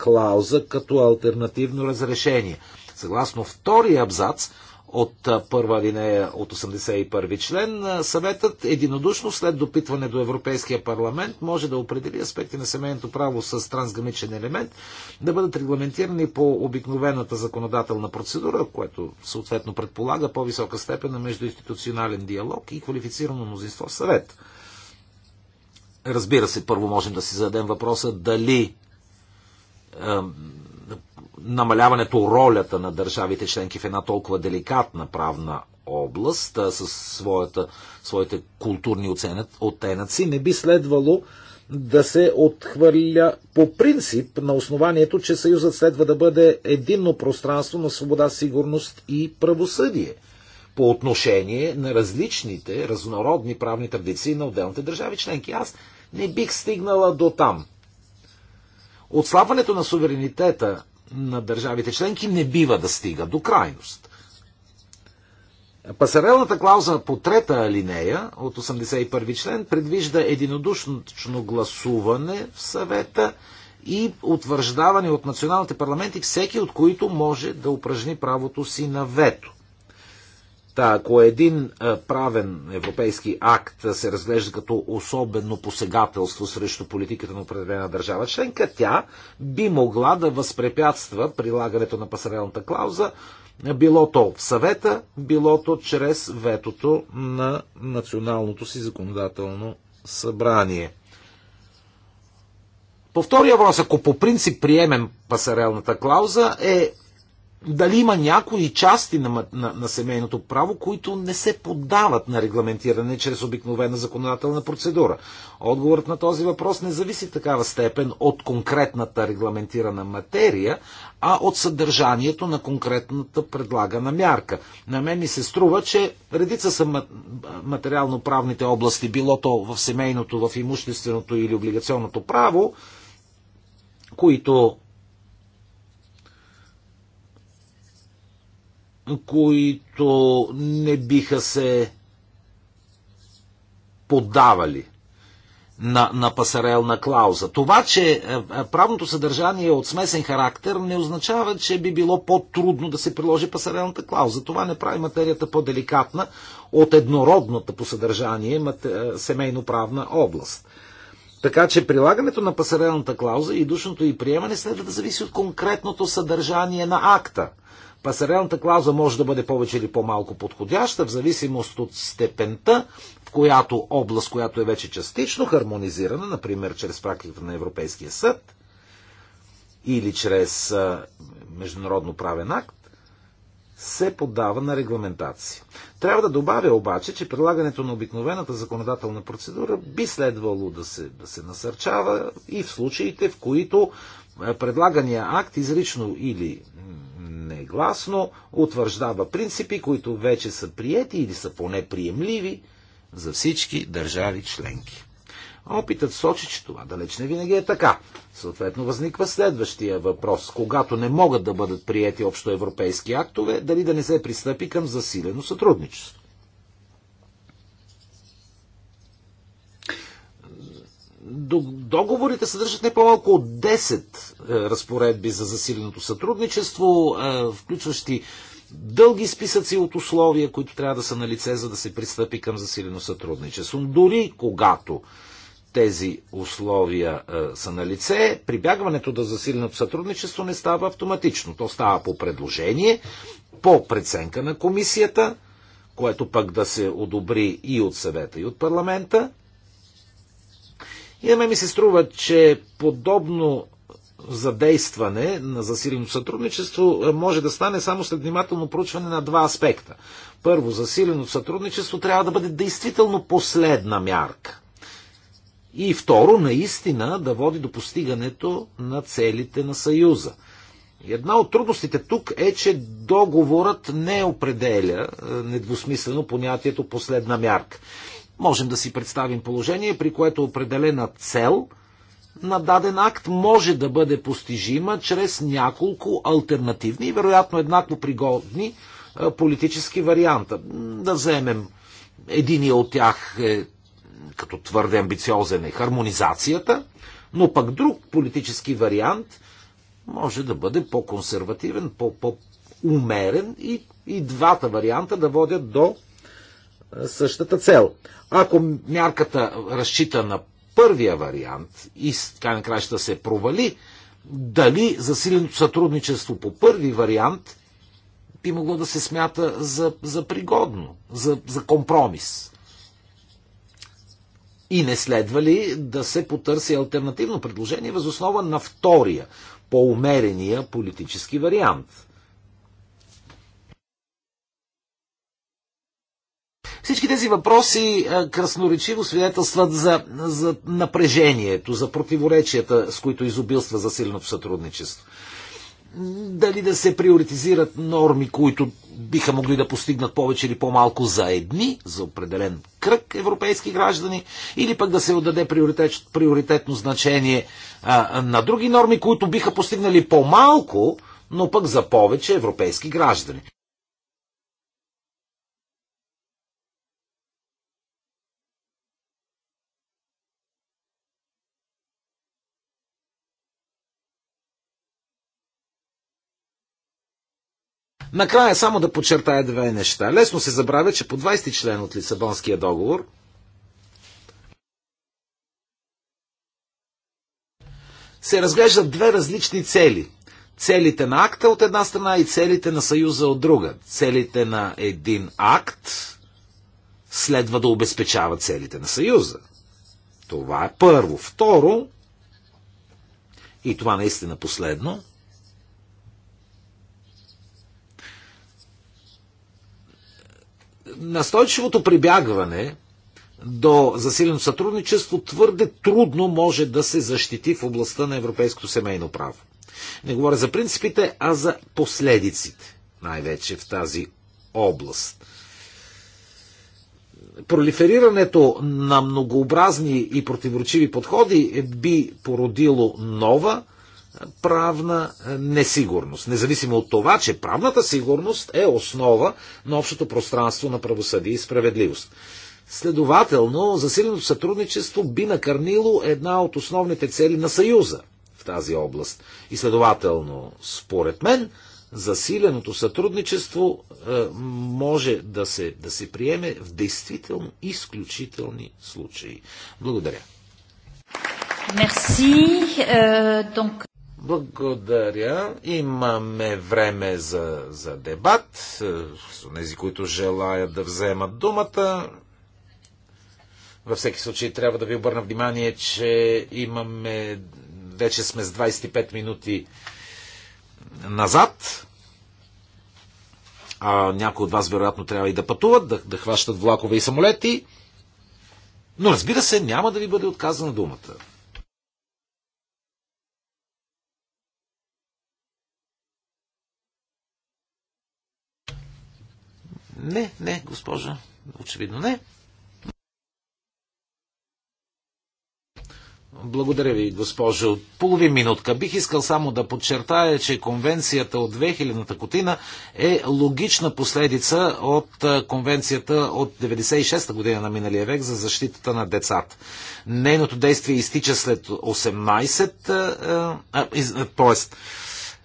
клауза като альтернативно разрешение? Съгласно втория абзац, от първа линея от 81 член, съветът единодушно след допитване до Европейския парламент може да определи аспекти на семейното право с трансграничен елемент да бъдат регламентирани по обикновената законодателна процедура, което съответно предполага по-висока степен на междуинституционален диалог и квалифицирано мнозинство в съвет. Разбира се, първо можем да си зададем въпроса дали намаляването ролята на държавите членки в една толкова деликатна правна област със своята, своите културни оттенъци, не би следвало да се отхвърля по принцип на основанието, че Съюзът следва да бъде единно пространство на свобода, сигурност и правосъдие по отношение на различните, разнородни правни традиции на отделните държави членки. Аз не бих стигнала до там. Отслабването на суверенитета на държавите членки не бива да стига до крайност. Пасарелната клауза по трета алинея от 81 член предвижда единодушно гласуване в съвета и утвърждаване от националните парламенти, всеки от които може да упражни правото си на вето. Та, ако един правен европейски акт се разглежда като особено посегателство срещу политиката на определена държава членка, тя би могла да възпрепятства прилагането на пасарелната клауза, било то в съвета, било то чрез ветото на националното си законодателно събрание. По втория въпрос, ако по принцип приемем пасарелната клауза, е дали има някои части на, на, на семейното право, които не се поддават на регламентиране чрез обикновена законодателна процедура. Отговорът на този въпрос не зависи в такава степен от конкретната регламентирана материя, а от съдържанието на конкретната предлагана мярка. На мен ми се струва, че редица са материално-правните области, било то в семейното, в имущественото или облигационното право, които които не биха се поддавали на, на пасарелна клауза. Това, че е, е, правното съдържание е от смесен характер, не означава, че би било по-трудно да се приложи пасарелната клауза. Това не прави материята по-деликатна от еднородната по съдържание е, семейно-правна област. Така че прилагането на пасарелната клауза и душното и приемане следва да зависи от конкретното съдържание на акта – Пасарелната клауза може да бъде повече или по-малко подходяща, в зависимост от степента, в която област, която е вече частично хармонизирана, например чрез практиката на Европейския съд или чрез международно правен акт, се подава на регламентация. Трябва да добавя обаче, че прилагането на обикновената законодателна процедура би следвало да се, да се насърчава и в случаите, в които предлагания акт изрично или негласно утвърждава принципи, които вече са приети или са поне приемливи за всички държави членки. Опитът сочи, че това далеч не винаги е така. Съответно възниква следващия въпрос. Когато не могат да бъдат приети общоевропейски актове, дали да не се пристъпи към засилено сътрудничество? Договорите съдържат не по-малко от 10 е, разпоредби за засиленото сътрудничество, е, включващи дълги списъци от условия, които трябва да са на лице, за да се пристъпи към засилено сътрудничество. Дори когато тези условия е, са на лице, прибягването до засиленото сътрудничество не става автоматично. То става по предложение, по преценка на комисията, което пък да се одобри и от съвета, и от парламента, и на мен ми се струва, че подобно задействане на засилено сътрудничество е, може да стане само след внимателно проучване на два аспекта. Първо, засилено сътрудничество трябва да бъде действително последна мярка. И второ, наистина да води до постигането на целите на Съюза. Една от трудностите тук е, че договорът не определя е, недвусмислено понятието последна мярка. Можем да си представим положение, при което определена цел на даден акт може да бъде постижима чрез няколко альтернативни и вероятно еднакво пригодни политически варианта. Да вземем единия от тях е, като твърде амбициозен е хармонизацията, но пък друг политически вариант може да бъде по-консервативен, по-умерен -по и, и двата варианта да водят до същата цел. Ако мярката разчита на първия вариант и така накрая ще се провали, дали засиленото сътрудничество по първи вариант би могло да се смята за, за пригодно, за, за компромис. И не следва ли да се потърси альтернативно предложение възоснова на втория, по-умерения политически вариант? Всички тези въпроси красноречиво свидетелстват за, за напрежението, за противоречията, с които изобилства засиленото сътрудничество. Дали да се приоритизират норми, които биха могли да постигнат повече или по-малко за едни, за определен кръг европейски граждани, или пък да се отдаде приоритет, приоритетно значение а, на други норми, които биха постигнали по-малко, но пък за повече европейски граждани. Накрая само да подчертая две неща. Лесно се забравя, че по 20 член от Лисабонския договор се разглеждат две различни цели. Целите на акта от една страна и целите на съюза от друга. Целите на един акт следва да обезпечава целите на съюза. Това е първо. Второ, и това наистина последно, настойчивото прибягване до засилено сътрудничество твърде трудно може да се защити в областта на европейското семейно право. Не говоря за принципите, а за последиците, най-вече в тази област. Пролиферирането на многообразни и противоречиви подходи би породило нова, правна несигурност. Независимо от това, че правната сигурност е основа на общото пространство на правосъдие и справедливост. Следователно, засиленото сътрудничество би накърнило една от основните цели на Съюза в тази област. И следователно, според мен, засиленото сътрудничество е, може да се, да се приеме в действително изключителни случаи. Благодаря. Merci. Euh, donc... Благодаря. Имаме време за, за дебат. Тези, е, които желаят да вземат думата. Във всеки случай трябва да ви обърна внимание, че имаме. Вече сме с 25 минути назад. А някои от вас вероятно трябва и да пътуват, да, да хващат влакове и самолети. Но разбира се, няма да ви бъде отказана думата. Не, не, госпожа. Очевидно не. Благодаря ви, госпожо. Половин минутка. Бих искал само да подчертая, че конвенцията от 2000-та година е логична последица от конвенцията от 96-та година на миналия век за защитата на децата. Нейното действие изтича след 18, т.е.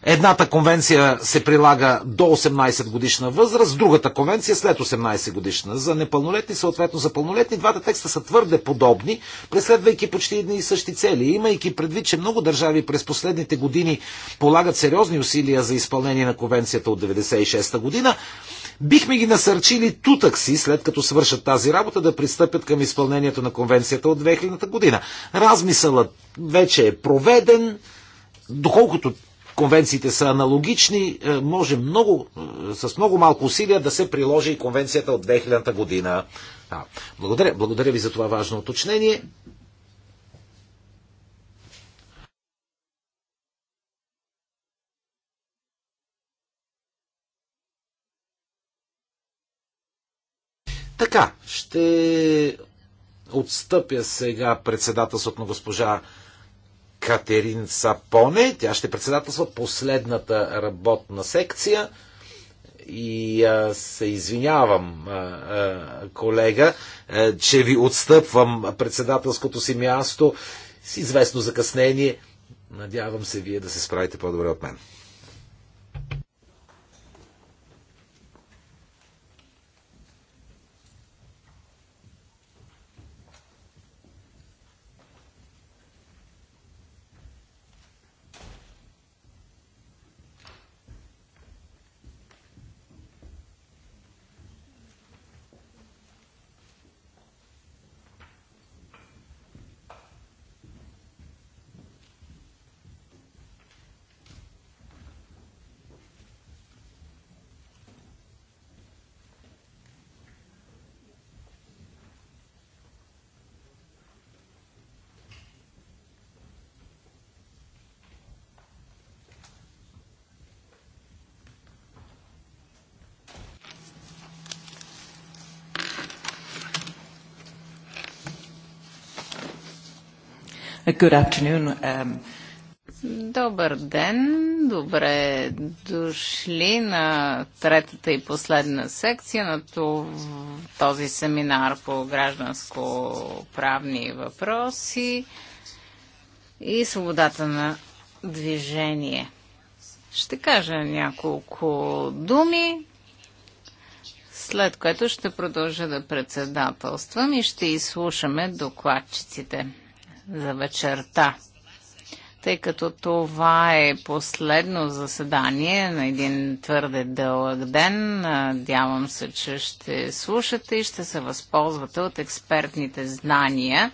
Едната конвенция се прилага до 18 годишна възраст, другата конвенция след 18 годишна. За непълнолетни, съответно за пълнолетни, двата текста са твърде подобни, преследвайки почти едни и същи цели. Имайки предвид, че много държави през последните години полагат сериозни усилия за изпълнение на конвенцията от 1996 година, бихме ги насърчили тутък си, след като свършат тази работа, да пристъпят към изпълнението на конвенцията от 2000 година. Размисълът вече е проведен, доколкото конвенциите са аналогични, е, може много, е, с много малко усилия да се приложи и конвенцията от 2000 година. А, благодаря, благодаря ви за това важно уточнение. Така, ще отстъпя сега председателството на госпожа Катерин Сапоне. Тя ще председателства последната работна секция. И а, се извинявам, а, а, колега, а, че ви отстъпвам председателското си място с известно закъснение. Надявам се вие да се справите по-добре от мен. Uh, good afternoon. Um... Добър ден, добре дошли на третата и последна секция на този семинар по гражданско-правни въпроси и свободата на движение. Ще кажа няколко думи, след което ще продължа да председателствам и ще изслушаме докладчиците за вечерта. Тъй като това е последно заседание на един твърде дълъг ден, надявам се, че ще слушате и ще се възползвате от експертните знания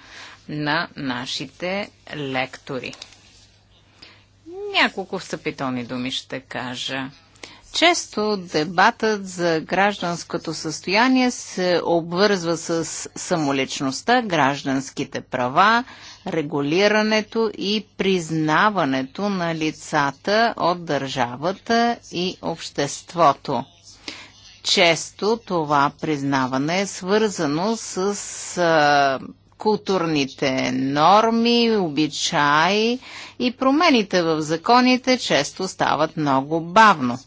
на нашите лектори. Няколко встъпителни думи ще кажа. Често дебатът за гражданското състояние се обвързва с самоличността, гражданските права, регулирането и признаването на лицата от държавата и обществото. Често това признаване е свързано с а, културните норми, обичаи и промените в законите често стават много бавно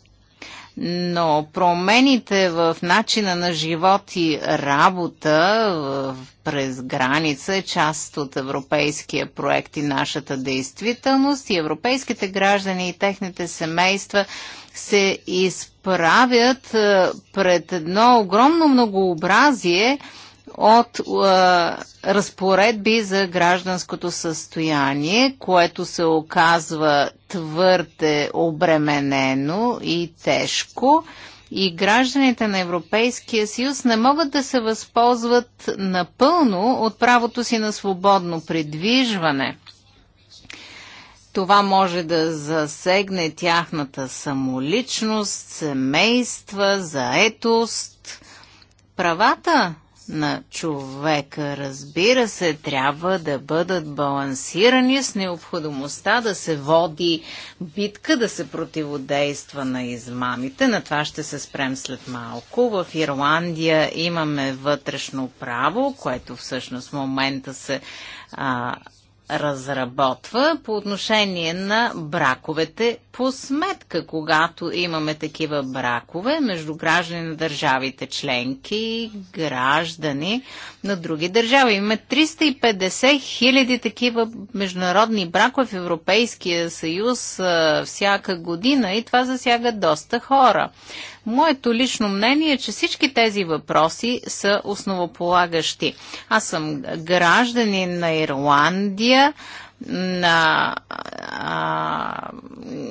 но промените в начина на живот и работа през граница е част от европейския проект и нашата действителност и европейските граждани и техните семейства се изправят е, пред едно огромно многообразие – от а, е, разпоредби за гражданското състояние, което се оказва твърде обременено и тежко и гражданите на Европейския съюз не могат да се възползват напълно от правото си на свободно придвижване. Това може да засегне тяхната самоличност, семейства, заетост. Правата на човека. Разбира се, трябва да бъдат балансирани с необходимостта да се води битка, да се противодейства на измамите. На това ще се спрем след малко. В Ирландия имаме вътрешно право, което всъщност в момента се а, разработва по отношение на браковете по сметка, когато имаме такива бракове между граждани на държавите членки и граждани на други държави. Имаме 350 хиляди такива международни бракове в Европейския съюз всяка година и това засяга доста хора. Моето лично мнение е, че всички тези въпроси са основополагащи. Аз съм гражданин на Ирландия, на, а,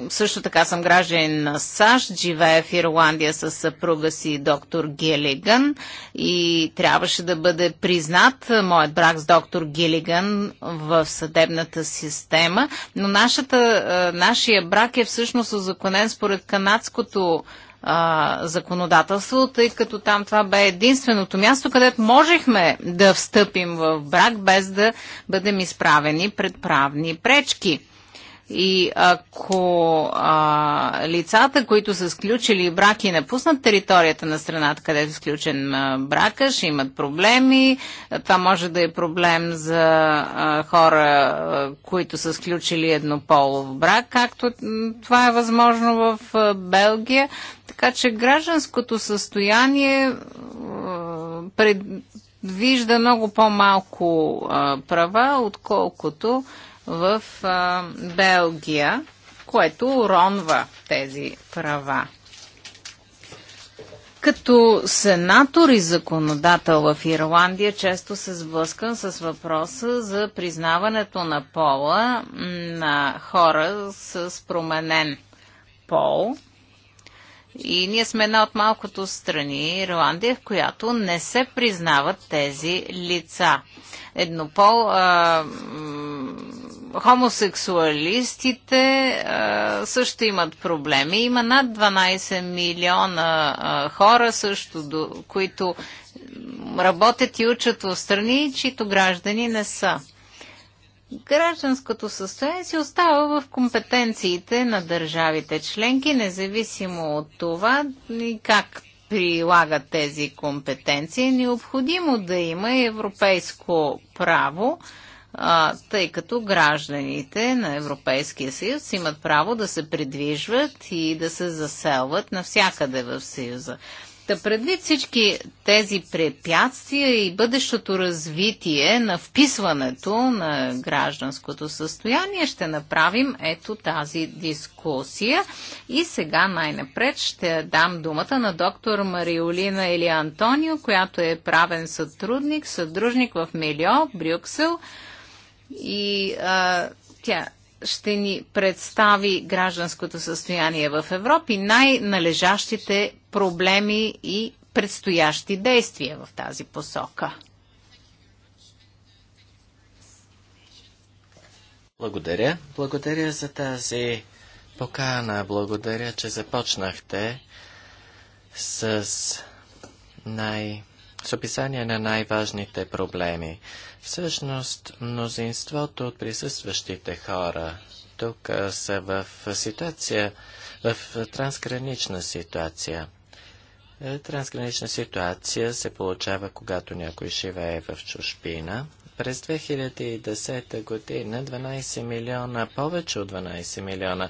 също така съм гражданин на САЩ, живея в Ирландия с съпруга си доктор Гелиган и трябваше да бъде признат моят брак с доктор Гелиган в съдебната система, но нашата, а, нашия брак е всъщност озаконен според канадското а, законодателство, тъй като там това бе единственото място, където можехме да встъпим в брак, без да бъдем изправени пред правни пречки. И ако а, лицата, които са сключили брак и напуснат територията на страната, където е сключен а, брака, ще имат проблеми. Това може да е проблем за а, хора, а, които са сключили еднополов брак, както това е възможно в а, Белгия. Така че гражданското състояние е, предвижда много по-малко права, отколкото в а, Белгия, което уронва тези права. Като сенатор и законодател в Ирландия често се сблъскам с въпроса за признаването на пола на хора с променен пол – и ние сме една от малкото страни, Ирландия, в която не се признават тези лица. Еднопол, а, хомосексуалистите а, също имат проблеми. Има над 12 милиона а, хора също, до, които работят и учат в страни, чието граждани не са гражданското състояние си остава в компетенциите на държавите членки, независимо от това и как прилагат тези компетенции. Е необходимо да има европейско право, а, тъй като гражданите на Европейския съюз имат право да се придвижват и да се заселват навсякъде в съюза. Та предвид всички тези препятствия и бъдещото развитие на вписването на гражданското състояние ще направим ето тази дискусия. И сега най-напред ще дам думата на доктор Мариолина Или Антонио, която е правен сътрудник, съдружник в Мелио, Брюксел. И а, тя ще ни представи гражданското състояние в Европа и най-належащите проблеми и предстоящи действия в тази посока. Благодаря. Благодаря за тази покана. Благодаря, че започнахте с, най... с описание на най-важните проблеми. Всъщност, мнозинството от присъстващите хора тук са в ситуация, в трансгранична ситуация. Е, трансгранична ситуация се получава, когато някой живее в чужбина. През 2010 година 12 милиона, повече от 12 милиона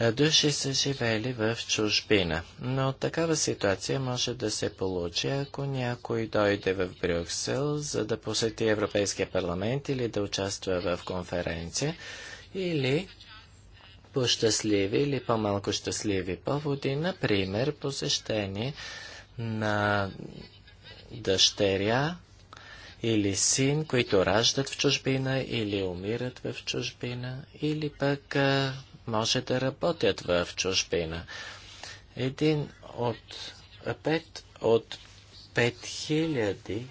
е, души са живели в чужбина. Но такава ситуация може да се получи, ако някой дойде в Брюксел, за да посети Европейския парламент или да участва в конференция, или по щастливи или по-малко щастливи поводи, например посещение на дъщеря или син, които раждат в чужбина или умират в чужбина, или пък а, може да работят в чужбина. Един от пет от пет хиляди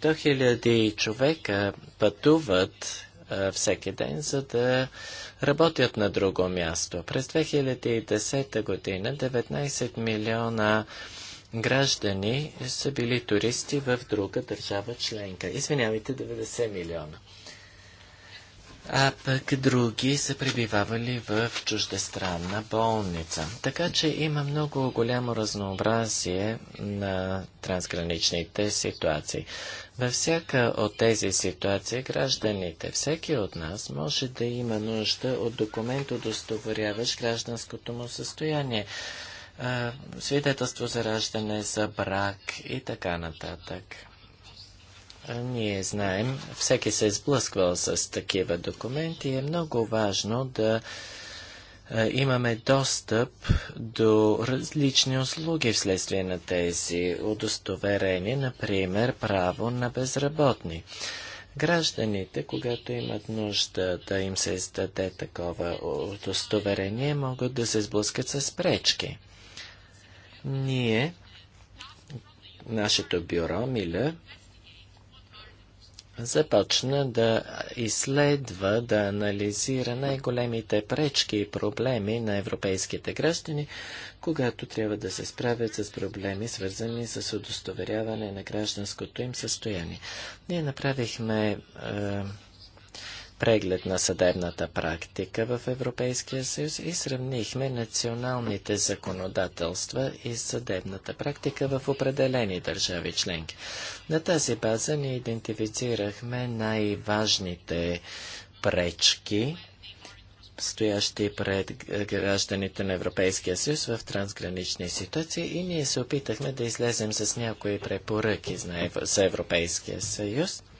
100 000 човека пътуват всеки ден, за да работят на друго място. През 2010 година 19 милиона граждани са били туристи в друга държава членка. Извинявайте, 90 милиона а пък други са пребивавали в чуждестранна болница. Така че има много голямо разнообразие на трансграничните ситуации. Във всяка от тези ситуации гражданите, всеки от нас може да има нужда от документ, удостоверяващ гражданското му състояние, свидетелство за раждане, за брак и така нататък. Ние знаем, всеки се е сблъсквал с такива документи и е много важно да имаме достъп до различни услуги вследствие на тези удостоверения, например право на безработни. Гражданите, когато имат нужда да им се издаде такова удостоверение, могат да се сблъскат с пречки. Ние, нашето бюро, Миля, започна да изследва, да анализира най-големите пречки и проблеми на европейските граждани, когато трябва да се справят с проблеми, свързани с удостоверяване на гражданското им състояние. Ние направихме е, преглед на съдебната практика в Европейския съюз и сравнихме националните законодателства и съдебната практика в определени държави членки. На тази база ни идентифицирахме най-важните пречки, стоящи пред гражданите на Европейския съюз в трансгранични ситуации и ние се опитахме да излезем с някои препоръки за Европейския съюз –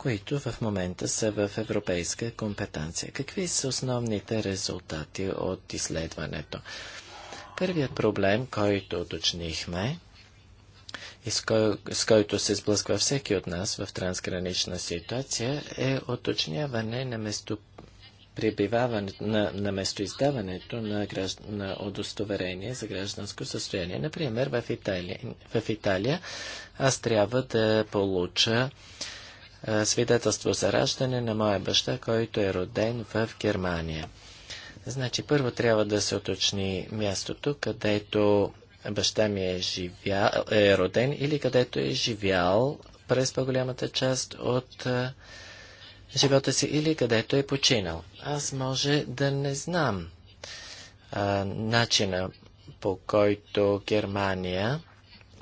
които в момента са в европейска компетенция. Какви са основните резултати от изследването? Първият проблем, който уточнихме и с, кой, с който се сблъсква всеки от нас в трансгранична ситуация, е уточняване на место на, на местоиздаването на, гражд... на удостоверение за гражданско състояние. Например, в Италия, в Италия аз трябва да получа е, свидетелство за раждане на моя баща, който е роден в Германия. Значи, първо трябва да се уточни мястото, където баща ми е, живял, е роден или където е живял през по-голямата част от е, живота си или където е починал. Аз може да не знам а, е, начина по който Германия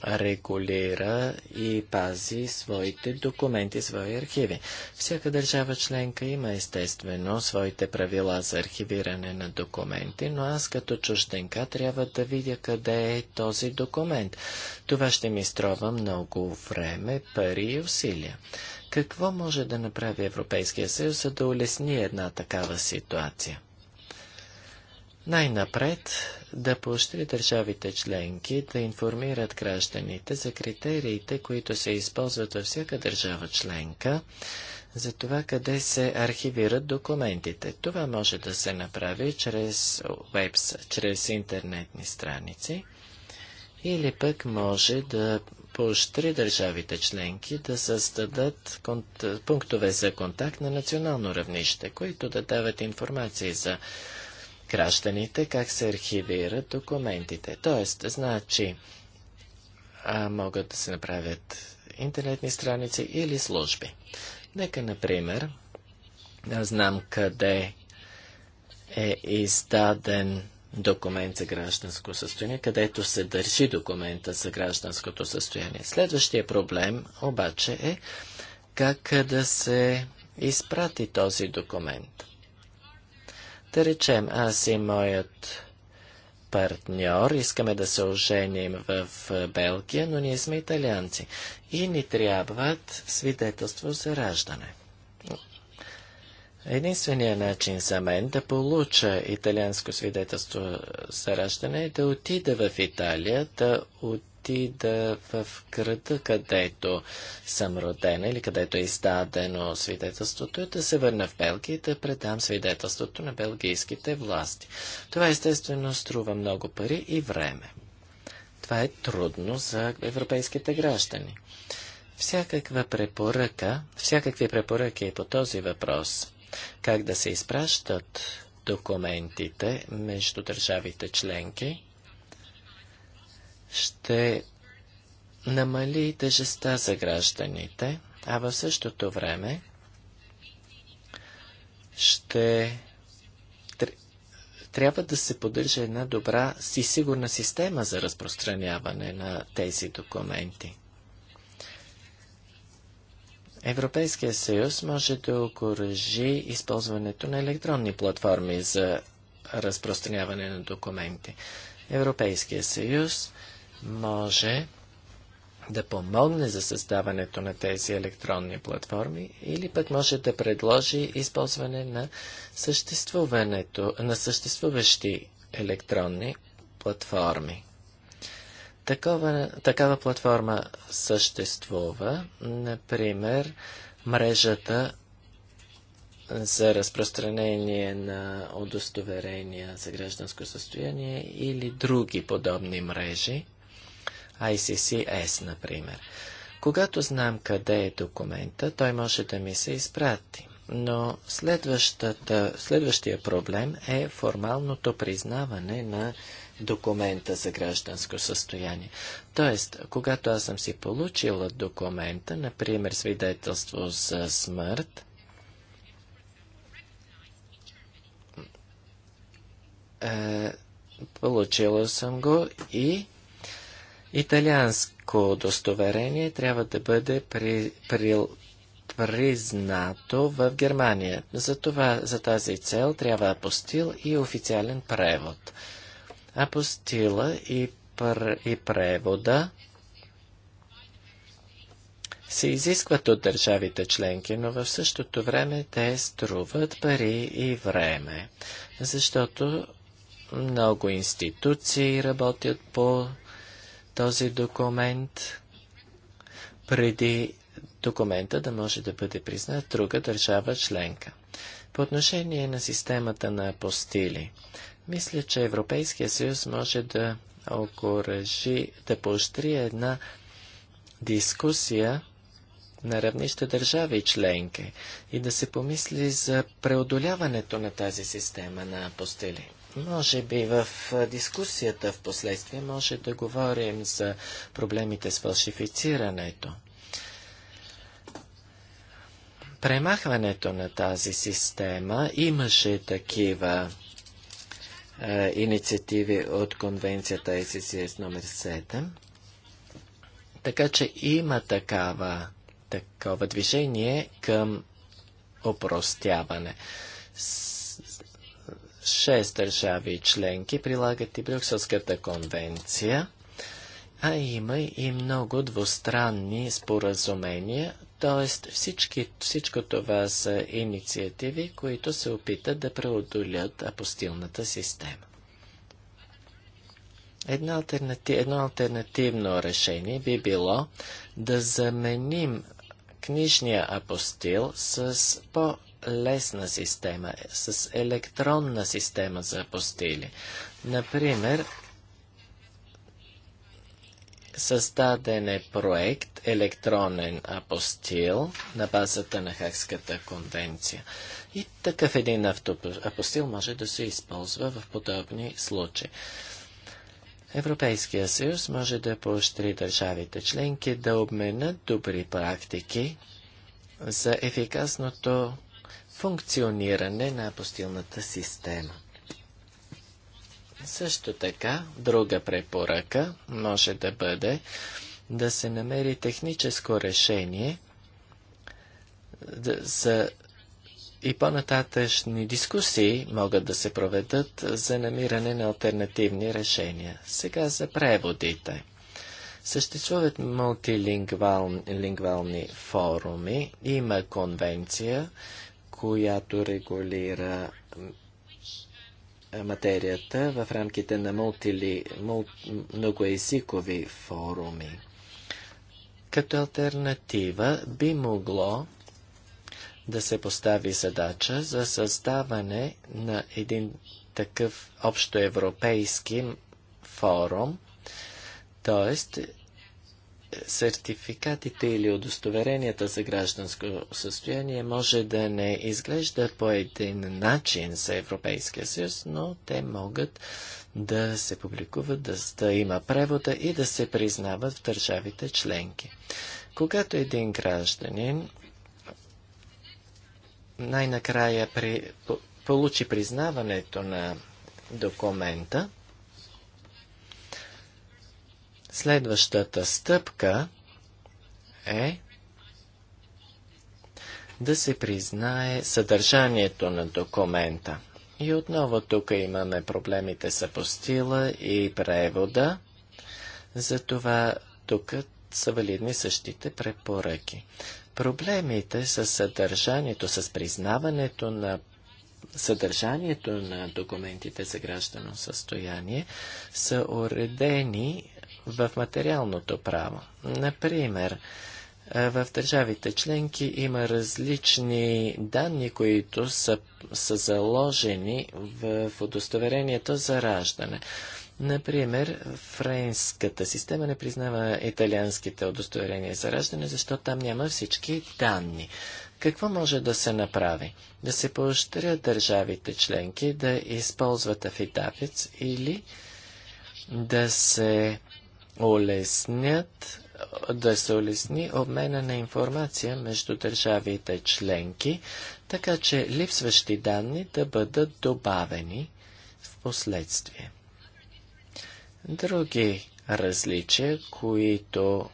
регулира и пази своите документи, свои архиви. Всяка държава членка има естествено своите правила за архивиране на документи, но аз като чужденка трябва да видя къде е този документ. Това ще ми струва много време, пари и усилия. Какво може да направи Европейския съюз, за да улесни една такава ситуация? Най-напред да поощри държавите членки да информират гражданите за критериите, които се използват във всяка държава членка, за това къде се архивират документите. Това може да се направи чрез вебс, чрез интернетни страници или пък може да поощри държавите членки да създадат пунктове за контакт на национално равнище, които да дават информация за гражданите как се архивират документите. Тоест, значи, а, могат да се направят интернетни страници или служби. Нека, например, да знам къде е издаден документ за гражданско състояние, където се държи документа за гражданското състояние. Следващия проблем обаче е как да се изпрати този документ. Да речем, аз и моят партньор, искаме да се оженим в Белгия, но ние сме италианци и ни трябват свидетелство за раждане. Единственият начин за мен да получа италианско свидетелство за раждане е да отида в Италия, да, от, отида в града, където съм родена или където е издадено свидетелството, да се върна в Белгия и да предам свидетелството на белгийските власти. Това естествено струва много пари и време. Това е трудно за европейските граждани. Всякаква препоръка, всякакви препоръки по този въпрос, как да се изпращат документите между държавите членки, ще намали тежестта за гражданите, а в същото време ще трябва да се поддържа една добра си сигурна система за разпространяване на тези документи. Европейския съюз може да окоръжи използването на електронни платформи за разпространяване на документи. Европейския съюз може да помогне за създаването на тези електронни платформи или пък може да предложи използване на, съществуването, на съществуващи електронни платформи. Такова, такава платформа съществува, например, мрежата за разпространение на удостоверения за гражданско състояние или други подобни мрежи. ICCS, например. Когато знам къде е документа, той може да ми се изпрати. Но следващия проблем е формалното признаване на документа за гражданско състояние. Тоест, когато аз съм си получила документа, например свидетелство за смърт, е, получила съм го и Италианско удостоверение трябва да бъде при, при, признато в Германия. За, това, за тази цел трябва апостил и официален превод. Апостила и, пр, и превода се изискват от държавите членки, но в същото време те струват пари и време, защото много институции работят по този документ преди документа да може да бъде признат друга държава членка. По отношение на системата на апостили, мисля, че Европейския съюз може да окоръжи, да поощри една дискусия на равнище държави и членки и да се помисли за преодоляването на тази система на апостили. Може би в дискусията в последствие може да говорим за проблемите с фалшифицирането. Премахването на тази система имаше такива е, инициативи от конвенцията SCS номер 7. Така че има такава, такова движение към опростяване. Шест държави членки прилагат и Брюкселската конвенция, а има и много двустранни споразумения, т.е. всичко това са инициативи, които се опитат да преодолят апостилната система. Едно, альтернатив, едно альтернативно решение би било да заменим книжния апостил с по лесна система, с електронна система за апостили. Например, създаден е проект електронен апостил на базата на Хакската конвенция. И такъв един апостил може да се използва в подобни случаи. Европейския съюз може да поощри държавите членки да обменят добри практики за ефикасното функциониране на апостилната система. Също така, друга препоръка може да бъде да се намери техническо решение за и по-нататъчни дискусии могат да се проведат за намиране на альтернативни решения. Сега за преводите. Съществуват мултилингвални форуми, има конвенция която регулира материята в рамките на мултили, мул, многоезикови форуми. Като альтернатива би могло да се постави задача за създаване на един такъв общоевропейски форум, т.е сертификатите или удостоверенията за гражданско състояние може да не изглежда по един начин за Европейския съюз, но те могат да се публикуват, да, да има превода и да се признават в държавите членки. Когато един гражданин най-накрая при, по, получи признаването на документа, Следващата стъпка е да се признае съдържанието на документа. И отново тук имаме проблемите с апостила и превода. Затова тук са валидни същите препоръки. Проблемите с съдържанието, с признаването на съдържанието на документите за граждано състояние са уредени в материалното право. Например, е, в държавите членки има различни данни, които са, са заложени в, удостоверението за раждане. Например, френската система не признава италианските удостоверения за раждане, защото там няма всички данни. Какво може да се направи? Да се поощрят държавите членки да използват афитапец или да се улеснят, да се улесни обмена на информация между държавите членки, така че липсващи данни да бъдат добавени в последствие. Други различия, които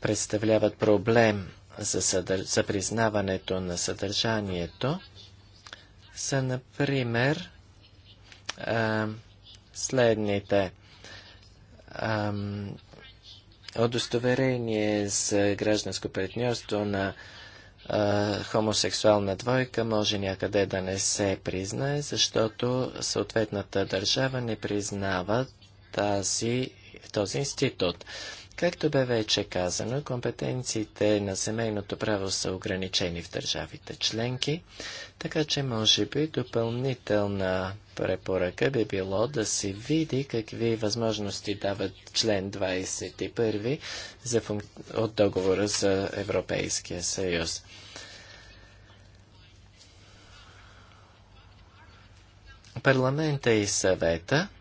представляват проблем за, съдър... за признаването на съдържанието, са, например, а, следните – удостоверение за гражданско партньорство на хомосексуална двойка може някъде да не се признае, защото съответната държава не признава тази, този институт. Както бе вече казано, компетенциите на семейното право са ограничени в държавите членки, така че може би допълнителна препоръка би било да се види какви възможности дават член 21 за функ... от договора за Европейския съюз. Парламента и съвета –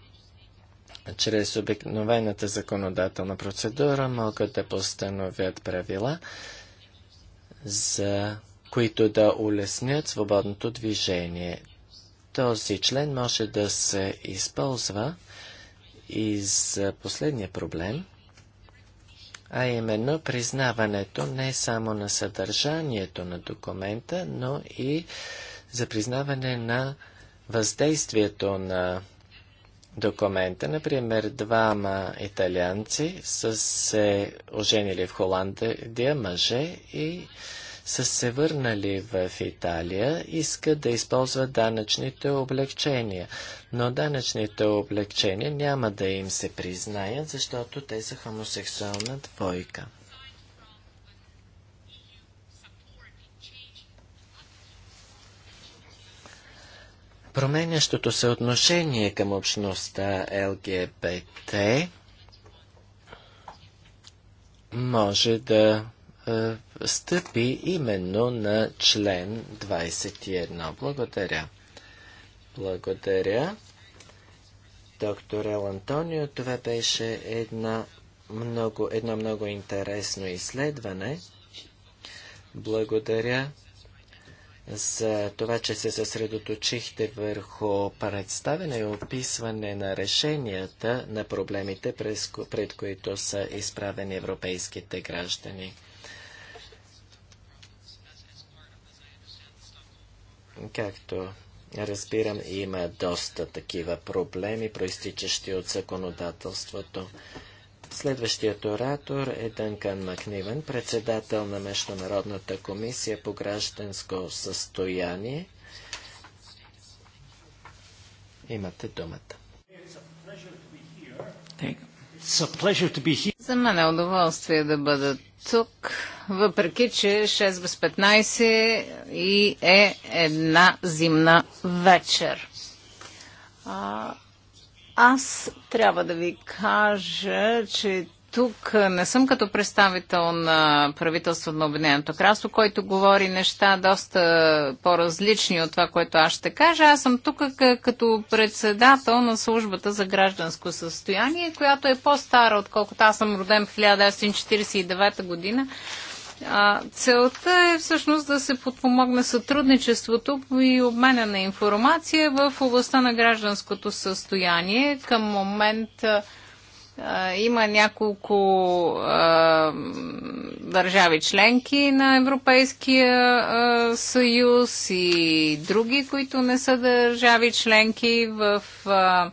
чрез обикновената законодателна процедура могат да постановят правила, за които да улеснят свободното движение. Този член може да се използва и за последния проблем, а именно признаването не само на съдържанието на документа, но и за признаване на въздействието на документа. Например, двама италианци са се оженили в Холандия, мъже, и са се върнали в Италия, искат да използват данъчните облегчения. Но данъчните облегчения няма да им се признаят, защото те са хомосексуална двойка. променящото се отношение към общността ЛГБТ може да е, стъпи именно на член 21. Благодаря. Благодаря. Доктор Ел Антонио, това беше една много, едно много интересно изследване. Благодаря за това, че се съсредоточихте върху представяне и описване на решенията на проблемите, пред които са изправени европейските граждани. Както разбирам, има доста такива проблеми, проистичащи от законодателството. Следващият оратор е Дънкан Макнивен, председател на Международната комисия по гражданско състояние. Имате думата. За мен е удоволствие да бъда тук, въпреки че 6 без 15 и е една зимна вечер. Аз трябва да ви кажа, че тук не съм като представител на правителството на Обединеното кралство, който говори неща доста по-различни от това, което аз ще кажа. Аз съм тук като председател на службата за гражданско състояние, която е по-стара, отколкото аз съм роден в 1949 година. А, целта е всъщност да се подпомогне сътрудничеството и обмена на информация в областта на гражданското състояние. Към а, има няколко а, държави членки на Европейския а, съюз и други, които не са държави членки в а,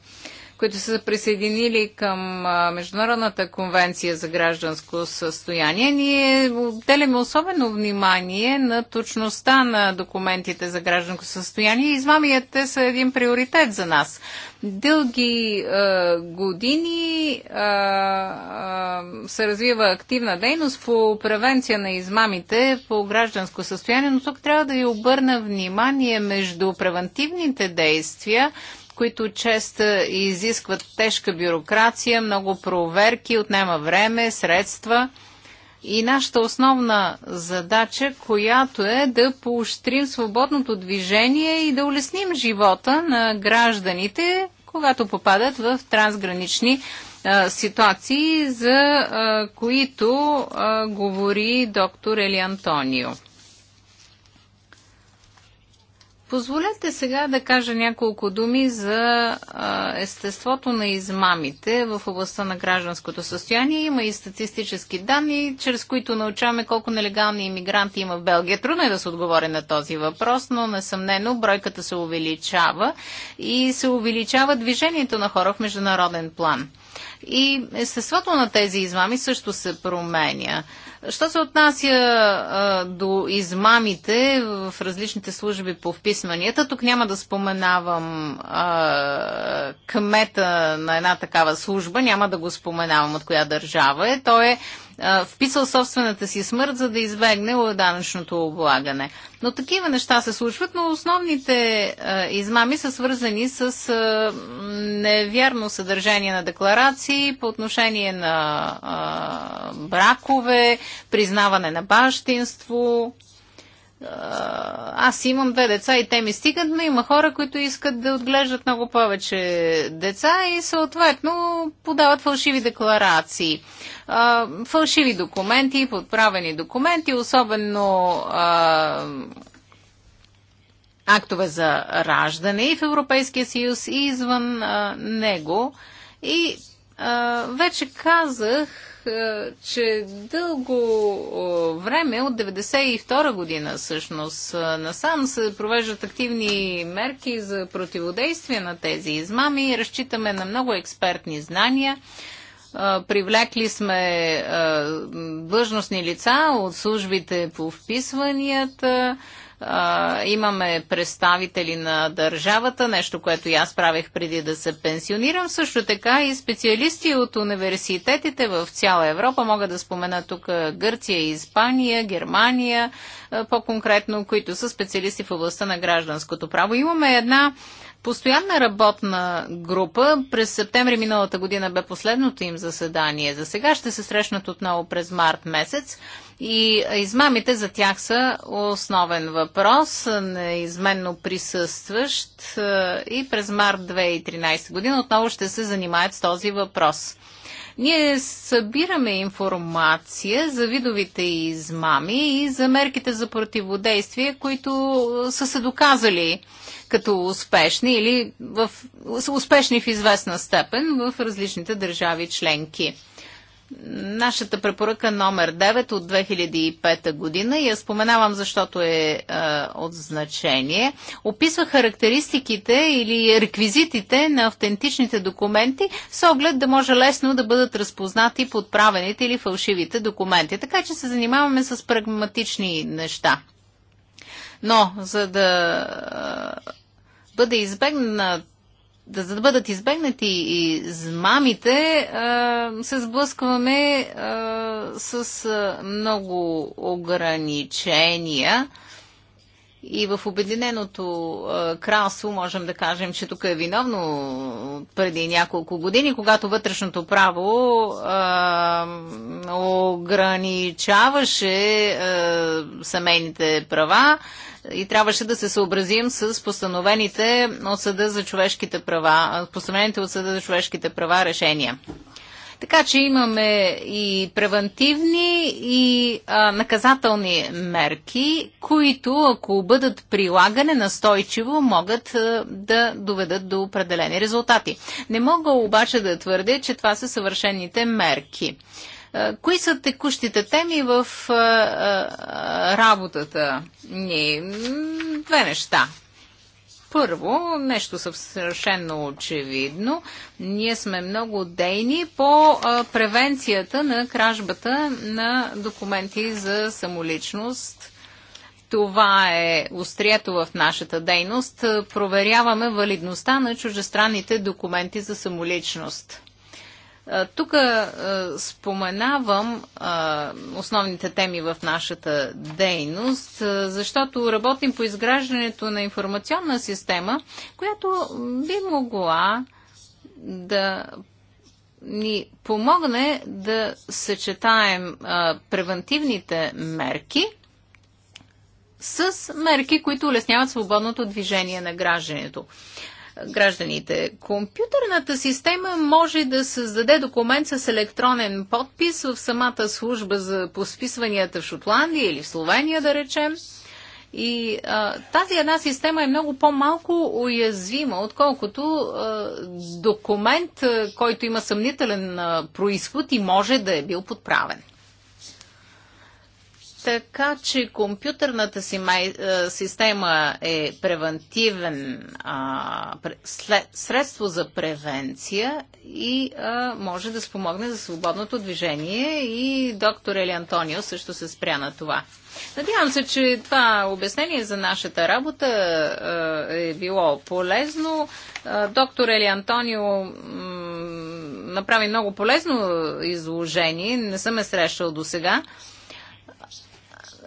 които са присъединили към Международната конвенция за гражданско състояние. Ние отделяме особено внимание на точността на документите за гражданско състояние. Измамията са един приоритет за нас. Дълги е, години е, е, се развива активна дейност по превенция на измамите по гражданско състояние, но тук трябва да ви обърна внимание между превентивните действия, които често изискват тежка бюрокрация, много проверки, отнема време, средства. И нашата основна задача, която е да поощрим свободното движение и да улесним живота на гражданите, когато попадат в трансгранични а, ситуации, за а, които а, говори доктор Ели Антонио. Позволете сега да кажа няколко думи за естеството на измамите в областта на гражданското състояние. Има и статистически данни, чрез които научаваме колко нелегални иммигранти има в Белгия. Трудно е да се отговори на този въпрос, но несъмнено бройката се увеличава и се увеличава движението на хора в международен план. И естеството на тези измами също се променя. Що се отнася а, до измамите в различните служби по вписванията, тук няма да споменавам а, кмета на една такава служба, няма да го споменавам от коя държава е. Той е вписал собствената си смърт, за да избегне данъчното облагане. Но такива неща се случват, но основните измами са свързани с невярно съдържание на декларации по отношение на бракове, признаване на бащинство, аз имам две деца и те ми стигат, но има хора, които искат да отглеждат много повече деца и съответно подават фалшиви декларации. Фалшиви документи, подправени документи, особено актове за раждане и в Европейския съюз и извън него. И вече казах, е, че дълго е, време, от 1992 година всъщност, е, насам се провеждат активни мерки за противодействие на тези измами. Разчитаме на много експертни знания. Привлекли сме длъжностни лица от службите по вписванията а, имаме представители на държавата, нещо, което и аз правих преди да се пенсионирам. Също така и специалисти от университетите в цяла Европа, мога да спомена тук Гърция, Испания, Германия, по-конкретно, които са специалисти в областта на гражданското право. Имаме една Постоянна работна група през септември миналата година бе последното им заседание. За сега ще се срещнат отново през март месец. И измамите за тях са основен въпрос, неизменно присъстващ е, и през март 2013 година отново ще се занимаят с този въпрос. Ние събираме информация за видовите измами и за мерките за противодействие, които е, са се доказали като успешни или в, успешни в известна степен в различните държави членки нашата препоръка номер 9 от 2005 година, я споменавам, защото е, е от значение, описва характеристиките или реквизитите на автентичните документи с оглед да може лесно да бъдат разпознати подправените или фалшивите документи. Така че се занимаваме с прагматични неща. Но, за да е, бъде избегнат да, за да бъдат избегнати а, се сблъскваме с много ограничения. И в Обединеното кралство можем да кажем, че тук е виновно преди няколко години, когато вътрешното право а, ограничаваше а, семейните права и трябваше да се съобразим с постановените от съда за човешките права, постановените от съда за човешките права решения. Така че имаме и превентивни, и а, наказателни мерки, които, ако бъдат прилагане настойчиво, могат а, да доведат до определени резултати. Не мога обаче да твърдя, че това са съвършените мерки. Е, кои са текущите теми в е, е, работата ни? Две неща. Първо, нещо съвършенно очевидно, ние сме много дейни по превенцията на кражбата на документи за самоличност. Това е острието в нашата дейност. Проверяваме валидността на чужестранните документи за самоличност. Тук споменавам основните теми в нашата дейност, защото работим по изграждането на информационна система, която би могла да ни помогне да съчетаем превентивните мерки с мерки, които улесняват свободното движение на гражданието гражданите. Компютърната система може да създаде документ с електронен подпис в самата служба за посписванията в Шотландия или в Словения, да речем. И а, тази една система е много по-малко уязвима, отколкото а, документ, който има съмнителен а, происход и може да е бил подправен. Така че компютърната си май, е, система е превентивен а, след, средство за превенция и а, може да спомогне за свободното движение и доктор Ели Антонио също се спря на това. Надявам се, че това обяснение за нашата работа а, е, е било полезно. А, доктор Ели Антонио направи много полезно изложение. Не съм е срещал до сега.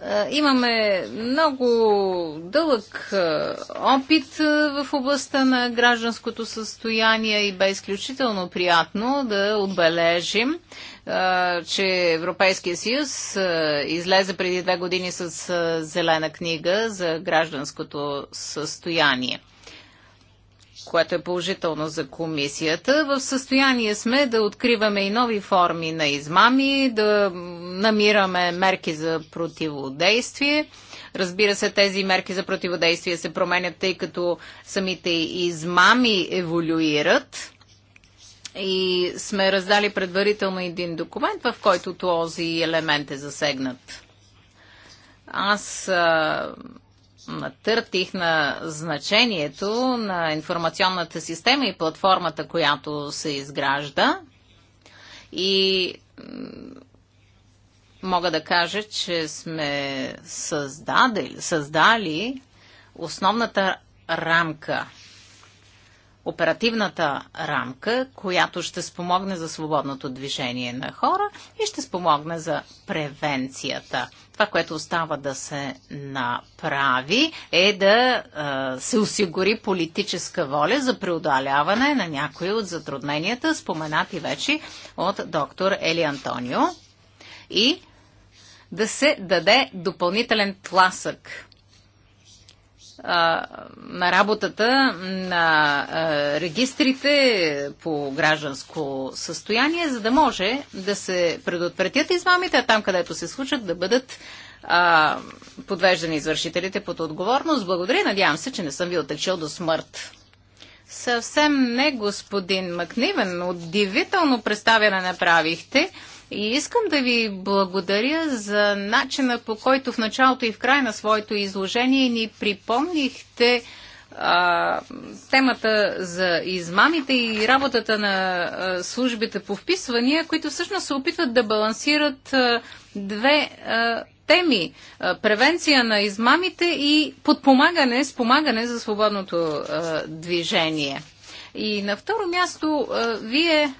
Е, имаме много дълъг е, опит е, в областта на гражданското състояние и бе изключително приятно да отбележим, че Европейския съюз излезе преди две години с зелена книга за гражданското състояние което е положително за комисията. В състояние сме да откриваме и нови форми на измами, да намираме мерки за противодействие. Разбира се, тези мерки за противодействие се променят, тъй като самите измами еволюират. И сме раздали предварително един документ, в който този елемент е засегнат. Аз а, натъртих на значението на информационната система и платформата, която се изгражда. И мога да кажа, че сме създадели, създали основната рамка, оперативната рамка, която ще спомогне за свободното движение на хора и ще спомогне за превенцията – това, което остава да се направи, е да а, се осигури политическа воля за преодоляване на някои от затрудненията, споменати вече от доктор Ели Антонио, и да се даде допълнителен тласък на работата на регистрите по гражданско състояние, за да може да се предотвратят измамите, а там където се случат да бъдат подвеждани извършителите под отговорност. Благодаря, надявам се, че не съм ви отечил до смърт. Съвсем не, господин Макнивен. Удивително представяне направихте. И искам да ви благодаря за начина по който в началото и в края на своето изложение ни припомнихте а, темата за измамите и работата на а, службите по вписвания, които всъщност се опитват да балансират а, две а, теми превенция на измамите и подпомагане, спомагане за свободното а, движение. И на второ място, а, вие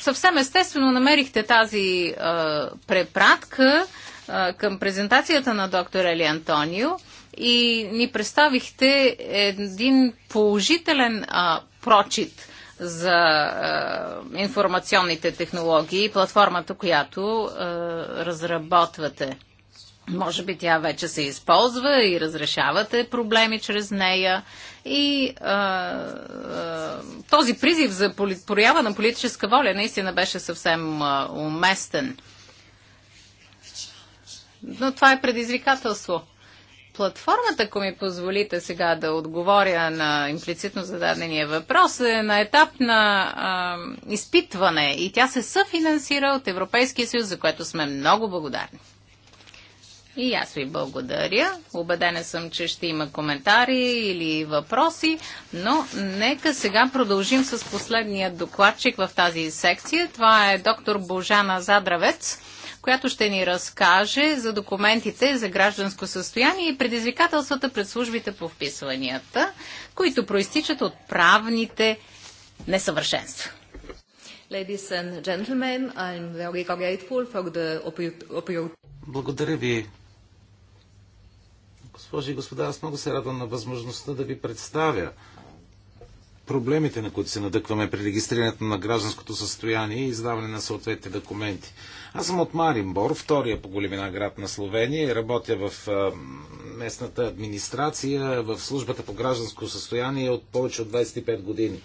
съвсем естествено намерихте тази а, препратка а, към презентацията на доктор Ели Антонио и ни представихте един положителен а, прочит за а, информационните технологии и платформата, която а, разработвате. Може би тя вече се използва и разрешавате проблеми чрез нея. И а, а, този призив за проява на политическа воля наистина беше съвсем а, уместен. Но това е предизвикателство. Платформата, ако ми позволите сега да отговоря на имплицитно зададения въпрос, е на етап на а, изпитване и тя се съфинансира от Европейския съюз, за което сме много благодарни. И аз ви благодаря. Обедена съм, че ще има коментари или въпроси, но нека сега продължим с последния докладчик в тази секция. Това е доктор Божана Задравец която ще ни разкаже за документите за гражданско състояние и предизвикателствата пред службите по вписванията, които проистичат от правните несъвършенства. Ladies and gentlemen, I'm very grateful for the Благодаря ви, Госпожи и господа, аз много се радвам на възможността да ви представя проблемите, на които се надъкваме при регистрирането на гражданското състояние и издаване на съответните документи. Аз съм от Маримбор, втория по големина град на Словения и работя в местната администрация, в службата по гражданско състояние от повече от 25 години.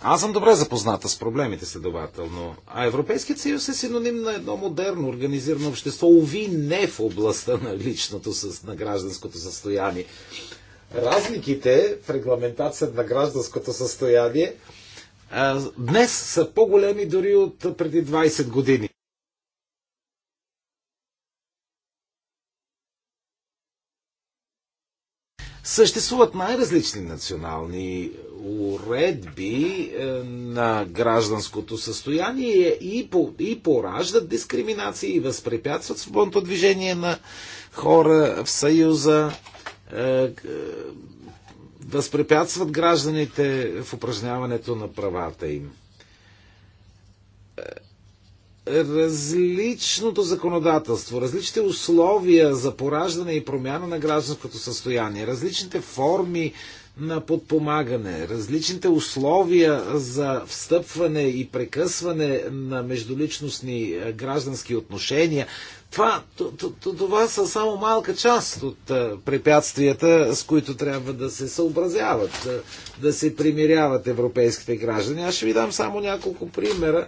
Аз съм добре запозната с проблемите, следователно. А Европейският съюз е синоним на едно модерно, организирано общество. Ови не в областта на личното, на гражданското състояние. Разликите в регламентацията на гражданското състояние днес са по-големи дори от преди 20 години. Съществуват най-различни национални уредби е, на гражданското състояние и, по, и пораждат дискриминации и възпрепятстват свободното движение на хора в Съюза, е, е, възпрепятстват гражданите в упражняването на правата им различното законодателство, различните условия за пораждане и промяна на гражданското състояние, различните форми на подпомагане, различните условия за встъпване и прекъсване на междуличностни е, граждански отношения. Това, това са само малка част от е, препятствията, с които трябва да се съобразяват, е, да се примиряват европейските граждани. Аз ще ви дам само няколко примера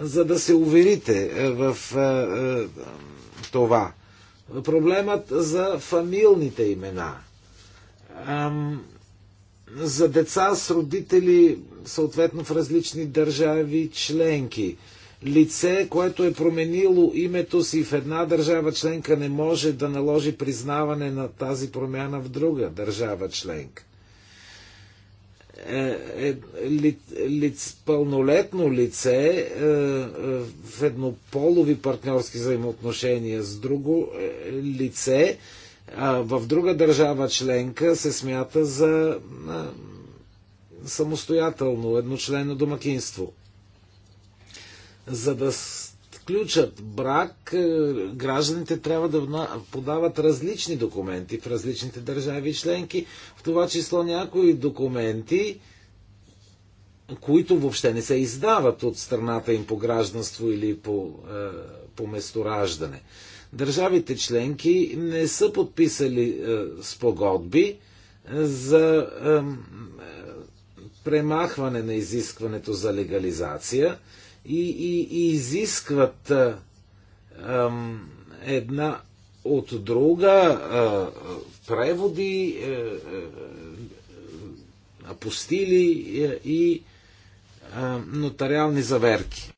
за да се уверите е, в е, е, това. Проблемът за фамилните имена. За деца с родители, съответно в различни държави членки лице, което е променило името си в една държава членка, не може да наложи признаване на тази промяна в друга държава членка е, е ли, пълнолетно лице е, е, в еднополови партньорски взаимоотношения с друго е, лице а в друга държава членка се смята за а, е, самостоятелно едночлено домакинство. За да сключат брак, е, гражданите трябва да подават различни документи в различните държави и членки, в това число някои документи, които въобще не се издават от страната им по гражданство или по, е, по местораждане. Държавите членки не са подписали е, спогодби за премахване на изискването за легализация и, и, и изискват а, една от друга а, преводи, а, е, е, апостили е, и а, нотариални заверки.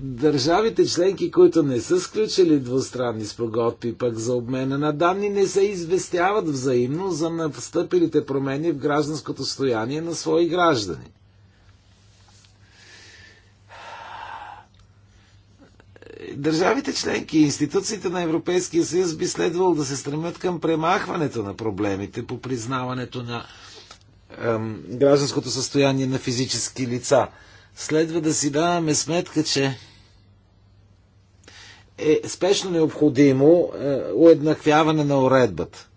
Държавите членки, които не са сключили двустранни спогодби пък за обмена на данни, не се известяват взаимно за настъпилите промени в гражданското стояние на свои граждани. Държавите членки и институциите на Европейския съюз би следвало да се стремят към премахването на проблемите по признаването на ем, гражданското състояние на физически лица – следва да си даваме сметка, че е спешно необходимо е, уеднаквяване на уредбата.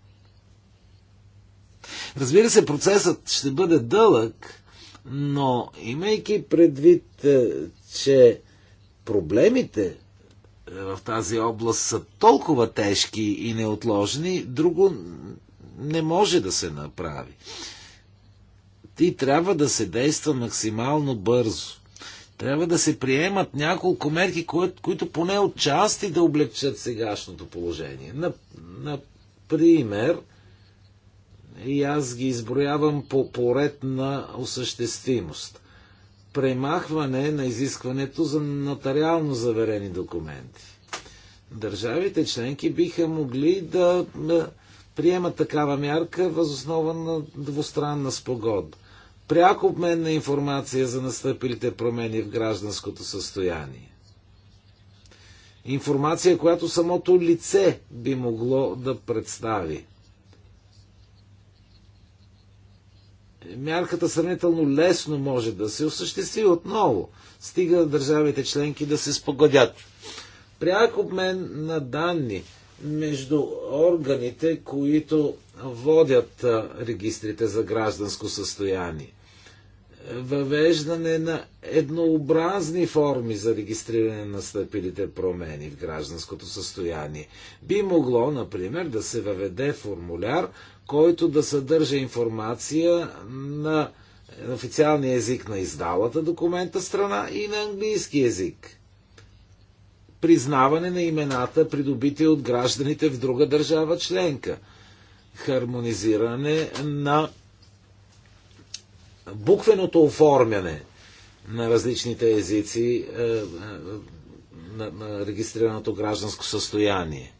Разбира се, процесът ще бъде дълъг, но имайки предвид, е, че проблемите е, в тази област са толкова тежки и неотложни, друго не може да се направи. Ти трябва да се действа максимално бързо. Трябва да се приемат няколко мерки, които, които поне отчасти да облегчат сегашното положение. Например, и аз ги изброявам по поред на осъществимост. Премахване на изискването за нотариално заверени документи. Държавите членки биха могли да приемат такава мярка възоснова на двустранна спогодба пряк обмен на информация за настъпилите промени в гражданското състояние. Информация, която самото лице би могло да представи. Мярката сравнително лесно може да се осъществи отново, стига държавите членки да се спогодят. Пряк обмен на данни между органите, които водят регистрите за гражданско състояние въвеждане на еднообразни форми за регистриране на стъпилите промени в гражданското състояние. Би могло, например, да се въведе формуляр, който да съдържа информация на официалния език на издалата документа страна и на английски език. Признаване на имената, придобити от гражданите в друга държава членка. Хармонизиране на буквеното оформяне на различните езици е, е, на, на регистрираното гражданско състояние.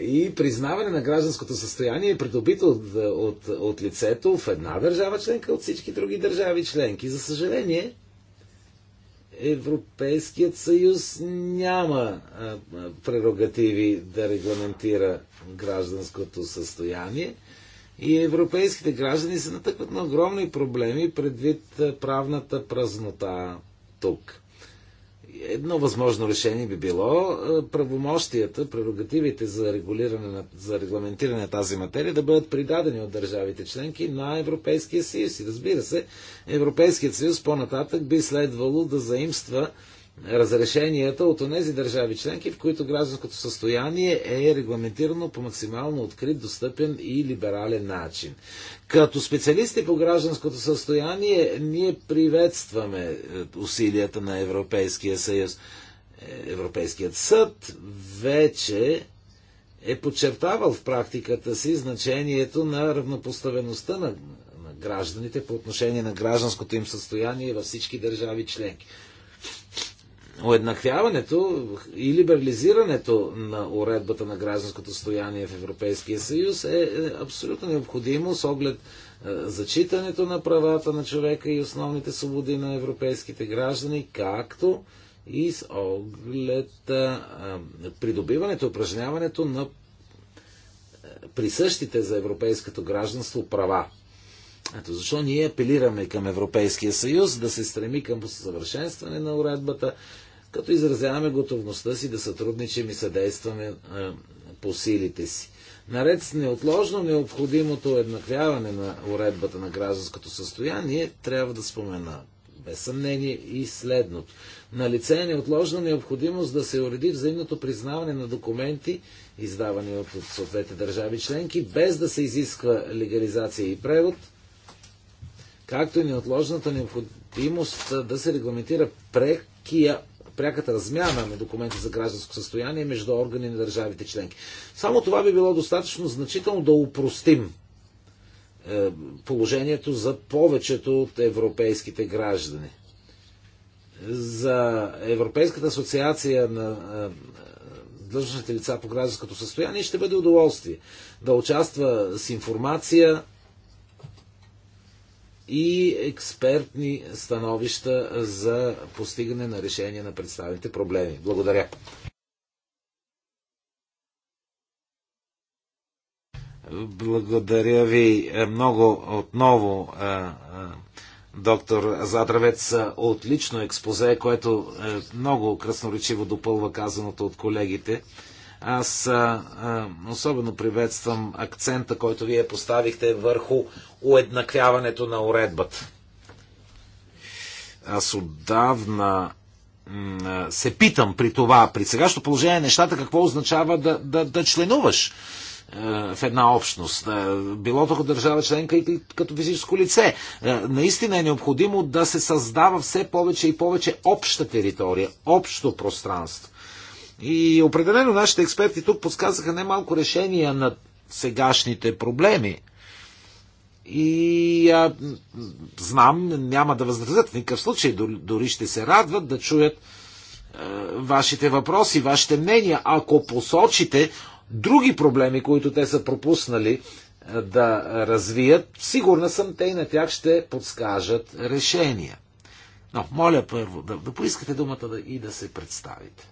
и признаване на гражданското състояние е придобито от, от, от лицето в една държава членка от всички други държави членки. За съжаление, Европейският съюз няма прерогативи да регламентира гражданското състояние и европейските граждани се натъкват на огромни проблеми предвид правната празнота тук едно възможно решение би било правомощията, прерогативите за, регулиране на, за регламентиране на тази материя да бъдат придадени от държавите членки на Европейския съюз. И разбира се, Европейският съюз по-нататък би следвало да заимства разрешенията от тези държави членки, в които гражданското състояние е регламентирано по максимално открит, достъпен и либерален начин. Като специалисти по гражданското състояние, ние приветстваме е, усилията на Европейския съюз. Е, Европейският съд вече е подчертавал в практиката си значението на равнопоставеността на, на гражданите по отношение на гражданското им състояние във всички държави членки уеднаквяването и либерализирането на уредбата на гражданското стояние в Европейския съюз е, е абсолютно необходимо с оглед е, зачитането на правата на човека и основните свободи на европейските граждани, както и с оглед е, придобиването, упражняването на присъщите за европейското гражданство права. Ето защо ние апелираме към Европейския съюз да се стреми към съвършенстване на уредбата, като изразяваме готовността си да сътрудничим и съдействаме е, по силите си. Наред с неотложно необходимото еднаквяване на уредбата на гражданското състояние, трябва да спомена без съмнение и следното. На лице е неотложна необходимост да се уреди взаимното признаване на документи, издавани от съответните държави членки, без да се изисква легализация и превод, както и неотложната необходимост е, да се регламентира прекия пряката размяна на документи за гражданско състояние между органи на държавите членки. Само това би било достатъчно значително да упростим е, положението за повечето от европейските граждани. За Европейската асоциация на е, е, длъжностните лица по гражданското състояние ще бъде удоволствие да участва с информация и експертни становища за постигане на решение на представените проблеми. Благодаря. Благодаря ви много отново, доктор Задравец. Отлично експозе, което много красноречиво допълва казаното от колегите. Аз а, а, особено приветствам акцента, който вие поставихте върху уеднаквяването на уредбата. Аз отдавна се питам при това, при сегашното положение нещата, какво означава да, да, да членуваш в една общност, било тук държава членка и като физическо лице. Наистина е необходимо да се създава все повече и повече обща територия, общо пространство. И определено нашите експерти тук подсказаха немалко решения на сегашните проблеми. И а, знам, няма да възразят в никакъв случай, дори ще се радват да чуят а, е, вашите въпроси, вашите мнения, ако посочите други проблеми, които те са пропуснали а, е, да развият, сигурна съм, те и на тях ще подскажат решения. Но, моля първо да, да поискате думата да, и да се представите.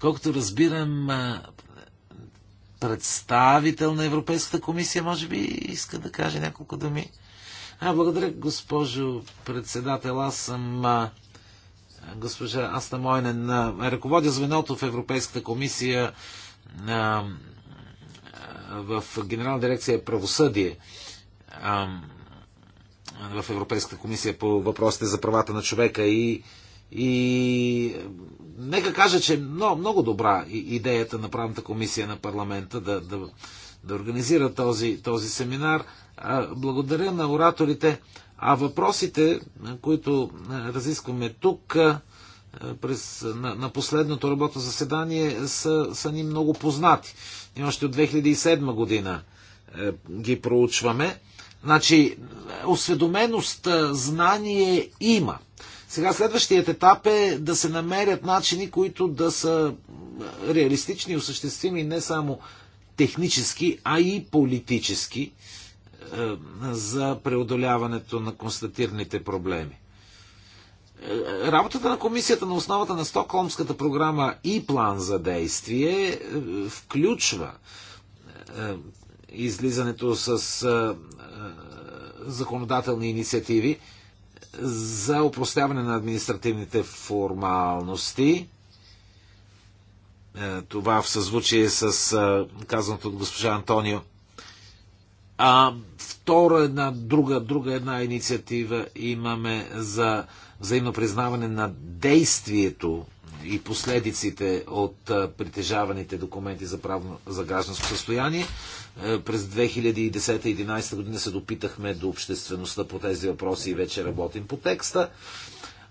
Колкото разбирам, представител на Европейската комисия, може би, иска да каже няколко думи. А, благодаря, госпожо председател. Аз съм а, госпожа Аста Мойнен, а, ръководя звеното в Европейската комисия а, в Генерална дирекция правосъдие в Европейската комисия по въпросите за правата на човека и и нека кажа, че много, много добра идеята на правната комисия на парламента да, да, да организира този, този семинар. Благодаря на ораторите. А въпросите, които разискваме тук през, на, на последното работно заседание, са, са ни много познати. И още от 2007 година е, ги проучваме. Значи, осведоменост, знание има. Сега следващият етап е да се намерят начини, които да са реалистични, осъществими не само технически, а и политически е, за преодоляването на констатираните проблеми. Е, работата на комисията на основата на Стокхолмската програма и план за действие е, включва излизането с законодателни инициативи, за упростяване на административните формалности. Е, това в съзвучие с е, казаното от госпожа Антонио. А втора една, друга, друга една инициатива имаме за взаимно признаване на действието и последиците от е, притежаваните документи за, правно, за гражданско състояние. Е, през 2010-2011 година се допитахме до обществеността по тези въпроси и вече работим по текста.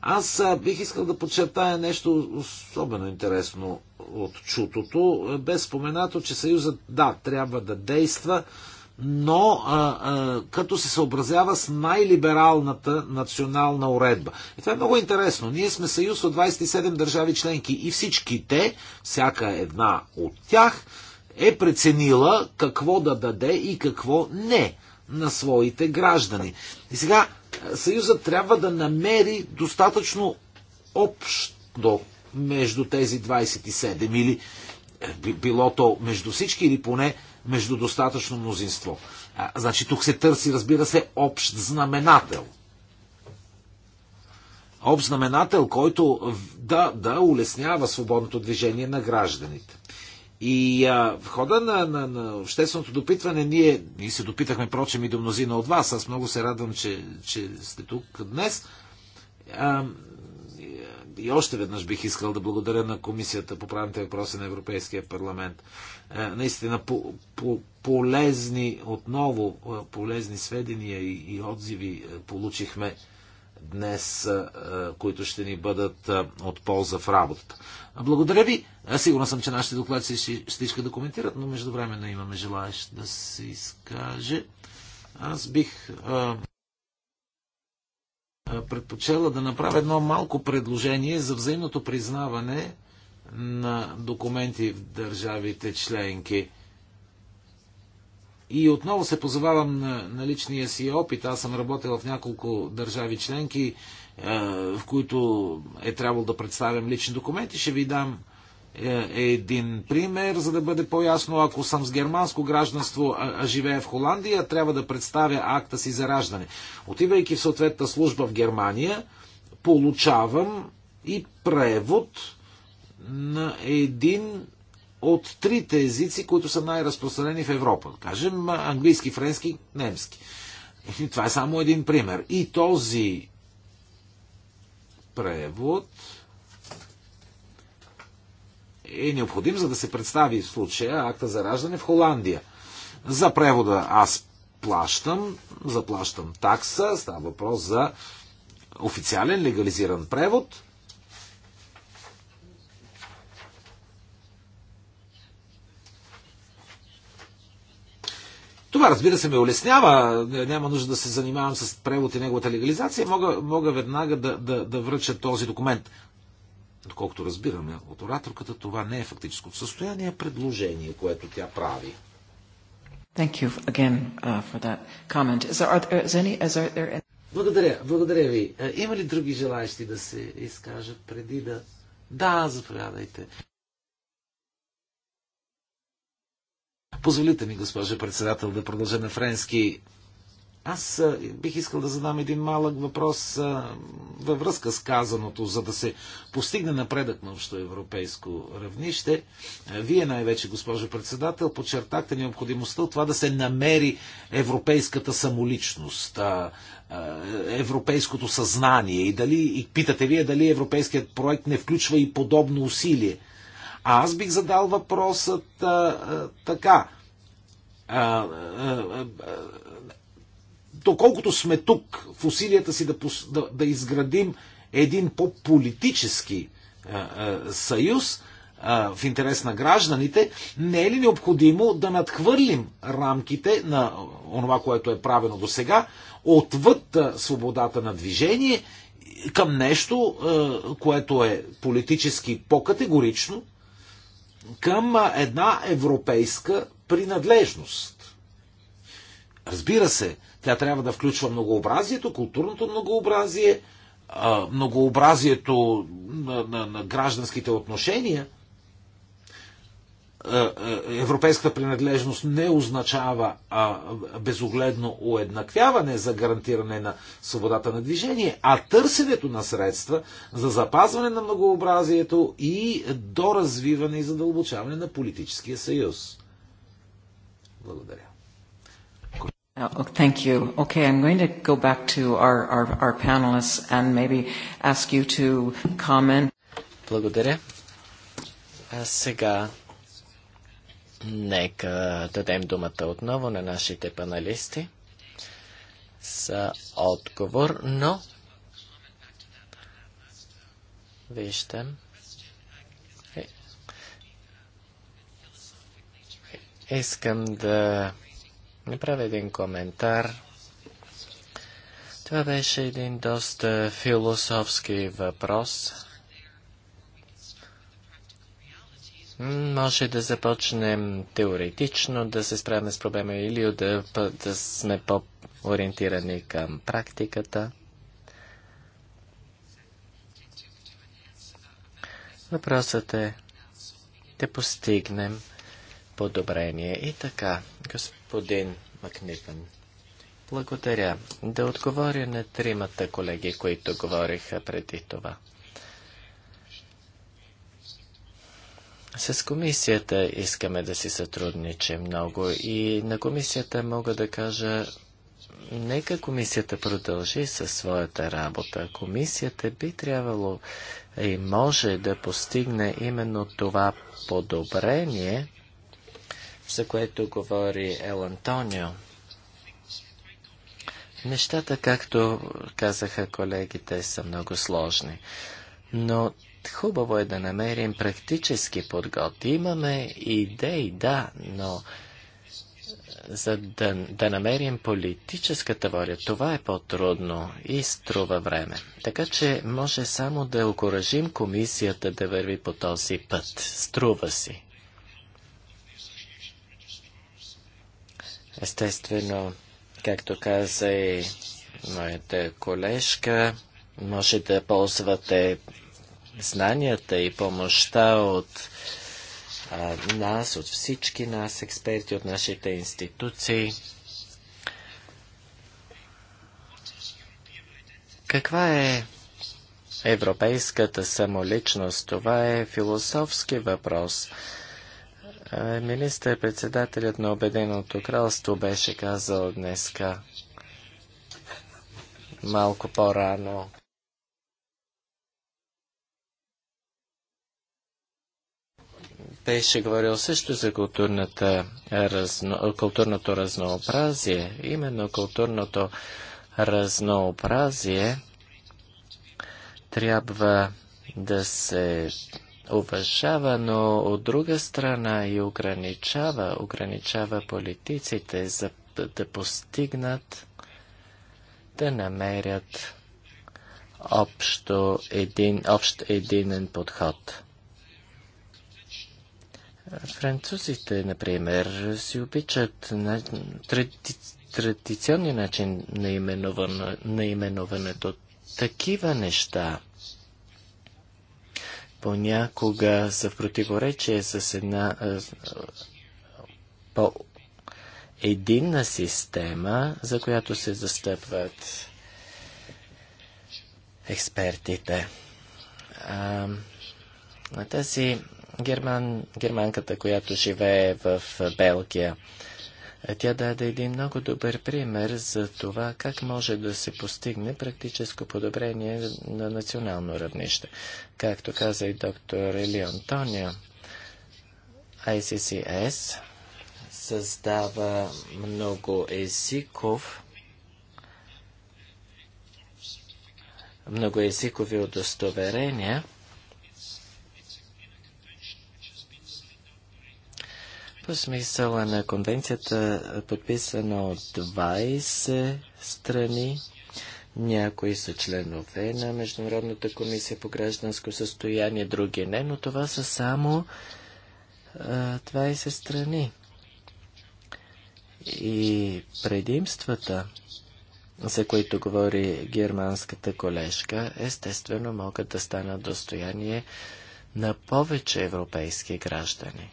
Аз бих искал да подчертая нещо особено интересно от чутото. Бе споменато, че Съюзът, да, трябва да действа, но а, а, като се съобразява с най-либералната национална уредба. И това е много интересно. Ние сме съюз от 27 държави членки и всички те, всяка една от тях, е преценила какво да даде и какво не на своите граждани. И сега е, Съюзът трябва да намери достатъчно общо между тези 27 или е, било то между всички или поне между достатъчно мнозинство. А, значи тук се търси, разбира се, общ знаменател. Общ знаменател, който да, да улеснява свободното движение на гражданите. И а, в хода на, на, на общественото допитване ние, ние се допитахме, прочим, и до мнозина от вас. Аз много се радвам, че, че сте тук днес. А, и, още веднъж бих искал да благодаря на Комисията по правните въпроси на Европейския парламент. А, наистина, по, по, полезни, отново полезни сведения и, и отзиви получихме днес, които ще ни бъдат от полза в работата. Благодаря ви. Аз Сигурна съм, че нашите доклади ще искат да коментират, но междувременно имаме желаящ да се изкаже. Аз бих предпочела да направя едно малко предложение за взаимното признаване на документи в държавите членки. И отново се позовавам на, на личния си опит. Аз съм работил в няколко държави членки, е, в които е трябвало да представям лични документи. Ще ви дам е, един пример, за да бъде по-ясно. Ако съм с германско гражданство, а, а живея в Холандия, трябва да представя акта си за раждане. Отивайки в съответната служба в Германия, получавам и превод на един от трите езици, които са най-разпространени в Европа. Кажем английски, френски, немски. Това е само един пример. И този превод е необходим, за да се представи в случая акта за раждане в Холандия. За превода аз плащам, заплащам такса, става въпрос за официален легализиран превод – това, разбира се, ме улеснява. Няма нужда да се занимавам с превод и неговата легализация. Мога, мога веднага да, да, да връча този документ. Доколкото разбираме от ораторката, това не е фактическото състояние, а предложение, което тя прави. Thank you again uh, for that comment. Is there, any, is there any... Благодаря, благодаря ви. Е, има ли други желаящи да се изкажат преди да... Да, заповядайте. Позволите ми, госпожа председател, да продължа на френски. Аз бих искал да задам един малък въпрос във връзка с казаното, за да се постигне напредък на европейско равнище. Вие най-вече, госпожо председател, подчертахте необходимостта от това да се намери европейската самоличност, европейското съзнание и дали, и питате вие дали европейският проект не включва и подобно усилие. А аз бих задал въпросът а, а, така а, а, а, доколкото сме тук в усилията си да, да, да изградим един по-политически съюз а, в интерес на гражданите, не е ли необходимо да надхвърлим рамките на онова, което е правено до сега, отвъд а, свободата на движение към нещо, а, което е политически по-категорично, към една европейска принадлежност. Разбира се, тя трябва да включва многообразието, културното многообразие, многообразието на, на, на гражданските отношения. Европейската принадлежност не означава а, безогледно уеднаквяване за гарантиране на свободата на движение, а търсенето на средства за запазване на многообразието и доразвиване и задълбочаване на политическия съюз. Благодаря. Uh, oh, thank you. Okay, I'm going to go back to our, our, our panelists and maybe ask you to comment. Благодаря. А сега нека дадем думата отново на нашите панелисти за отговор, но виждам, Искам да направя един коментар. Това беше един доста философски въпрос. Може да започнем теоретично да се справим с проблема или да, да сме по-ориентирани към практиката. Въпросът е да постигнем подобрение. И така, господин Макнипен, благодаря. Да отговоря на тримата колеги, които говориха преди това. С комисията искаме да си сътрудничим много и на комисията мога да кажа, нека комисията продължи със своята работа. Комисията би трябвало и може да постигне именно това подобрение – за което говори Ел Антонио. Нещата, както казаха колегите, са много сложни. Но хубаво е да намерим практически подгод. Имаме идеи, да, но за да, да намерим политическата воля, това е по-трудно и струва време. Така че може само да окоръжим комисията да върви по този път. Струва си. Естествено, както каза и моята колежка, може да ползвате знанията и помощта от а, нас, от всички нас, експерти, от нашите институции. Каква е европейската самоличност? Това е философски въпрос. Е, Министър-председателят на Обеденото кралство беше казал днеска малко по-рано. Беше говорил също за културната, разно, културното разнообразие. Именно културното разнообразие трябва да се уважава, но от друга страна и ограничава, ограничава политиците за да постигнат, да намерят общо един, общ единен подход. Французите, например, си обичат на, тради, традиционния начин на на именуването. Такива неща – понякога са в противоречие с една е, по единна система, за която се застъпват експертите. А, тази герман, германката, която живее в Белгия, е, тя даде един много добър пример за това как може да се постигне практическо подобрение на национално равнище. Както каза и доктор Ели Антонио, ICCS създава много езиков много езикови удостоверения – По смисъла на конвенцията, подписана от 20 страни, някои са членове на Международната комисия по гражданско състояние, други не, но това са само 20 страни. И предимствата, за които говори германската колежка, естествено могат да станат достояние на повече европейски граждани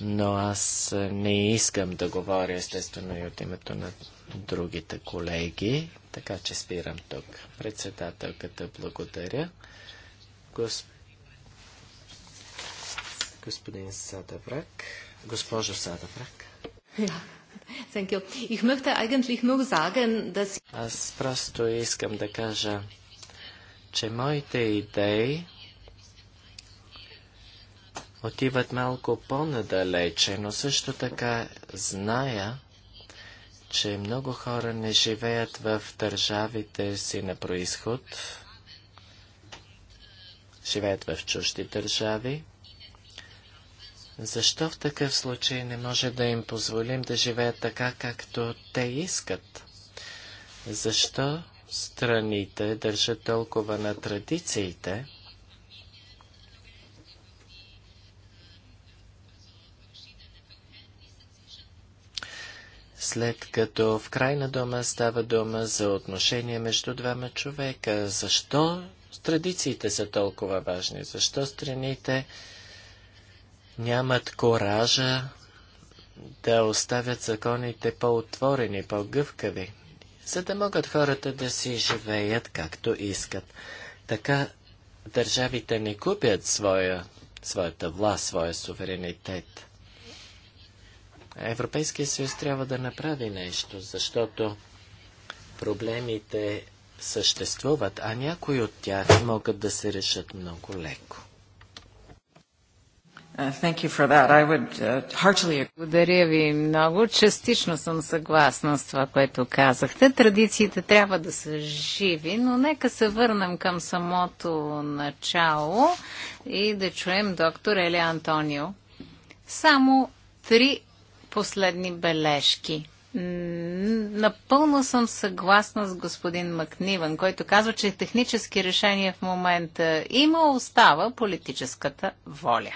но аз е, не искам да говоря естествено и от името на другите колеги, така че спирам тук. Председателката благодаря. Госп... Господин Садаврак. Госпожо Садаврак. Аз просто искам да кажа, че моите идеи отиват малко по-надалече, но също така зная, че много хора не живеят в държавите си на происход, живеят в чужди държави. Защо в такъв случай не може да им позволим да живеят така, както те искат? Защо страните държат толкова на традициите, след като в крайна дума става дума за отношение между двама човека. Защо традициите са толкова важни? Защо страните нямат коража да оставят законите по-отворени, по-гъвкави, за да могат хората да си живеят както искат. Така държавите не купят своя, своята власт, своя суверенитет. Европейския съюз трябва да направи нещо, защото проблемите съществуват, а някои от тях могат да се решат много леко. Uh, uh, Благодаря ви много. Частично съм съгласна с това, което казахте. Традициите трябва да са живи, но нека се върнем към самото начало и да чуем доктор Еле Антонио. Само три последни бележки. Напълно съм съгласна с господин Макниван, който казва, че технически решения в момента има, остава политическата воля.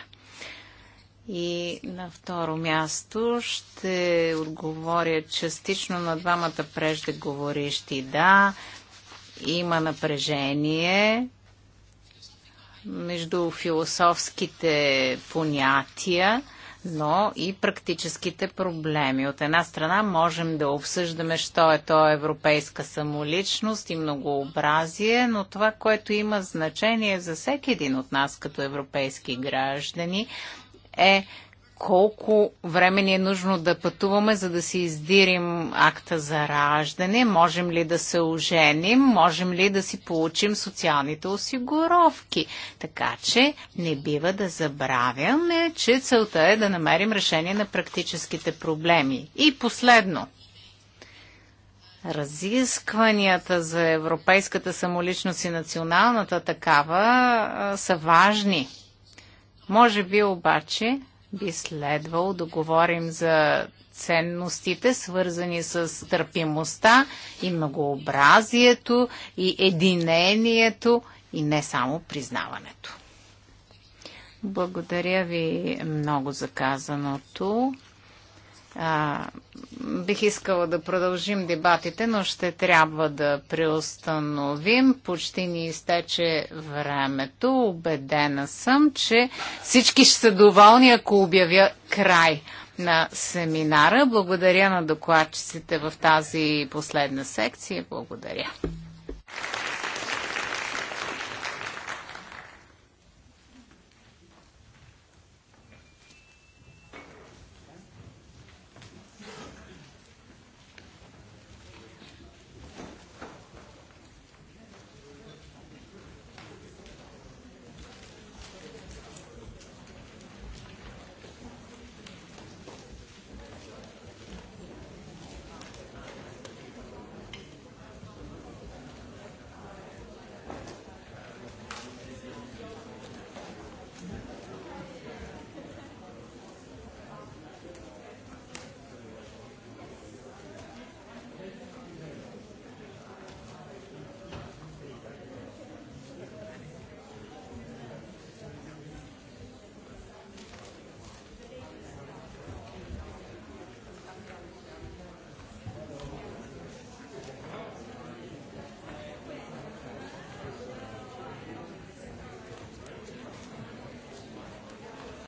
И на второ място ще отговоря частично на двамата преждеговорищи. Да, има напрежение между философските понятия но и практическите проблеми. От една страна можем да обсъждаме, що е то европейска самоличност и многообразие, но това, което има значение за всеки един от нас като европейски граждани, е колко време ни е нужно да пътуваме, за да си издирим акта за раждане, можем ли да се оженим, можем ли да си получим социалните осигуровки. Така че не бива да забравяме, че целта е да намерим решение на практическите проблеми. И последно. Разискванията за европейската самоличност и националната такава са важни. Може би обаче би следвало да говорим за ценностите, свързани с търпимостта и многообразието и единението и не само признаването. Благодаря ви много за казаното. А, бих искала да продължим дебатите, но ще трябва да преустановим. Почти ни изтече времето. Обедена съм, че всички ще са доволни, ако обявя край на семинара. Благодаря на докладчиците в тази последна секция. Благодаря.